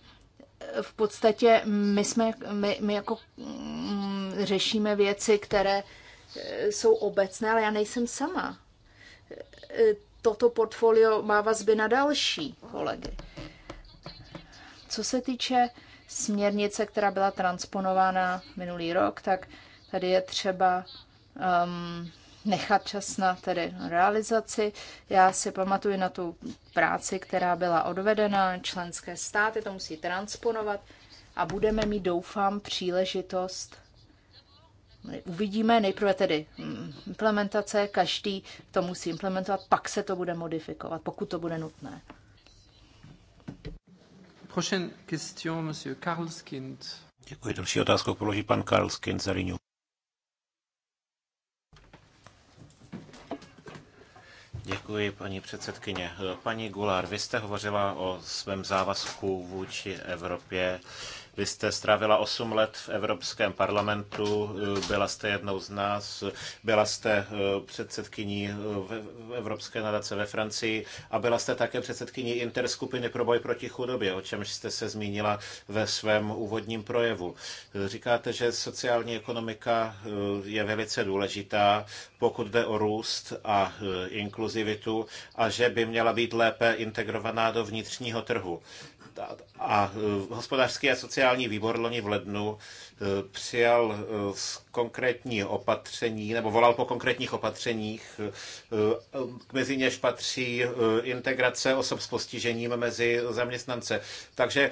v podstatě my, jsme, my, my jako mm, řešíme věci, které e, jsou obecné, ale já nejsem sama. Toto portfolio má vazby na další kolegy. Co se týče směrnice, která byla transponována minulý rok, tak Tady je třeba um, nechat čas na tedy realizaci. Já si pamatuju na tu práci, která byla odvedena, členské státy to musí transponovat a budeme mít, doufám, příležitost. Uvidíme nejprve tedy mm, implementace, každý to musí implementovat, pak se to bude modifikovat, pokud to bude nutné. Prochaine question, monsieur Karlskind. Děkuji. Další otázku položí pan Karlskind z Rinu. Děkuji, paní předsedkyně. Paní Gulár, vy jste hovořila o svém závazku vůči Evropě vy jste strávila 8 let v Evropském parlamentu, eh, byla jste jednou z nás, byla jste eh, předsedkyní eh, Evropské nadace ve Francii a byla jste také předsedkyní interskupiny pro boj proti chudobě, o čemž jste se zmínila ve svém úvodním projevu. Říkáte, že sociální ekonomika je velice důležitá, pokud jde o růst a inkluzivitu a že by měla být lépe integrovaná do vnitřního trhu a e, hospodářský a sociální výbor loni v lednu e, přijal e, konkrétní opatření, nebo volal po konkrétních opatřeních. Mezi něž patří integrace osob s postižením mezi zaměstnance. Takže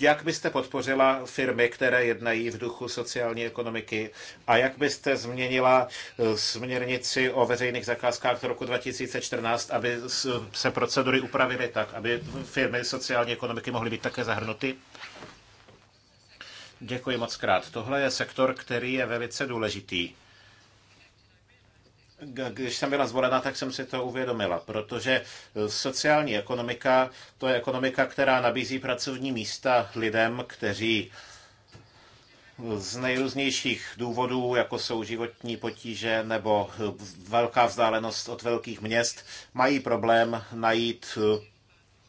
jak byste podpořila firmy, které jednají v duchu sociální ekonomiky a jak byste změnila eh, směrnici o veřejných zakázkách z roku 2014, aby se procedury upravily tak, aby firmy sociální ekonomiky mohly být také zahrnuty? Děkuji moc krát. Tohle je sektor, který je velice důležitý když jsem byla zvolena, tak jsem si to uvědomila, protože eh, sociální ekonomika, to je ekonomika, která nabízí pracovní místa lidem, kteří eh, z nejrůznějších důvodů, jako jsou životní potíže nebo eh, velká vzdálenost od velkých měst, mají problém najít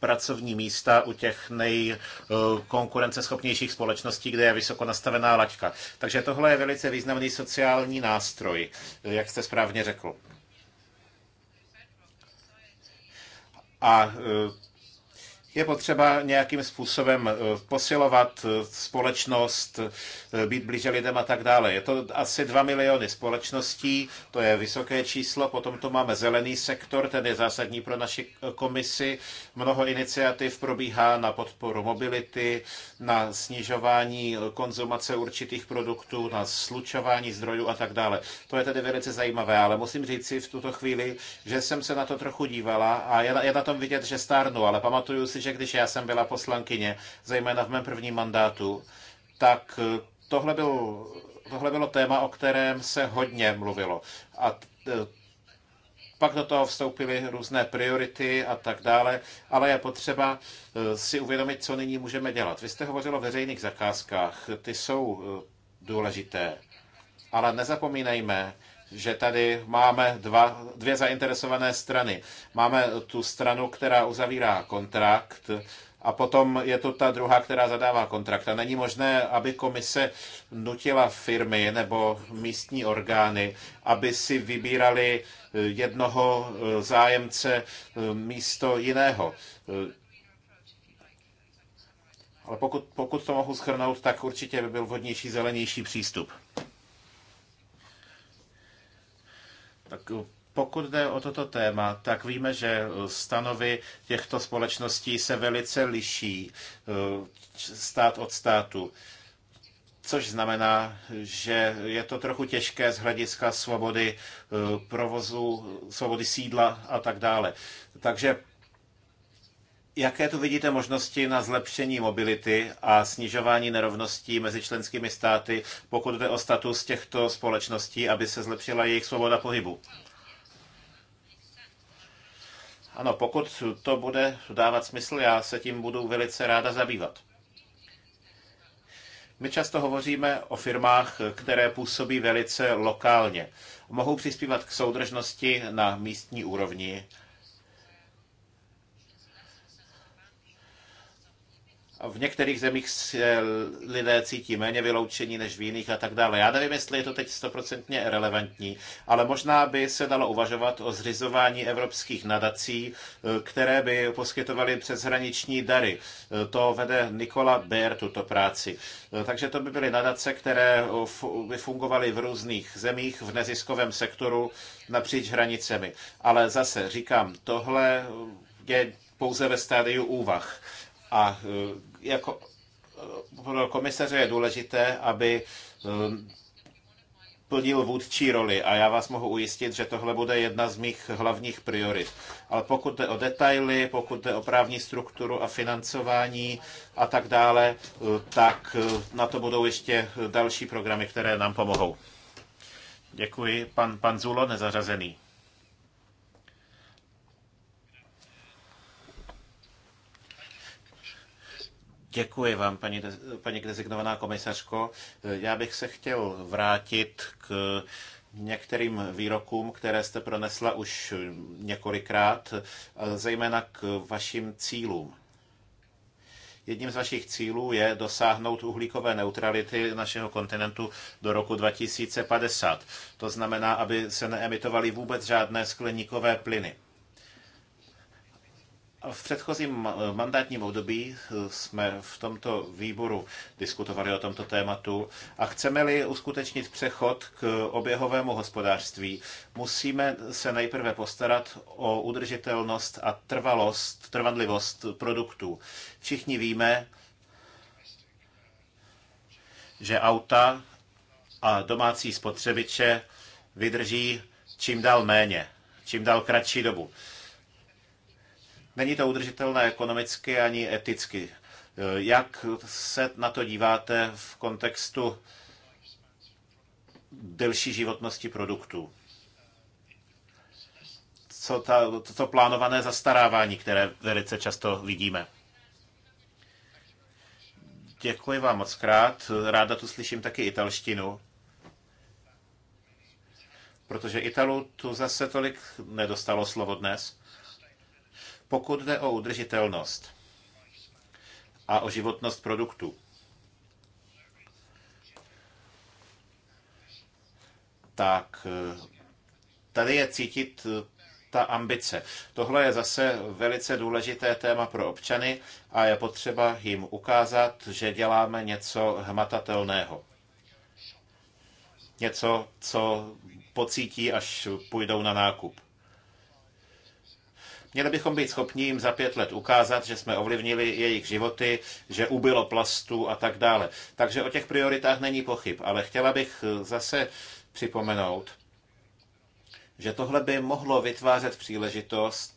pracovní místa u těch nejkonkurenceschopnějších společností, kde je vysoko nastavená laťka. Takže tohle je velice významný sociální nástroj, jak jste správně řekl. A e, je potřeba nějakým způsobem eh, posilovat eh, společnost, eh, být blíže lidem a tak dále. Je to asi 2 miliony společností, to je vysoké číslo. Potom tu máme zelený sektor, ten je zásadní pro naši komisi. Mnoho iniciativ probíhá na podporu mobility, na snižování konzumace určitých produktů, na slučování zdrojů a tak dále. To je tedy velice zajímavé, ale musím říct si v tuto chvíli, že jsem se na to trochu dívala a je na, je na tom vidět, že stárnu, ale pamatuju si, že když já jsem byla poslankyně, zejména v mém prvním mandátu, tak eh, tohle, byl, tohle bylo téma, o kterém se hodně mluvilo. A eh, pak do toho vstoupily různé priority a tak dále, ale je potřeba eh, si uvědomit, co nyní můžeme dělat. Vy jste hovořil o veřejných zakázkách, ty jsou důležité, ale nezapomínejme, že tady máme dva, dvě zainteresované strany. Máme tu stranu, která uzavírá kontrakt, a potom je to ta druhá, která zadává kontrakt. A není možné, aby komise nutila firmy nebo místní orgány, aby si vybírali eh, jednoho eh, zájemce eh, místo jiného. Ale pokud, pokud to mohu schrnout, tak určitě by byl vhodnější zelenější přístup. Tak eh, pokud jde o toto téma, tak víme, že eh, stanovy těchto společností se velice liší eh, stát od státu. Což znamená, že je to trochu těžké z hlediska svobody provozu, svobody sídla a tak dále. Takže Jaké tu vidíte možnosti na zlepšení mobility a snižování nerovností mezi členskými státy, pokud jde o status těchto společností, aby se zlepšila jejich svoboda pohybu? Ano, pokud to bude dávat smysl, já se tím budu velice ráda zabývat. My často hovoříme o firmách, které působí velice lokálně. Mohou přispívat k soudržnosti na místní úrovni v některých zemích se lidé cítí méně vyloučení než v jiných a tak dále. Já nevím, jestli je to teď stoprocentně relevantní, ale možná by se dalo uvažovat o zřizování evropských nadací, eh, které by poskytovaly přeshraniční dary. Eh, to vede Nikola Bér tuto práci. Eh, takže to by byly nadace, které by fungovaly v různých zemích, v neziskovém sektoru, napříč hranicemi. Ale zase říkám, tohle je pouze ve stádiu úvah. A e, jako e, pro komisaře je důležité, aby e, plnil vůdčí roli a já vás mohu ujistit, že tohle bude jedna z mých hlavních priorit. Ale pokud jde o detaily, pokud jde o právní strukturu a financování a tak dále, tak na to budou ještě další programy, které nám pomohou. Děkuji. Pan, pan Zulo, nezařazený. Děkuji vám, paní, paní designovaná komisařko. Já bych se chtěl vrátit k některým výrokům, které jste pronesla už několikrát, zejména k vašim cílům. Jedním z vašich cílů je dosáhnout uhlíkové neutrality našeho kontinentu do roku 2050. To znamená, aby se neemitovaly vůbec žádné skleníkové plyny. V předchozím mandátním období eh, jsme v tomto výboru diskutovali o tomto tématu a chceme-li uskutečnit přechod k oběhovému hospodářství, musíme se nejprve postarat o udržitelnost a trvalost, trvanlivost produktů. Všichni víme, že auta a domácí spotřebiče vydrží čím dál méně, čím dál kratší dobu. Není to udržitelné ekonomicky ani eticky. Jak se na to díváte v kontextu delší životnosti produktů? Co ta, to plánované zastarávání, které velice často vidíme? Děkuji vám moc krát. Ráda tu slyším taky italštinu. Protože Italu tu zase tolik nedostalo slovo dnes. Pokud jde o udržitelnost a o životnost produktu, tak tady je cítit eh, ta ambice. Tohle je zase velice důležité téma pro občany a je potřeba jim ukázat, že děláme něco hmatatelného. Něco, co pocítí, až půjdou na nákup. Měli bychom být schopni jim za pět let ukázat, že jsme ovlivnili jejich životy, že ubylo plastů a tak dále. Takže o těch prioritách není pochyb, ale chtěla bych eh, zase připomenout, že tohle by mohlo vytvářet příležitost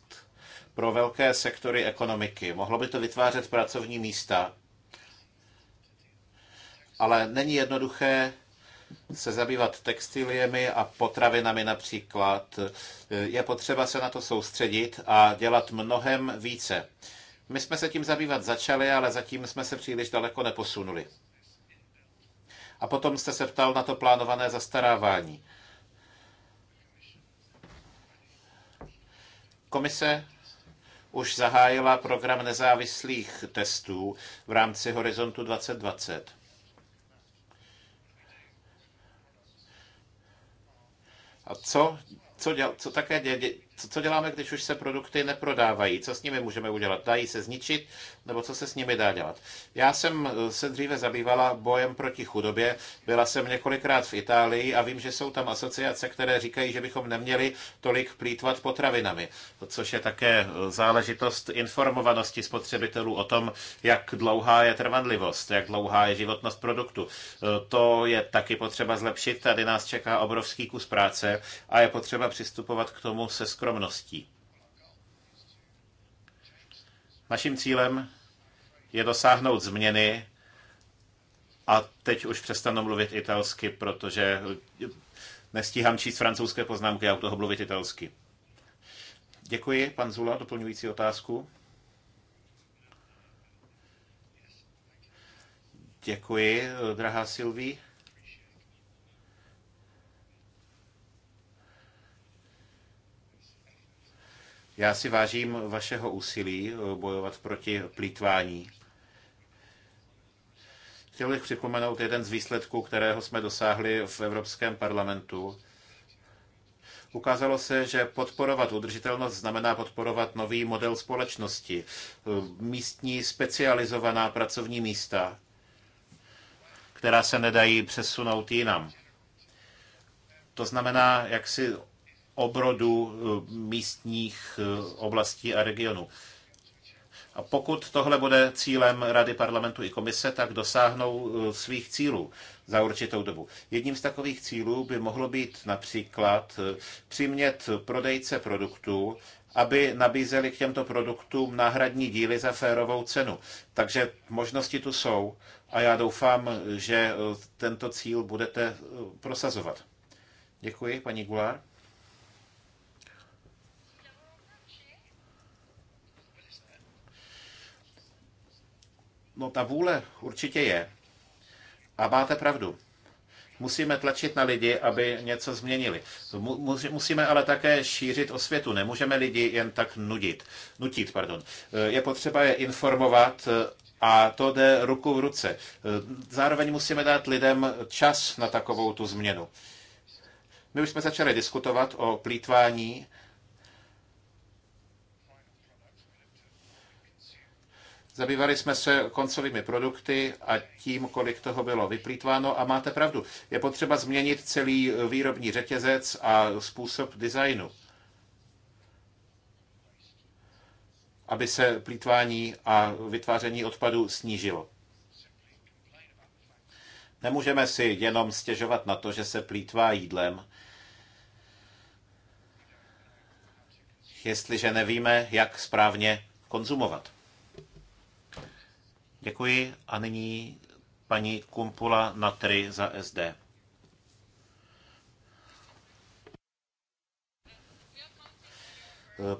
pro velké sektory ekonomiky. Mohlo by to vytvářet pracovní místa, ale není jednoduché se zabývat textiliemi a potravinami například, je potřeba se na to soustředit a dělat mnohem více. My jsme se tím zabývat začali, ale zatím jsme se příliš daleko neposunuli. A potom jste se ptal na to plánované zastarávání. Komise už zahájila program nezávislých testů v rámci Horizontu 2020. A co, co, děl, co také dě, co, co děláme, když už se produkty neprodávají? Co s nimi můžeme udělat? Dají se zničit? Nebo co se s nimi dá dělat? Já jsem eh, se dříve zabývala bojem proti chudobě. Byla jsem několikrát v Itálii a vím, že jsou tam asociace, které říkají, že bychom neměli tolik plítvat potravinami, což je také eh, záležitost informovanosti spotřebitelů o tom, jak dlouhá je trvanlivost, jak dlouhá je životnost produktu. Eh, to je taky potřeba zlepšit. Tady nás čeká obrovský kus práce a je potřeba přistupovat k tomu se skromností ohromností. Naším cílem je dosáhnout změny a teď už přestanu mluvit italsky, protože nestíhám číst francouzské poznámky, a u toho mluvit italsky. Děkuji, pan Zula, doplňující otázku. Děkuji, drahá Sylvie. Já si vážím vašeho úsilí eh, bojovat proti plítvání. Chtěl bych připomenout jeden z výsledků, kterého jsme dosáhli v Evropském parlamentu. Ukázalo se, že podporovat udržitelnost znamená podporovat nový model společnosti, eh, místní specializovaná pracovní místa, která se nedají přesunout jinam. To znamená, jak si obrodu eh, místních eh, oblastí a regionů. A pokud tohle bude cílem Rady parlamentu i komise, tak dosáhnou eh, svých cílů za určitou dobu. Jedním z takových cílů by mohlo být například přimět prodejce produktů, aby nabízeli k těmto produktům náhradní díly za férovou cenu. Takže možnosti tu jsou a já doufám, že tento cíl budete prosazovat. Děkuji, paní Gulár. No ta vůle určitě je. A máte pravdu. Musíme tlačit na lidi, aby něco změnili. Musíme ale také šířit osvětu. Nemůžeme lidi jen tak nudit. Nutit, pardon. Eh, je potřeba je informovat eh, a to jde ruku v ruce. Eh, zároveň musíme dát lidem čas na takovou tu změnu. My už jsme začali diskutovat o plítvání Zabývali jsme se koncovými produkty a tím, kolik toho bylo vyplýtváno a máte pravdu. Je potřeba změnit celý výrobní řetězec a způsob designu, aby se plýtvání a vytváření odpadu snížilo. Nemůžeme si jenom stěžovat na to, že se plýtvá jídlem, jestliže nevíme, jak správně konzumovat. Děkuji a nyní paní Kumpula Natry za SD.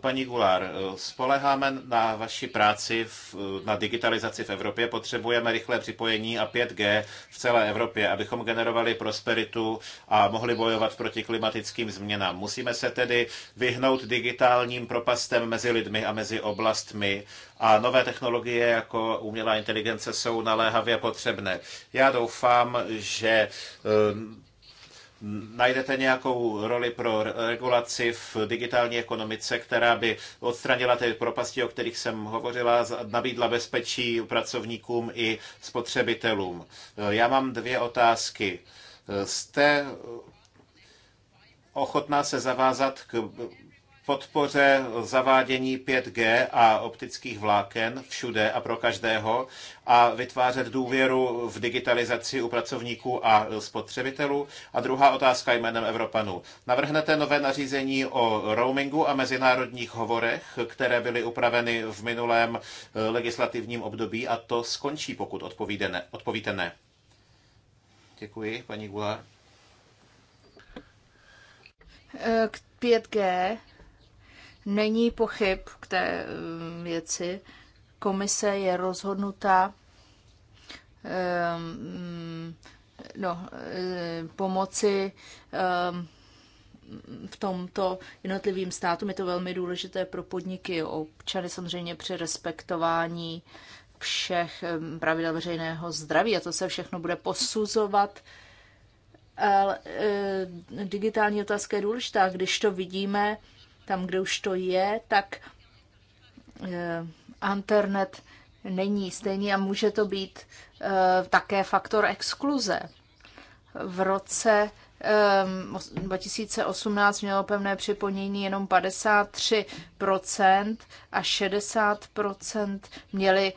Paní Gulár, eh, spoleháme na vaši práci v, eh, na digitalizaci v Evropě. Potřebujeme rychlé připojení a 5G v celé Evropě, abychom generovali prosperitu a mohli bojovat proti klimatickým změnám. Musíme se tedy vyhnout digitálním propastem mezi lidmi a mezi oblastmi a nové technologie jako umělá inteligence jsou naléhavě potřebné. Já doufám, že eh, Najdete nějakou roli pro regulaci v digitální ekonomice, která by odstranila ty propasti, o kterých jsem hovořila, nabídla bezpečí pracovníkům i spotřebitelům. E, já mám dvě otázky. E, jste ochotná se zavázat k podpoře zavádění 5G a optických vláken všude a pro každého a vytvářet důvěru v digitalizaci u pracovníků a spotřebitelů? A druhá otázka jménem Evropanů. Navrhnete nové nařízení o roamingu a mezinárodních hovorech, které byly upraveny v minulém eh, legislativním období a to skončí, pokud ne. odpovíte ne. Děkuji, paní Gula. K 5G Není pochyb k té eh, věci. Komise je rozhodnutá eh, mm, no, eh, pomoci v tomto jednotlivým státům. Je to velmi důležité pro podniky, občany samozřejmě při respektování všech pravidel veřejného zdraví a to se všechno bude posuzovat. Ale digitální otázka je důležitá. Když to vidíme, tam, kde už to je, tak eh, internet není stejný a může to být eh, také faktor exkluze. V roce 2018 eh, mělo pevné připojení jenom 53% a 60% měli eh,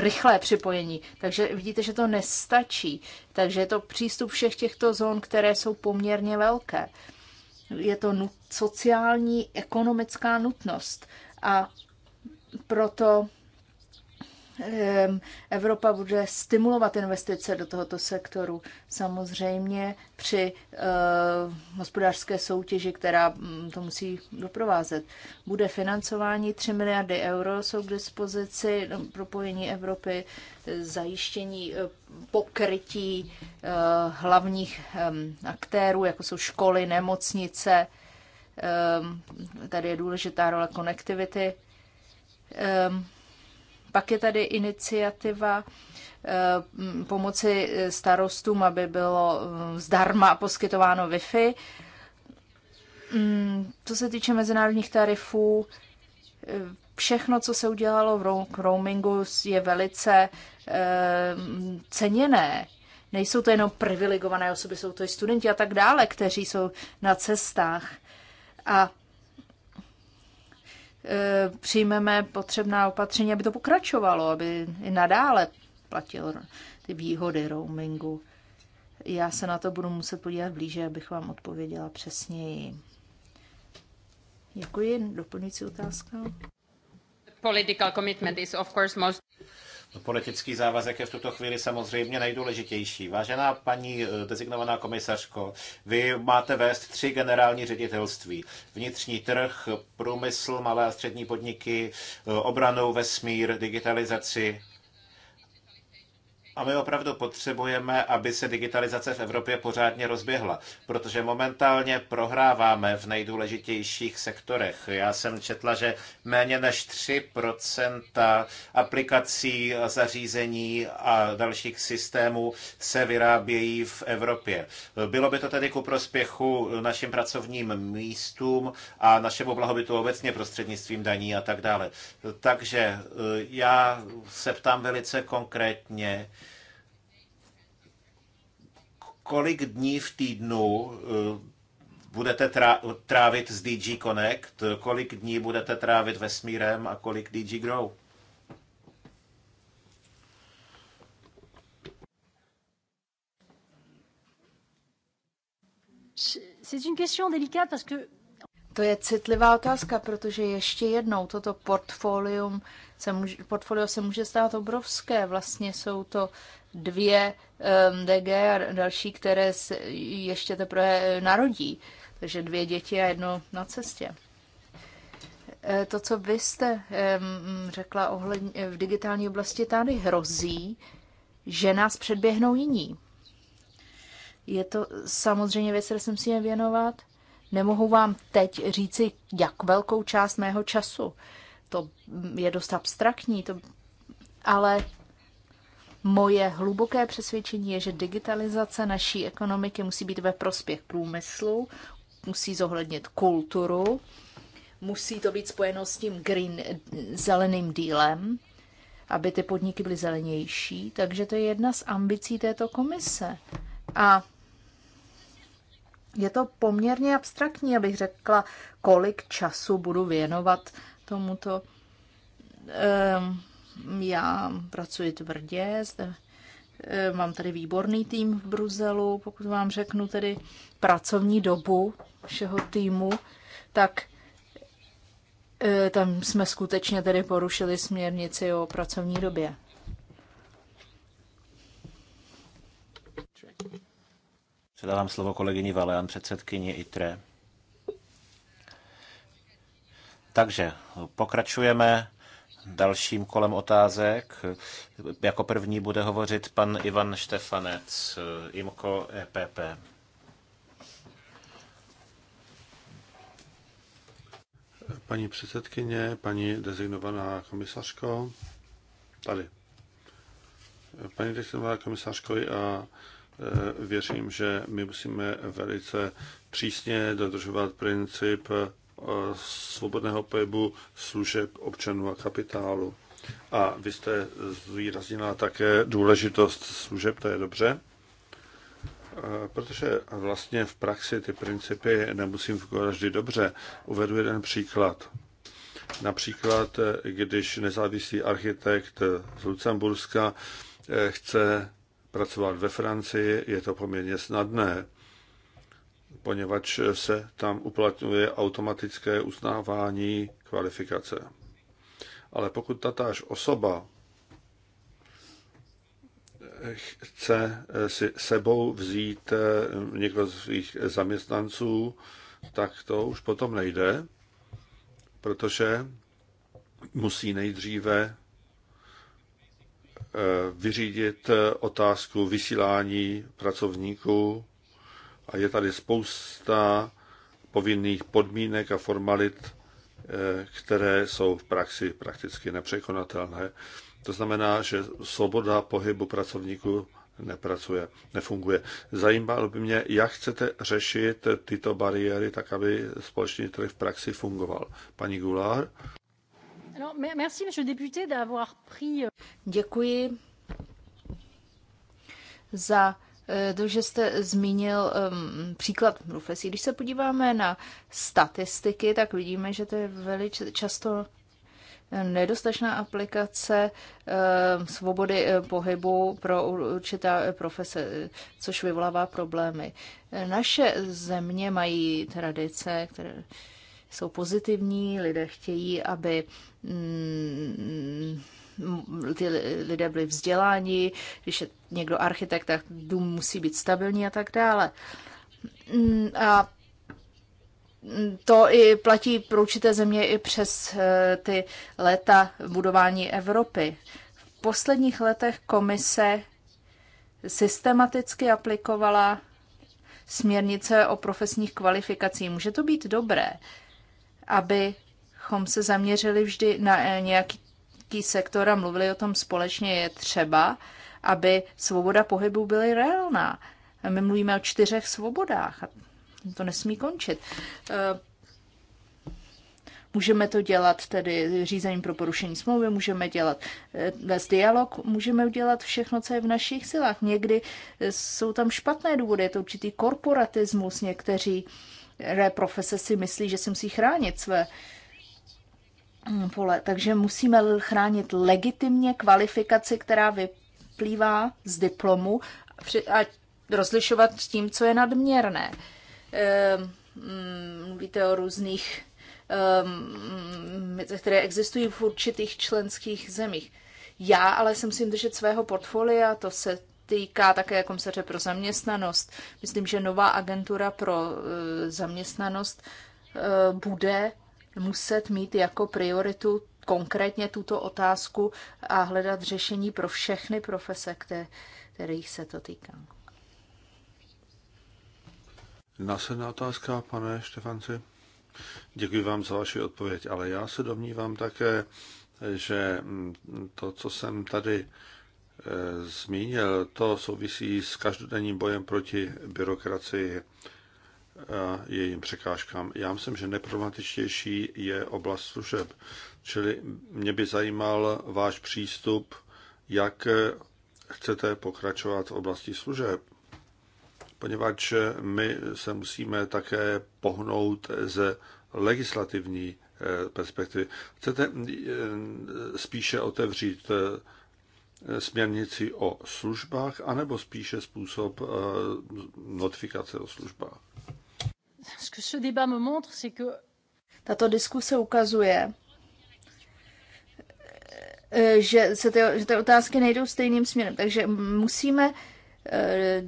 rychlé připojení. Takže vidíte, že to nestačí. Takže je to přístup všech těchto zón, které jsou poměrně velké. Je to sociální, ekonomická nutnost. A proto Ehm, Evropa bude stimulovat investice do tohoto sektoru. Samozřejmě při uh, hospodářské soutěži, která hm, to musí doprovázet. Bude financování 3 miliardy euro jsou k dispozici no, propojení Evropy, eh, zajištění eh, pokrytí uh, hlavních um, aktérů, jako jsou školy, nemocnice. Um, tady je důležitá role konektivity. Um, pak je tady iniciativa eh, pomoci starostům, aby bylo eh, zdarma poskytováno Wi-Fi. Mm, co se týče mezinárodních tarifů, eh, všechno, co se udělalo v roamingu, je velice ceněné. Nejsou to jenom privilegované osoby, jsou to i studenti a tak dále, kteří jsou na cestách. A Eh, přijmeme potřebná opatření, aby to pokračovalo, aby i nadále platil ty výhody roamingu. Já se na to budu muset podívat blíže, abych vám odpověděla přesněji. Děkuji. Doplňující otázka. Political commitment is of course most... Politický závazek je v tuto chvíli samozřejmě nejdůležitější. Vážená paní eh, designovaná komisařko, vy máte vést tři generální ředitelství. Vnitřní trh, průmysl, malé a střední podniky, eh, obranou, vesmír, digitalizaci a my opravdu potřebujeme, aby se digitalizace v Evropě pořádně rozběhla, protože momentálně prohráváme v nejdůležitějších sektorech. Já jsem četla, že méně než 3% aplikací, zařízení a dalších systémů se vyrábějí v Evropě. Bylo by to tedy ku prospěchu našim pracovním místům a našemu blahobytu obecně prostřednictvím daní a tak dále. Takže e, já se ptám velice konkrétně, kolik dní v týdnu eh, budete trávit s DG Connect, kolik dní budete trávit vesmírem a kolik DG Grow? C'est une question délicate parce que to je citlivá otázka, protože ještě jednou toto portfolium se může, portfolio se může stát obrovské. Vlastně jsou to dvě um, ehm, DG a další, které se ještě teprve eh, narodí. Takže dvě děti a jedno na cestě. Eh, to, co vy jste um, řekla ohledně, eh, v digitální oblasti, tady hrozí, že nás předběhnou jiní. Je to samozřejmě věc, které se musíme věnovat Nemohu vám teď říci, jak velkou část mého času. To je dost abstraktní, to, ale moje hluboké přesvědčení je, že digitalizace naší ekonomiky musí být ve prospěch průmyslu, musí zohlednit kulturu, musí to být spojeno s tím green, zeleným dílem, aby ty podniky byly zelenější. Takže to je jedna z ambicí této komise. A je to poměrně abstraktní, abych řekla, kolik času budu věnovat tomuto. Ehm, já pracuji tvrdě, zde ehm, Mám tady výborný tým v Bruzelu, pokud vám řeknu tedy pracovní dobu všeho týmu, tak eh, tam jsme skutečně tedy porušili směrnici o pracovní době. Předávám slovo kolegyni Valean, předsedkyni ITRE. Takže pokračujeme dalším kolem otázek. Jako první bude hovořit pan Ivan Štefanec, IMKO EPP. Paní předsedkyně, paní dezignovaná komisařko, tady. Paní dezignovaná komisařko a Eh, věřím, že my musíme velice přísně dodržovat princip eh, svobodného pohybu služeb občanů a kapitálu. A vy jste zvýraznila také důležitost služeb, to je dobře, eh, protože vlastně v praxi ty principy nemusím fungovat vždy dobře. Uvedu jeden příklad. Například, když nezávislý architekt z Lucemburska chce pracovat ve Francii, je to poměrně snadné, poněvadž se tam uplatňuje automatické uznávání kvalifikace. Ale pokud tatáž osoba chce si sebou vzít eh, někoho z svých zaměstnanců, tak to už potom nejde, protože musí nejdříve Eh, vyřídit eh, otázku vysílání pracovníků a je tady spousta povinných podmínek a formalit, eh, které jsou v praxi prakticky nepřekonatelné. To znamená, že svoboda pohybu pracovníků nepracuje, nefunguje. Zajímalo by mě, jak chcete řešit tyto bariéry, tak aby společný trh v praxi fungoval. Paní Gulár? Euh, Děkuji za eh, to, že jste zmínil um, příklad profesí. Když se podíváme na statistiky, tak vidíme, že to je velice často nedostatečná aplikace um, svobody eh, pohybu pro určitá profese, což vyvolává problémy. Naše země mají tradice, které jsou pozitivní, lidé chtějí, aby mm, ty lidé byli vzděláni, když je někdo architekt, tak dům musí být stabilní a tak dále. Mm, a to i platí pro určité země i přes eh, ty léta budování Evropy. V posledních letech komise systematicky aplikovala směrnice o profesních kvalifikacích. Může to být dobré, abychom se zaměřili vždy na eh, nějaký sektor a mluvili o tom společně, je třeba, aby svoboda pohybu byla reálná. My mluvíme o čtyřech svobodách a to nesmí končit. Eh, můžeme to dělat tedy řízením pro porušení smlouvy, můžeme dělat bez eh, dialog, můžeme udělat všechno, co je v našich silách. Někdy jsou tam špatné důvody, je to určitý korporatismus, někteří které profese si myslí, že si musí chránit své mm, pole. Takže musíme chránit legitimně kvalifikaci, která vyplývá z diplomu a rozlišovat s tím, co je nadměrné. Ehm, mm, mluvíte o různých, ehm, mm, které existují v určitých členských zemích. Já ale se musím držet svého portfolia, to se týká také komisaře pro zaměstnanost. Myslím, že nová agentura pro e, zaměstnanost e, bude muset mít jako prioritu konkrétně tuto otázku a hledat řešení pro všechny profese, kterých se to týká. Následná otázka, pane Štefanci. Děkuji vám za vaši odpověď, ale já se domnívám také, že to, co jsem tady Eh, zmínil, to souvisí s každodenním bojem proti byrokracii a jejím překážkám. Já myslím, že neproblematičtější je oblast služeb. Čili mě by zajímal váš přístup, jak chcete pokračovat v oblasti služeb, poněvadž my se musíme také pohnout ze legislativní eh, perspektivy. Chcete eh, spíše otevřít směrnici o službách, anebo spíše způsob eh, notifikace o službách? Tato diskuse ukazuje, eh, že, se ty, že ty otázky nejdou stejným směrem. Takže musíme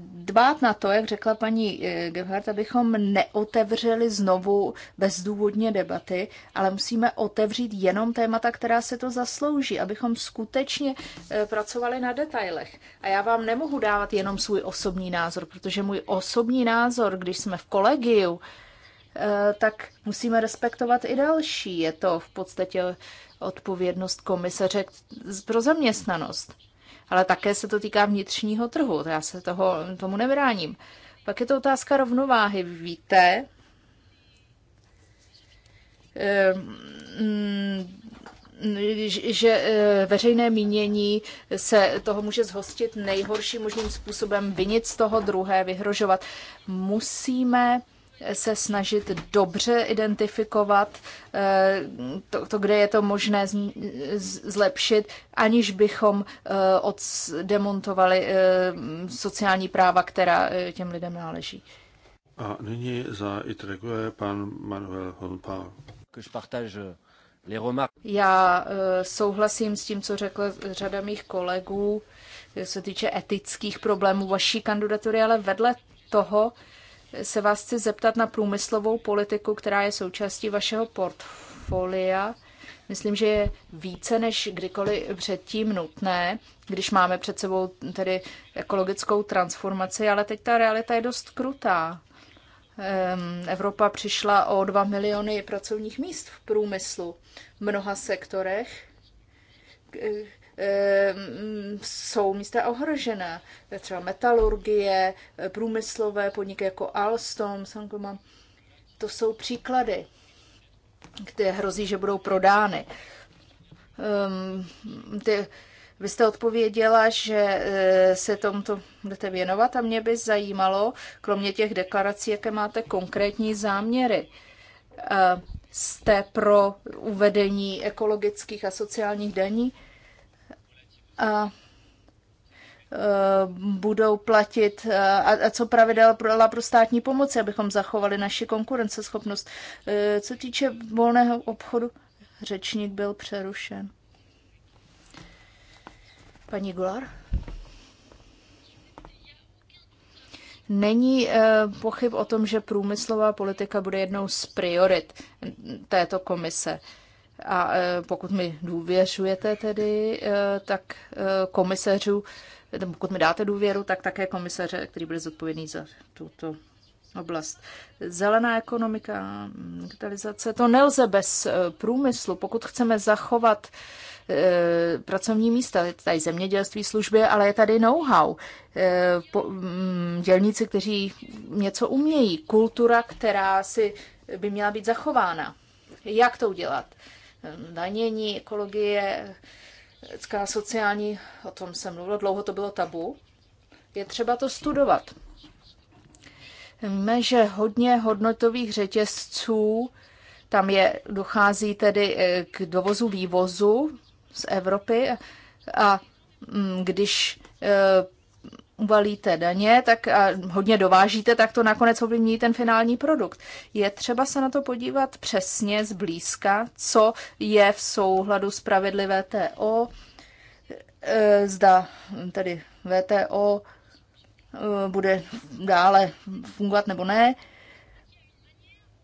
dbát na to, jak řekla paní eh, Gebhardt, abychom neotevřeli znovu bezdůvodně debaty, ale musíme otevřít jenom témata, která se to zaslouží, abychom skutečně eh, pracovali na detailech. A já vám nemohu dávat jenom svůj osobní názor, protože můj osobní názor, když jsme v kolegiu, eh, tak musíme respektovat i další. Je to v podstatě odpovědnost komisaře pro zaměstnanost ale také se to týká vnitřního trhu, já se toho, tomu nebráním. Pak je to otázka rovnováhy. Víte, ehm, mm, že e, veřejné mínění se toho může zhostit nejhorším možným způsobem, vinit z toho druhé, vyhrožovat. Musíme se snažit dobře identifikovat eh, to, to kde je to možné zlepšit, aniž bychom eh, demontovali eh, sociální práva, která těm lidem náleží. A nyní za Itregue pan Manuel Honpá. Já souhlasím s tím, co řekl řada mých kolegů, co se týče etických problémů vaší kandidatury, ale vedle toho se vás chci zeptat na průmyslovou politiku, která je součástí vašeho portfolia. Myslím, že je více než kdykoliv předtím nutné, když máme před sebou tedy ekologickou transformaci, ale teď ta realita je dost krutá. Evropa přišla o 2 miliony pracovních míst v průmyslu v mnoha sektorech, Ehm, jsou místa ohrožena. Třeba metalurgie, eh, průmyslové podniky jako Alstom, Sankoma. To jsou příklady, které hrozí, že budou prodány. Ehm, ty, vy jste odpověděla, že eh, se tomto budete věnovat a mě by zajímalo, kromě těch deklarací, jaké máte konkrétní záměry. Eh, jste pro uvedení ekologických a sociálních daní? a budou platit a, co pravidel pro, pro státní pomoci, abychom zachovali naši konkurenceschopnost. E, co týče volného obchodu, řečník byl přerušen. Paní Gular? Není e, pochyb o tom, že průmyslová politika bude jednou z priorit této komise a e, pokud mi důvěřujete tedy, e, tak e, komisařů, pokud mi dáte důvěru, tak také komisaře, který bude zodpovědný za tuto oblast. Zelená ekonomika, digitalizace, to nelze bez průmyslu. Pokud chceme zachovat pracovní místa, je tady zemědělství, služby, ale je tady know-how. Mm, dělníci, kteří něco umějí, kultura, která si by měla být zachována. Jak to udělat? danění, ekologie, lidská sociální, o tom se mluvilo dlouho to bylo tabu. Je třeba to studovat. Víme, že hodně hodnotových řetězců, tam je, dochází tedy eh, k dovozu vývozu z Evropy a mm, když eh, uvalíte daně, tak a hodně dovážíte, tak to nakonec ovlivní ten finální produkt. Je třeba se na to podívat přesně zblízka, co je v souhladu s pravidly VTO, e, zda tedy VTO e, bude dále fungovat nebo ne.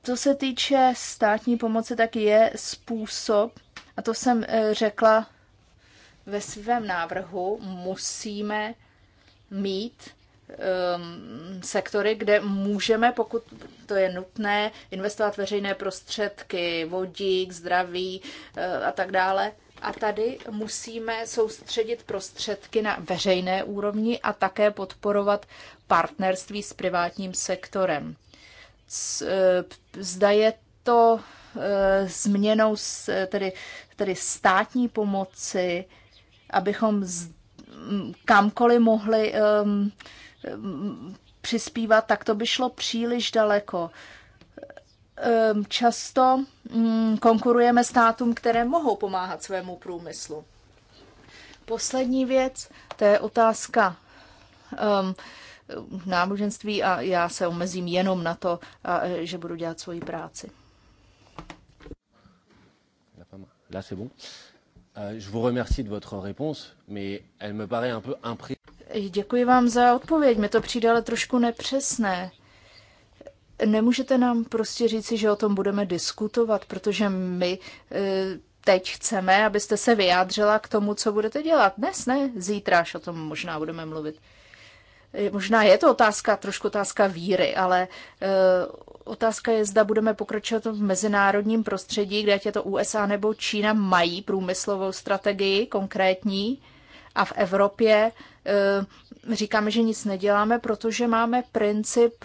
Co se týče státní pomoci, tak je způsob, a to jsem e, řekla ve svém návrhu, musíme mít um, sektory, kde můžeme, pokud to je nutné, investovat veřejné prostředky, vodík, zdraví uh, a tak dále. A tady musíme soustředit prostředky na veřejné úrovni a také podporovat partnerství s privátním sektorem. Eh, zda je to eh, změnou tedy, tedy státní pomoci, abychom kamkoliv mohli um, přispívat, tak to by šlo příliš daleko. Um, často um, konkurujeme státům, které mohou pomáhat svému průmyslu. Poslední věc, to je otázka um, náboženství a já se omezím jenom na to, a, že budu dělat svoji práci. La c'est bon. Euh, je vous remercie de votre réponse, mais elle me paraît un peu impré... Děkuji vám za odpověď, mi to přijde ale trošku nepřesné. Nemůžete nám prostě říci, že o tom budeme diskutovat, protože my e, teď chceme, abyste se vyjádřila k tomu, co budete dělat. Dnes ne, zítra až o tom možná budeme mluvit. Eh, možná je to otázka, trošku otázka víry, ale eh, otázka je, zda budeme pokračovat v mezinárodním prostředí, kde ať je to USA nebo Čína, mají průmyslovou strategii konkrétní a v Evropě eh, říkáme, že nic neděláme, protože máme princip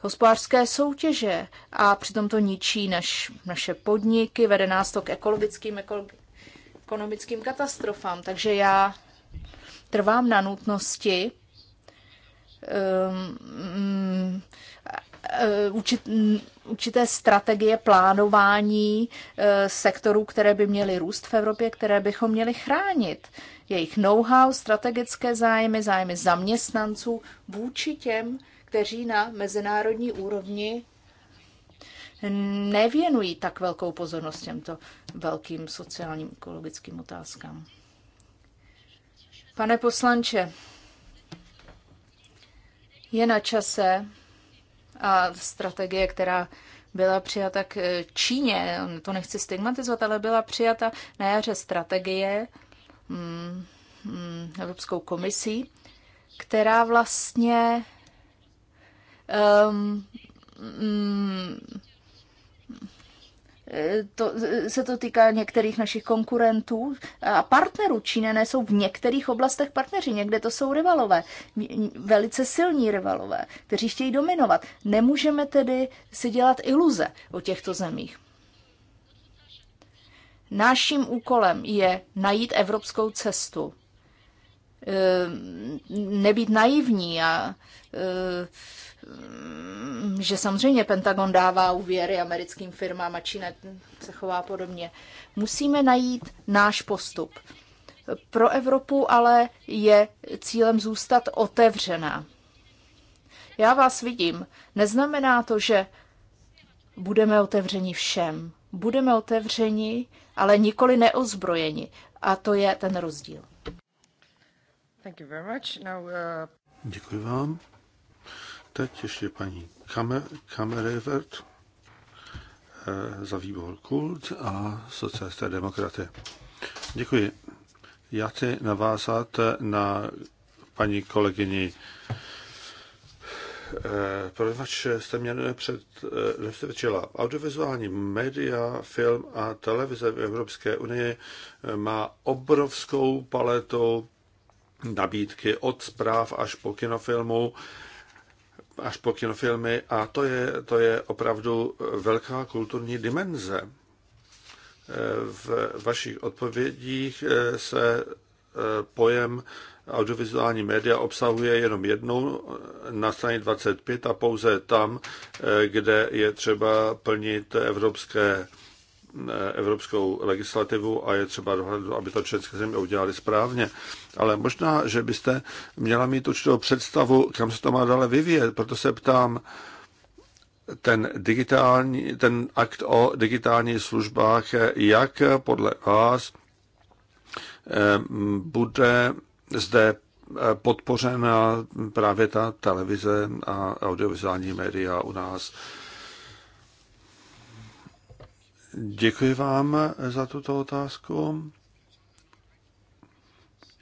hospodářské soutěže a přitom to ničí naš, naše podniky, vede nás to k ekologickým, ekonomickým katastrofám. Takže já trvám na nutnosti um, určité strategie plánování e, sektorů, které by měly růst v Evropě, které bychom měli chránit. Jejich know-how, strategické zájmy, zájmy zaměstnanců vůči těm, kteří na mezinárodní úrovni nevěnují tak velkou pozornost těmto velkým sociálním ekologickým otázkám. Pane poslanče, je na čase a strategie, která byla přijata k eh, Číně, to nechci stigmatizovat, ale byla přijata na jaře strategie mm, mm, Evropskou komisí, která vlastně um, um, to, se to týká některých našich konkurentů a partnerů. Číňané jsou v některých oblastech partneři, někde to jsou rivalové, velice silní rivalové, kteří chtějí dominovat. Nemůžeme tedy si dělat iluze o těchto zemích. Naším úkolem je najít evropskou cestu. Ehm, nebýt naivní a ehm, Mm, že samozřejmě Pentagon dává úvěry americkým firmám a Čína se chová podobně. Musíme najít náš postup. Pro Evropu ale je cílem zůstat otevřená. Já vás vidím. Neznamená to, že budeme otevřeni všem. Budeme otevřeni, ale nikoli neozbrojeni. A to je ten rozdíl. Uh, Děkuji vám. Teď ještě paní Kamerevert eh, za výbor Kult a socialisté demokraty. Děkuji. Já chci navázat na paní kolegyni eh, poněvadž jste mě eh, nepřesvědčila. Audiovizuální média, film a televize v Evropské unii má obrovskou paletu nabídky od zpráv až po kinofilmu až po kinofilmy a to je, to je opravdu velká kulturní dimenze. E, v vašich odpovědích e, se e, pojem audiovizuální média obsahuje jenom jednou na straně 25 a pouze tam, kde je třeba plnit evropské E, evropskou legislativu a je třeba dohledu, aby to české země udělali správně. Ale možná, že byste měla mít určitou představu, kam se to má dále vyvíjet. Proto se ptám, ten, digitální, ten akt o digitálních službách, jak podle vás e, bude zde podpořena právě ta televize a audiovizuální média u nás Děkuji vám za tuto otázku.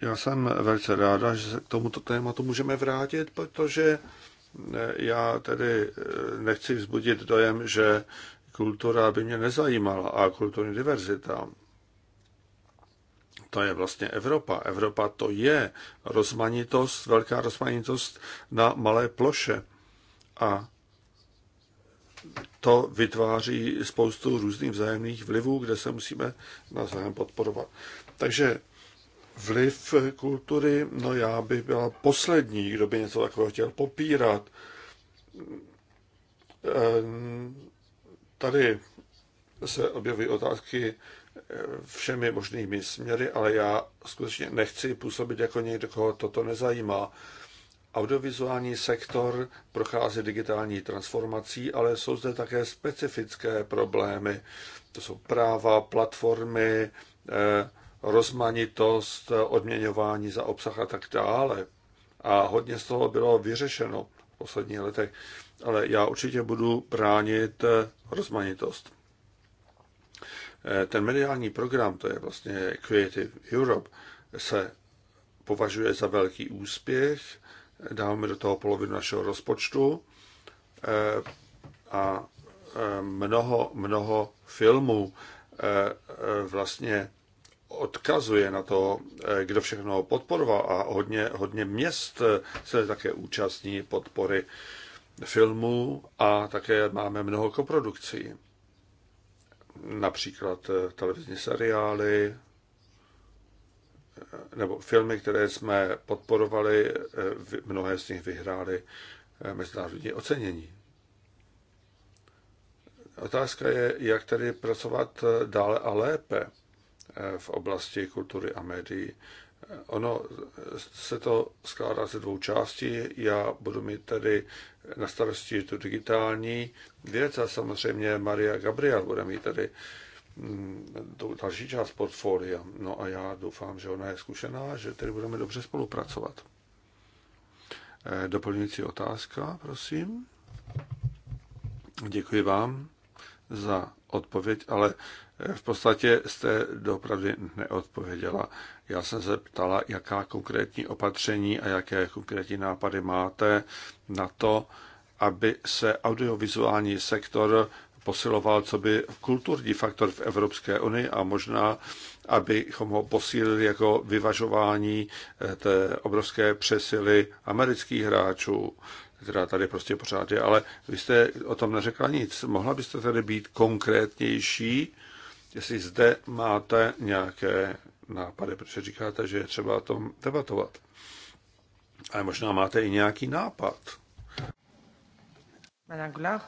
Já jsem velice ráda, že se k tomuto tématu můžeme vrátit, protože já tedy nechci vzbudit dojem, že kultura by mě nezajímala a kulturní diverzita. To je vlastně Evropa. Evropa to je rozmanitost, velká rozmanitost na malé ploše. A to vytváří spoustu různých vzájemných vlivů, kde se musíme navzájem podporovat. Takže vliv kultury, no já bych byla poslední, kdo by něco takového chtěl popírat. Ehm, tady se objeví otázky všemi možnými směry, ale já skutečně nechci působit jako někdo, koho toto nezajímá. Audiovizuální sektor prochází digitální transformací, ale jsou zde také specifické problémy. To jsou práva, platformy, eh, rozmanitost, odměňování za obsah a tak dále. A hodně z toho bylo vyřešeno v posledních letech, ale já určitě budu bránit eh, rozmanitost. Eh, ten mediální program, to je vlastně Creative Europe, se považuje za velký úspěch dáváme do toho polovinu našeho rozpočtu eh, a eh, mnoho, mnoho filmů eh, vlastně odkazuje na to, kdo všechno podporoval a hodně, hodně měst se také účastní podpory filmů a také máme mnoho koprodukcí. Například televizní seriály, nebo filmy, které jsme podporovali, eh, mnohé z nich vyhrály eh, mezinárodní ocenění. Otázka je, jak tedy pracovat eh, dále a lépe v oblasti kultury a médií. Ono se to skládá ze dvou částí. Já budu mít tedy na starosti tu digitální věc a samozřejmě Maria Gabriel bude mít tedy Mm, další část portfolia. No a já doufám, že ona je zkušená, že tedy budeme dobře spolupracovat. Eh, doplňující otázka, prosím. Děkuji vám za odpověď, ale eh, v podstatě jste dopravdy neodpověděla. Já jsem se ptala, jaká konkrétní opatření a jaké konkrétní nápady máte na to, aby se audiovizuální sektor posiloval, co by kulturní faktor v Evropské unii a možná, abychom ho posílili jako vyvažování eh, té obrovské přesily amerických hráčů, která tady prostě pořád je. Ale vy jste o tom neřekla nic. Mohla byste tady být konkrétnější, jestli zde máte nějaké nápady, protože říkáte, že je třeba o tom debatovat. Ale možná máte i nějaký nápad. Madame Goulard?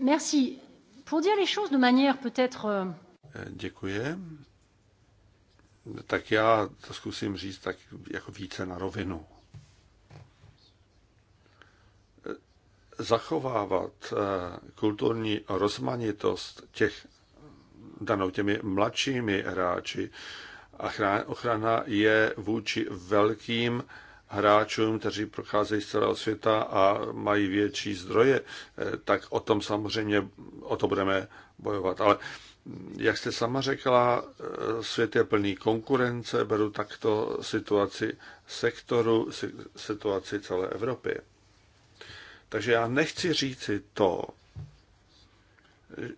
Merci. Pour dire les choses de manière peut-être... Euh, eh, děkuji. Tak já to zkusím říct tak jako více na rovinu. Eh, zachovávat eh, kulturní rozmanitost těch danou těmi mladšími hráči a ochrana je vůči velkým hráčům, kteří procházejí z celého světa a mají větší zdroje, eh, tak o tom samozřejmě, o to budeme bojovat. Ale mm, jak jste sama řekla, eh, svět je plný konkurence, beru takto situaci sektoru, situaci celé Evropy. Takže já nechci říci to,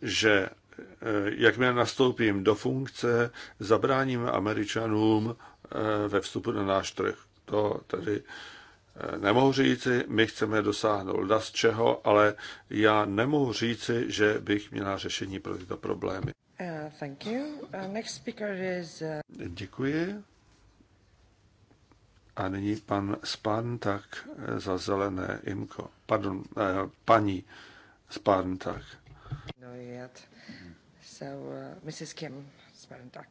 že eh, jakmile nastoupím do funkce, zabráním Američanům ve vstupu na náš trh to tedy eh, nemohu říci, my chceme dosáhnout z čeho, ale já nemohu říci, že bych měla řešení pro tyto problémy. Uh, thank you. Uh, next speaker is, uh... Děkuji. A nyní pan Spantak za zelené imko. Pardon, paní Spantak. No yet. So, uh, Mrs. Kim Spantak.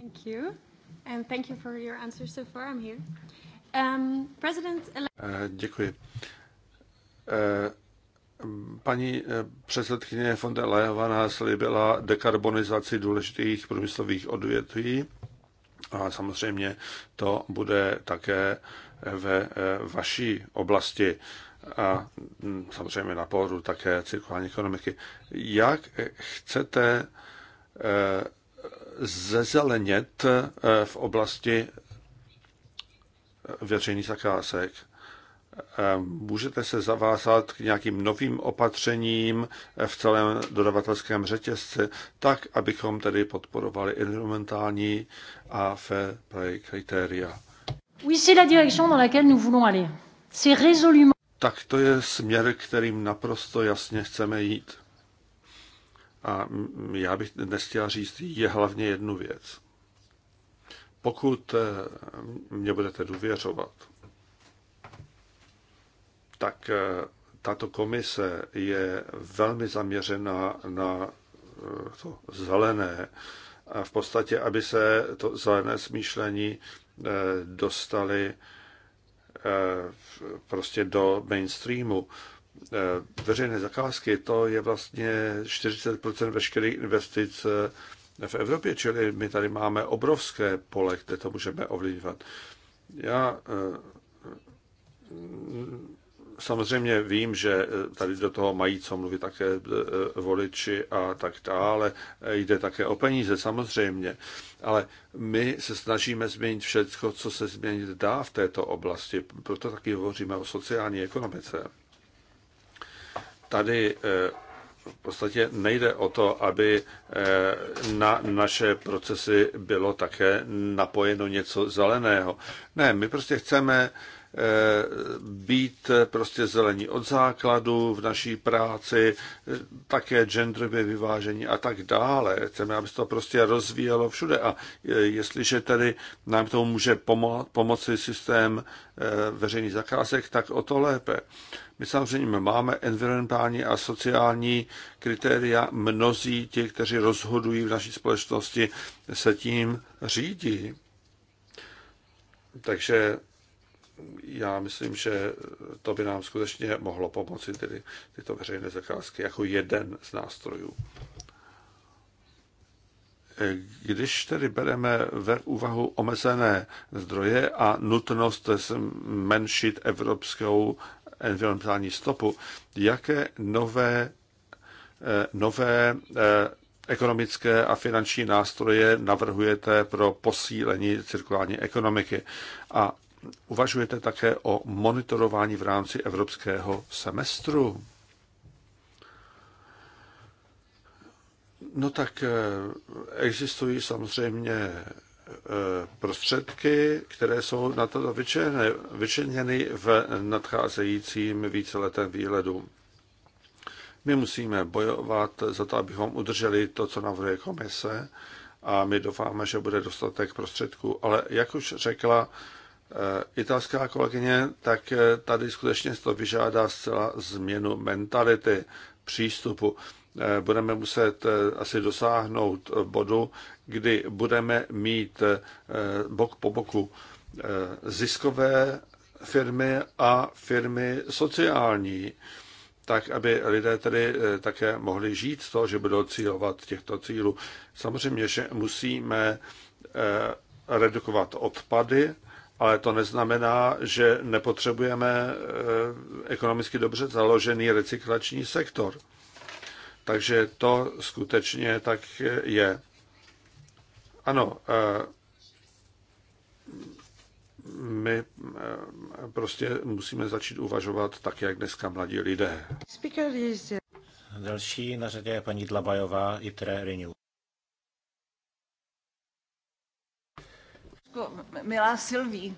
Thank you. And thank you for your answer so far. I'm here. Um, President... Uh, děkuji. Uh, Paní eh, předsedkyně von der Leyenová slíbila dekarbonizaci důležitých průmyslových odvětví a samozřejmě to bude také ve vaší oblasti a hm, samozřejmě na pohodu také cirkulární ekonomiky. Jak chcete zezelenět eh, v oblasti eh, veřejných zakázek. Eh, můžete se zavázat k nějakým novým opatřením v celém dodavatelském řetězci, tak, abychom tedy podporovali environmentální a fair play kritéria. Tak to je směr, kterým naprosto jasně chceme jít. A já bych dnes chtěl říct je hlavně jednu věc. Pokud eh, mě budete důvěřovat, tak eh, tato komise je velmi zaměřena na eh, to zelené, a v podstatě, aby se to zelené smýšlení dostali prostě do mainstreamu. Eh, veřejné zakázky, to je vlastně 40 veškerých investic eh, v Evropě, čili my tady máme obrovské pole, kde to můžeme ovlivňovat. Já eh, samozřejmě vím, že tady do toho mají co mluvit také voliči a tak dále. Jde také o peníze, samozřejmě. Ale my se snažíme změnit všechno, co se změnit dá v této oblasti. Proto taky hovoříme o sociální ekonomice tady eh, v podstatě nejde o to, aby eh, na naše procesy bylo také napojeno něco zeleného. Ne, my prostě chceme Eh, být prostě zelení od základu v naší práci, eh, také genderově vyvážení a tak dále. Chceme, aby se to prostě rozvíjelo všude a eh, jestliže tedy nám tomu může pomo- pomoci systém veřejných zakázek, tak o to lépe. My samozřejmě máme environmentální a sociální kritéria. Mnozí ti, kteří rozhodují v naší společnosti, se tím řídí. Takže já myslím, že to by nám skutečně mohlo pomoci tedy tyto veřejné zakázky jako jeden z nástrojů. Když tedy bereme ve úvahu omezené zdroje a nutnost zmenšit evropskou environmentální stopu, jaké nové, nové eh, ekonomické a finanční nástroje navrhujete pro posílení cirkulární ekonomiky? A uvažujete také o monitorování v rámci evropského semestru? No tak eh, existují samozřejmě eh, prostředky, které jsou na to vyčeněny v nadcházejícím víceletém výhledu. My musíme bojovat za to, abychom udrželi to, co navrhuje komise a my doufáme, že bude dostatek prostředků. Ale jak už řekla Eh, italská kolegyně, tak eh, tady skutečně to vyžádá zcela změnu mentality, přístupu. Eh, budeme muset asi dosáhnout bodu, kdy budeme mít bok po boku ziskové firmy a firmy sociální, tak aby lidé tedy také mohli žít z toho, že budou cílovat těchto cílů. Samozřejmě, že musíme redukovat odpady, ale to neznamená, že nepotřebujeme eh, ekonomicky dobře založený recyklační sektor. Takže to skutečně tak je. Ano, eh, my eh, prostě musíme začít uvažovat tak, jak dneska mladí lidé. Další na řadě je paní Dlabajová, ITRE Renew. Jako milá Silví,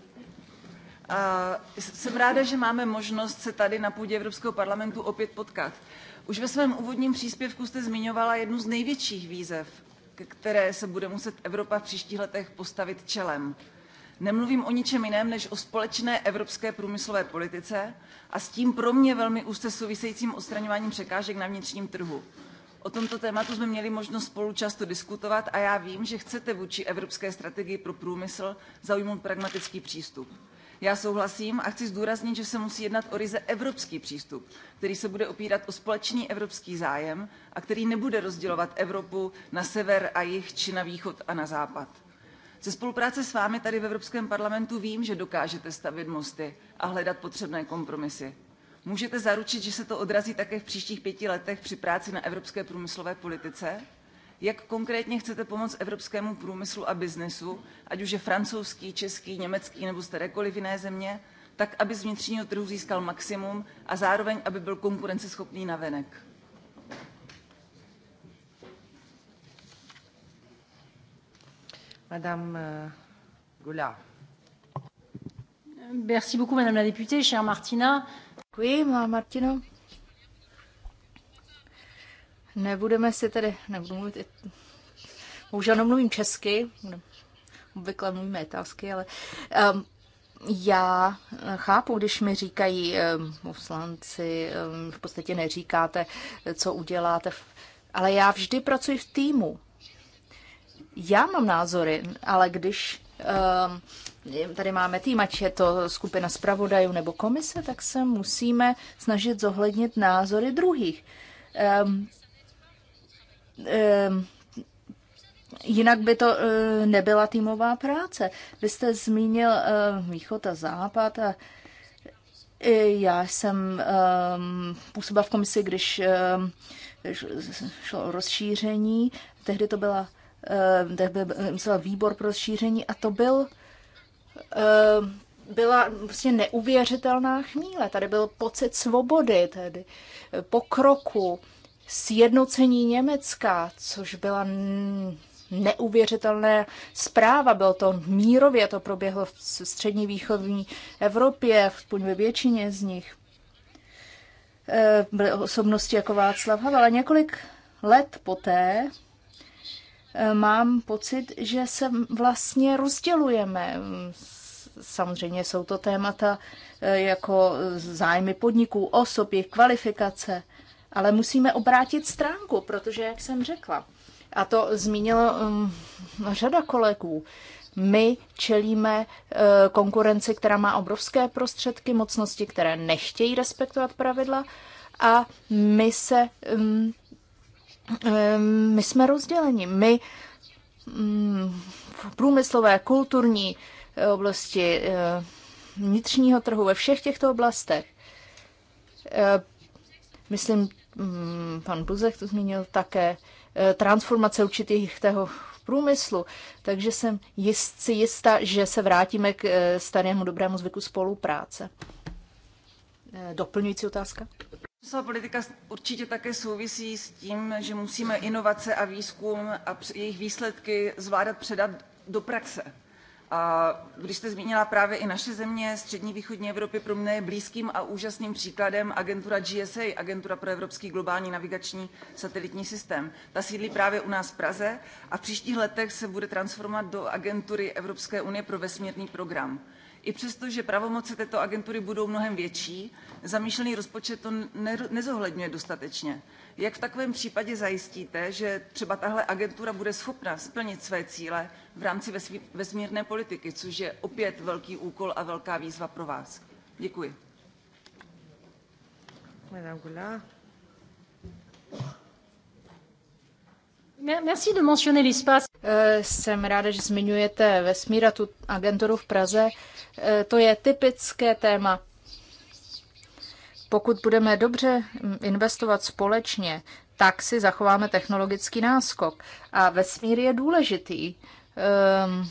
jsem ráda, že máme možnost se tady na půdě Evropského parlamentu opět potkat. Už ve svém úvodním příspěvku jste zmiňovala jednu z největších výzev, které se bude muset Evropa v příštích letech postavit čelem. Nemluvím o ničem jiném než o společné evropské průmyslové politice a s tím pro mě velmi úzce souvisejícím odstraňováním překážek na vnitřním trhu. O tomto tématu jsme měli možnost spolu často diskutovat a já vím, že chcete vůči Evropské strategii pro průmysl zaujmout pragmatický přístup. Já souhlasím a chci zdůraznit, že se musí jednat o ryze evropský přístup, který se bude opírat o společný evropský zájem a který nebude rozdělovat Evropu na sever a jih či na východ a na západ. Ze spolupráce s vámi tady v Evropském parlamentu vím, že dokážete stavit mosty a hledat potřebné kompromisy. Můžete zaručit, že se to odrazí také v příštích pěti letech při práci na evropské průmyslové politice? Jak konkrétně chcete pomoct evropskému průmyslu a biznesu, ať už je francouzský, český, německý nebo z kterékoliv jiné země, tak aby z vnitřního trhu získal maximum a zároveň, aby byl konkurenceschopný na venek? Madame euh, Goulard. Merci beaucoup, Madame la députée, chère Martina. Euh, Děkuji, milá no Martino. Nebudeme si tedy, nebudu mluvit, bohužel nemluvím česky, obvykle mluvíme italsky, ale um, já chápu, když mi říkají um, poslanci, um, v podstatě neříkáte, co uděláte, ale já vždy pracuji v týmu. Já mám názory, ale když um, tady máme tým, ať je to skupina zpravodajů nebo komise, tak se musíme snažit zohlednit názory druhých. Um, um, Jinak by to uh, nebyla týmová práce. Vy jste zmínil uh, východ a západ a eh, já jsem um, působila v komisi, když e, šlo o rozšíření. Tehdy to byla, uh, tehdy byl výbor pro rozšíření a to byl uh, Eh, byla prostě neuvěřitelná chvíle. Tady byl pocit svobody, tedy pokroku, sjednocení Německa, což byla neuvěřitelná zpráva. Bylo to mírově, to proběhlo v střední východní Evropě, v ve většině z nich. Eh, byly osobnosti jako Václav Havel. A několik let poté mám pocit, že se vlastně rozdělujeme. Samozřejmě jsou to témata eh, jako zájmy podniků, osob, jejich kvalifikace, ale musíme obrátit stránku, protože, jak jsem řekla, a to zmínila um, mm, řada kolegů, my čelíme eh, konkurenci, která má obrovské prostředky, mocnosti, které nechtějí respektovat pravidla a my se um, Ehm, my jsme rozděleni. My mm, v průmyslové, kulturní eh, oblasti, eh, vnitřního trhu, ve všech těchto oblastech. Eh, myslím, mm, pan Buzek to zmínil také, transformace určitých tého průmyslu, takže jsem jist, si jistá, že se vrátíme k starému dobrému zvyku spolupráce. Doplňující otázka? Současná politika určitě také souvisí s tím, že musíme inovace a výzkum a jejich výsledky zvládat předat do praxe. A když jste zmínila právě i naše země, střední východní Evropy pro mě je blízkým a úžasným příkladem agentura GSA, Agentura pro evropský globální navigační satelitní systém. Ta sídlí právě u nás v Praze a v příštích letech se bude transformovat do agentury Evropské unie pro vesmírný program. I přesto, že pravomoci této agentury budou mnohem větší, zamýšlený rozpočet to nezohledňuje dostatečně. Jak v takovém případě zajistíte, že třeba tahle agentura bude schopna splnit své cíle v rámci vesmírné politiky, což je opět velký úkol a velká výzva pro vás? Děkuji. Madame Merci de mentionner l'espace. Eh, jsem ráda, že zmiňujete vesmír a tu agenturu v Praze. Eh, to je typické téma. Pokud budeme dobře mm, investovat společně, tak si zachováme technologický náskok. A vesmír je důležitý. Um,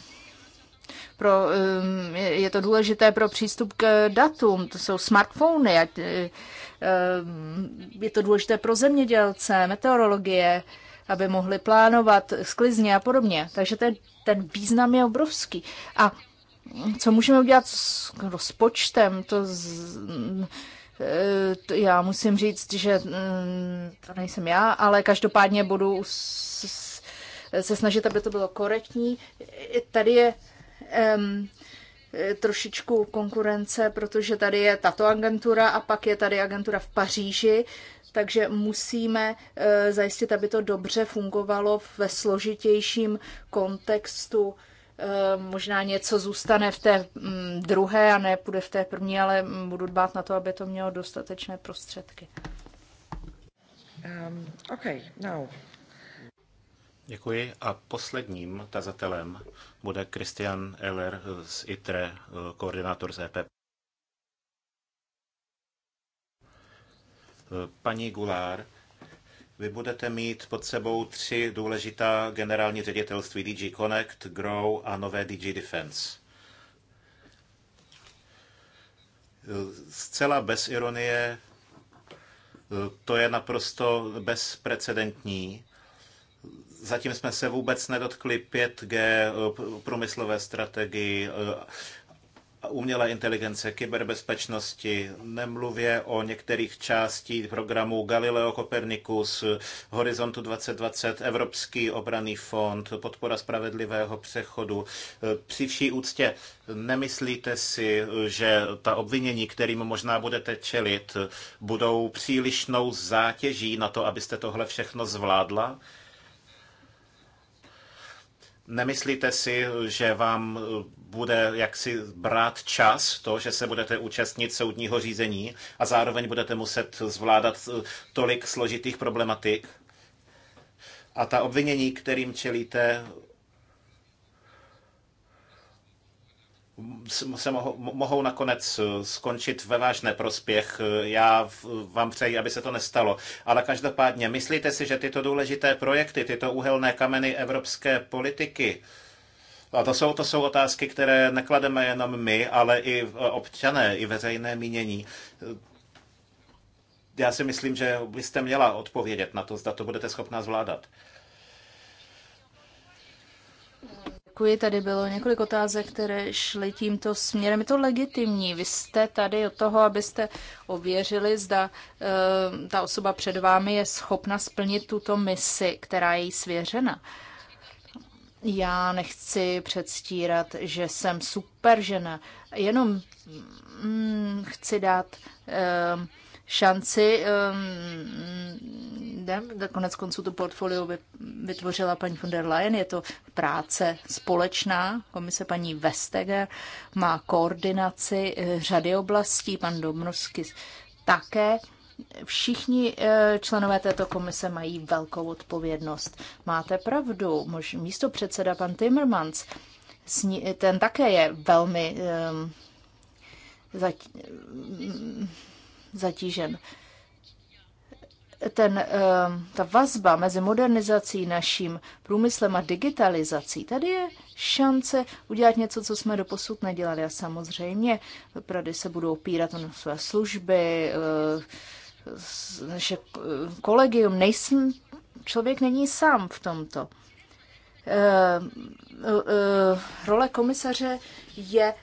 pro, um, je to důležité pro přístup k datům, to jsou smartfony, um, je to důležité pro zemědělce, meteorologie, uh, aby mohli plánovat sklizně a podobně. Takže ten, ten význam je obrovský. A co můžeme udělat s rozpočtem, to, z, to e, já musím říct, že mm, to nejsem já, ale každopádně budu se snažit, aby to bylo korektní. Tady je um, trošičku konkurence, protože tady je tato agentura a pak je tady agentura v Paříži, takže musíme eh, zajistit, aby to dobře fungovalo ve složitějším kontextu. Eh, možná něco zůstane v té mm, druhé a ne půjde v té první, ale budu dbát na to, aby to mělo dostatečné prostředky. Um, okay, now. Děkuji. A posledním tazatelem bude Christian Eller z ITRE, koordinátor z EPP. Paní Gulár, vy budete mít pod sebou tři důležitá generální ředitelství DG Connect, Grow a nové DG Defense. Zcela bez ironie, to je naprosto bezprecedentní. Zatím jsme se vůbec nedotkli 5G, průmyslové strategii, umělé inteligence, kyberbezpečnosti, nemluvě o některých částí programů Galileo Copernicus, Horizontu 2020, Evropský obraný fond, podpora spravedlivého přechodu. Při vší úctě nemyslíte si, že ta obvinění, kterým možná budete čelit, budou přílišnou zátěží na to, abyste tohle všechno zvládla? Nemyslíte si, že vám eh, bude jaksi brát čas to, že se budete účastnit soudního řízení a zároveň budete muset zvládat eh, tolik složitých problematik? A ta obvinění, kterým čelíte, se mohou, mohou nakonec eh, skončit ve váš neprospěch. Eh, já vám přeji, aby se to nestalo. Ale každopádně, myslíte si, že tyto důležité projekty, tyto úhelné kameny evropské politiky, a to jsou, to jsou otázky, které neklademe jenom my, ale i eh, občané, i veřejné mínění. Já si myslím, že byste měla odpovědět na to, zda to budete schopná zvládat. Děkuji, tady bylo několik otázek, které šly tímto směrem. Je to legitimní. Vy jste tady od toho, abyste ověřili, zda e, ta osoba před vámi je schopna splnit tuto misi, která je jí svěřena. Já nechci předstírat, že jsem super žena. Jenom mm, chci dát. E, šanci. Um, konec konců to portfolio vytvořila paní von der Leyen, je to práce společná. Komise paní Vestager má koordinaci eh, řady oblastí, pan Dobrovský také. Všichni eh, členové této komise mají velkou odpovědnost. Máte pravdu, mož, místo předseda pan Timmermans, ten také je velmi um, ehm, zatím, zatížen. Ten, eh, ta vazba mezi modernizací naším průmyslem a digitalizací, tady je šance udělat něco, co jsme doposud nedělali. A samozřejmě prady se budou opírat na své služby, eh, naše kolegium. Nejsem, člověk není sám v tomto eh, role komisaře je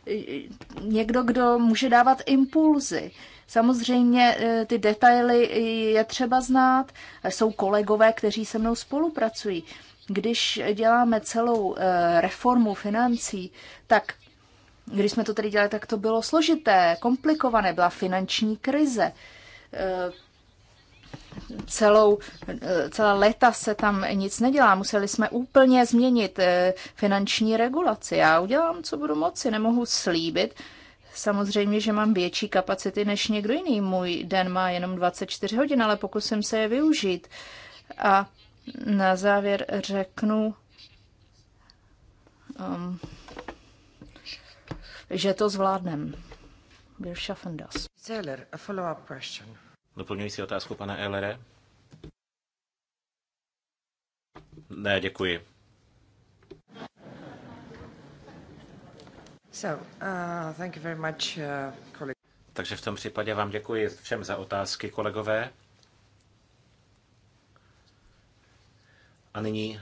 někdo, kdo může dávat impulzy. Samozřejmě e, ty detaily je třeba znát. Jsou kolegové, kteří se mnou spolupracují. Když děláme celou e, reformu financí, tak když jsme to tedy dělali, tak to bylo složité, komplikované, byla finanční krize. E, celou, celá léta se tam nic nedělá. Museli jsme úplně změnit finanční regulaci. Já udělám, co budu moci. Nemohu slíbit, Samozřejmě, že mám větší kapacity než někdo jiný. Můj den má jenom 24 hodin, ale pokusím se je využít. A na závěr řeknu, um, že to zvládnem. Wir schaffen das. Zeller, a follow-up question. Doplňující otázku, pane Ellere? Ne, děkuji. Uh, uh, Takže v tom případě vám děkuji všem za otázky, kolegové. A nyní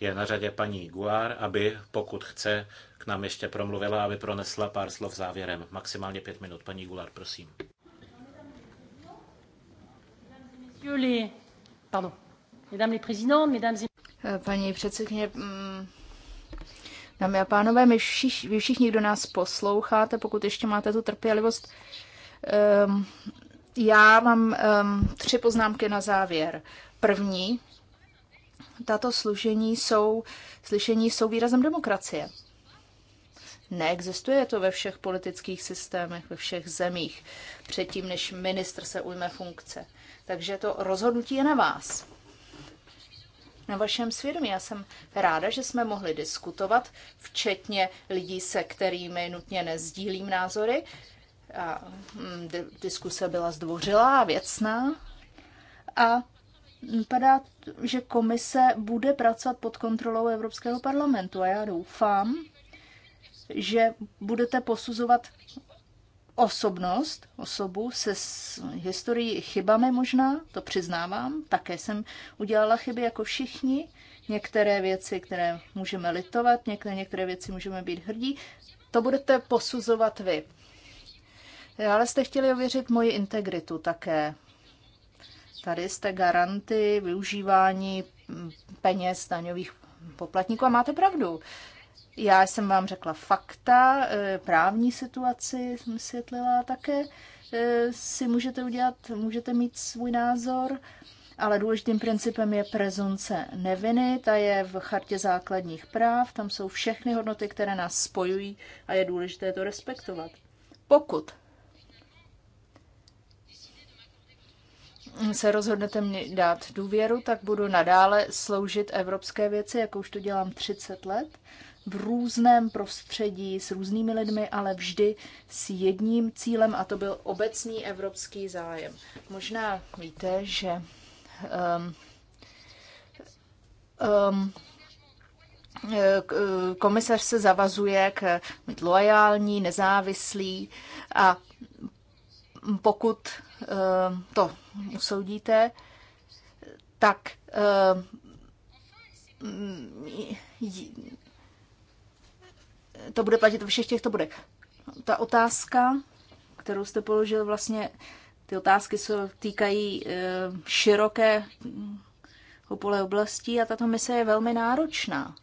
je na řadě paní Guár, aby, pokud chce, k nám ještě promluvila, aby pronesla pár slov závěrem. Maximálně pět minut. Paní Guár, prosím. Paní předsedkyně, mm, Dámy a pánové, my všichni, vy všichni, kdo nás posloucháte, pokud ještě máte tu trpělivost, um, já mám um, tři poznámky na závěr. První, tato služení jsou, slyšení jsou výrazem demokracie. Neexistuje to ve všech politických systémech, ve všech zemích, předtím, než ministr se ujme funkce. Takže to rozhodnutí je na vás na vašem svědomí. Já jsem ráda, že jsme mohli diskutovat, včetně lidí, se kterými nutně nezdílím názory. A, mm, diskuse byla zdvořilá a věcná. A vypadá, že komise bude pracovat pod kontrolou Evropského parlamentu a já doufám, že budete posuzovat osobnost, osobu se s historií chybami možná, to přiznávám, také jsem udělala chyby jako všichni, některé věci, které můžeme litovat, některé, některé věci můžeme být hrdí, to budete posuzovat vy. Ale jste chtěli ověřit moji integritu také. Tady jste garanty využívání peněz daňových poplatníků a máte pravdu. Já jsem vám řekla fakta, eh, právní situaci jsem světlila také. Eh, si můžete udělat, můžete mít svůj názor, ale důležitým principem je prezunce neviny, ta je v chartě základních práv, tam jsou všechny hodnoty, které nás spojují a je důležité to respektovat. Pokud se rozhodnete mě dát důvěru, tak budu nadále sloužit evropské věci, jako už to dělám 30 let, v různém prostředí, s různými lidmi, ale vždy s jedním cílem, a to byl obecný evropský zájem. Možná víte, že um, um, komisař se zavazuje k být loajální, nezávislý a pokud Eh, to usoudíte, tak eh, to bude platit ve všech těchto bodech. Ta otázka, kterou jste položil, vlastně ty otázky se týkají eh, široké pole oblasti a tato mise je velmi náročná.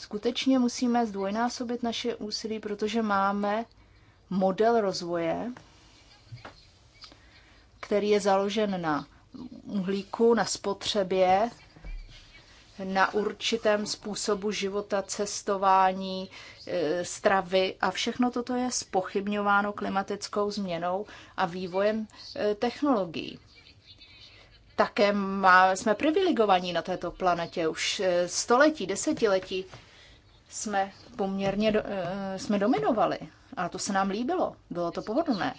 Skutečně musíme zdvojnásobit naše úsilí, protože máme model rozvoje, který je založen na uhlíku, na spotřebě, na určitém způsobu života, cestování, e, stravy a všechno toto je spochybňováno klimatickou změnou a vývojem e, technologií. Také má, jsme privilegovaní na této planetě. Už e, století, desetiletí jsme poměrně jsme dominovali a to se nám líbilo. Bylo to pohodlné.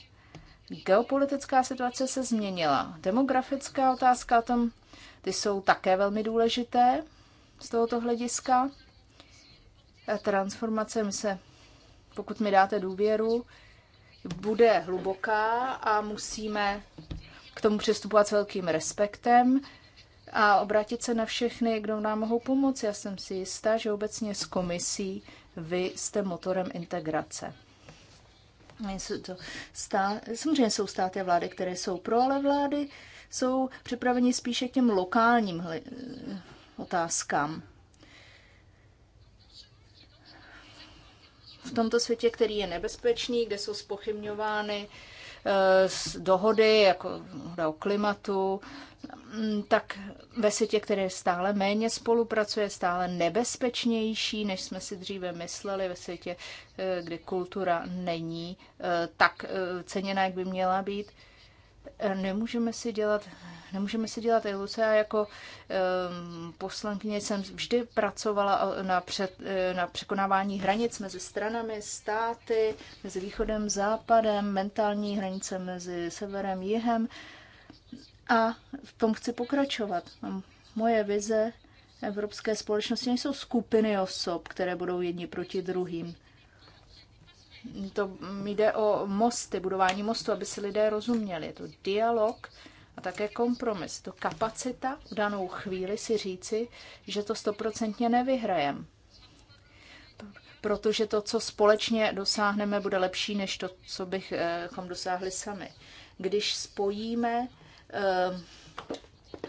Geopolitická situace se změnila. Demografická otázka o tom, ty jsou také velmi důležité z tohoto hlediska. Transformace mi se, pokud mi dáte důvěru, bude hluboká a musíme k tomu přistupovat s velkým respektem a obrátit se na všechny, kdo nám mohou pomoci. Já jsem si jistá, že obecně s komisí vy jste motorem integrace. To stá, samozřejmě jsou státy a vlády, které jsou pro, ale vlády jsou připraveni spíše k těm lokálním otázkám. V tomto světě, který je nebezpečný, kde jsou spochybňovány Eh, dohody, jako o klimatu, mm, tak ve světě, které stále méně spolupracuje, stále nebezpečnější, než jsme si dříve mysleli, ve světě, eh, kdy kultura není eh, tak ceněná, jak by měla být, Nemůžeme si dělat, nemůžeme si dělat iluce. Já jako um, poslankyně jsem vždy pracovala na, před, eh, na překonávání hranic mezi stranami, státy, mezi východem, západem, mentální hranice mezi severem, jihem. A v tom chci pokračovat. Moje vize evropské společnosti nejsou skupiny osob, které budou jedni proti druhým to jde o mosty, budování mostu, aby si lidé rozuměli. Je to dialog a také kompromis. To kapacita v danou chvíli si říci, že to stoprocentně nevyhrajem. Protože to, co společně dosáhneme, bude lepší než to, co bychom dosáhli sami. Když spojíme, eh,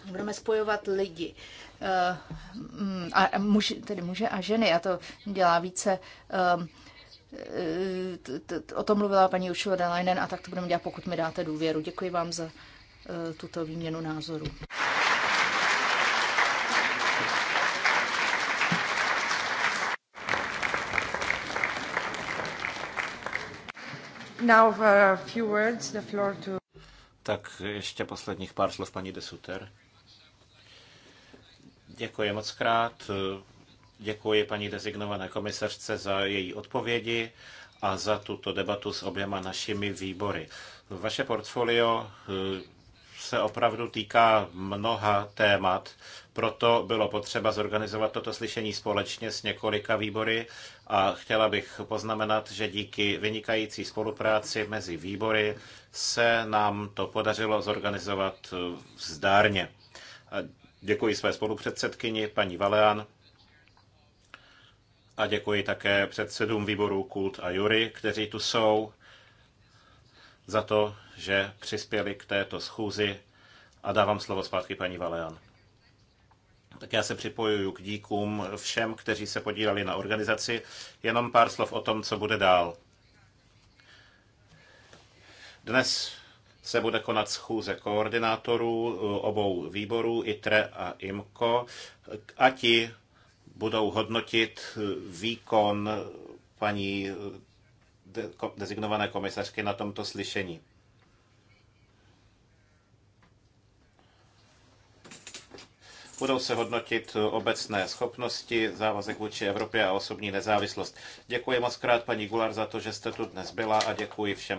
budeme spojovat lidi, eh, mm, a muži tedy muže a ženy, a to dělá více eh, O tom mluvila paní Ušila Dalainen a tak to budeme dělat, pokud mi dáte důvěru. Děkuji vám za e, tuto výměnu názorů. Now a uh, few words, the floor to... Tak ještě posledních pár slov paní Desuter. Děkuji moc krát. Děkuji paní designované komisařce za její odpovědi a za tuto debatu s oběma našimi výbory. Vaše portfolio eh, se opravdu týká mnoha témat, proto bylo potřeba zorganizovat toto slyšení společně s několika výbory a chtěla bych poznamenat, že díky vynikající spolupráci mezi výbory se nám to podařilo zorganizovat vzdárně. Eh, děkuji své spolupředsedkyni, paní Valean, a děkuji také předsedům výborů Kult a Jury, kteří tu jsou, za to, že přispěli k této schůzi. A dávám slovo zpátky paní Valean. Tak já se připojuju k díkům všem, kteří se podíleli na organizaci. Jenom pár slov o tom, co bude dál. Dnes se bude konat schůze koordinátorů obou výborů, ITRE a IMCO, a ti budou hodnotit eh, výkon eh, paní eh, dezignované komisařky na tomto slyšení. Budou se hodnotit obecné schopnosti, závazek vůči Evropě a osobní nezávislost. Děkuji moc krát, paní Gular, za to, že jste tu dnes byla a děkuji všem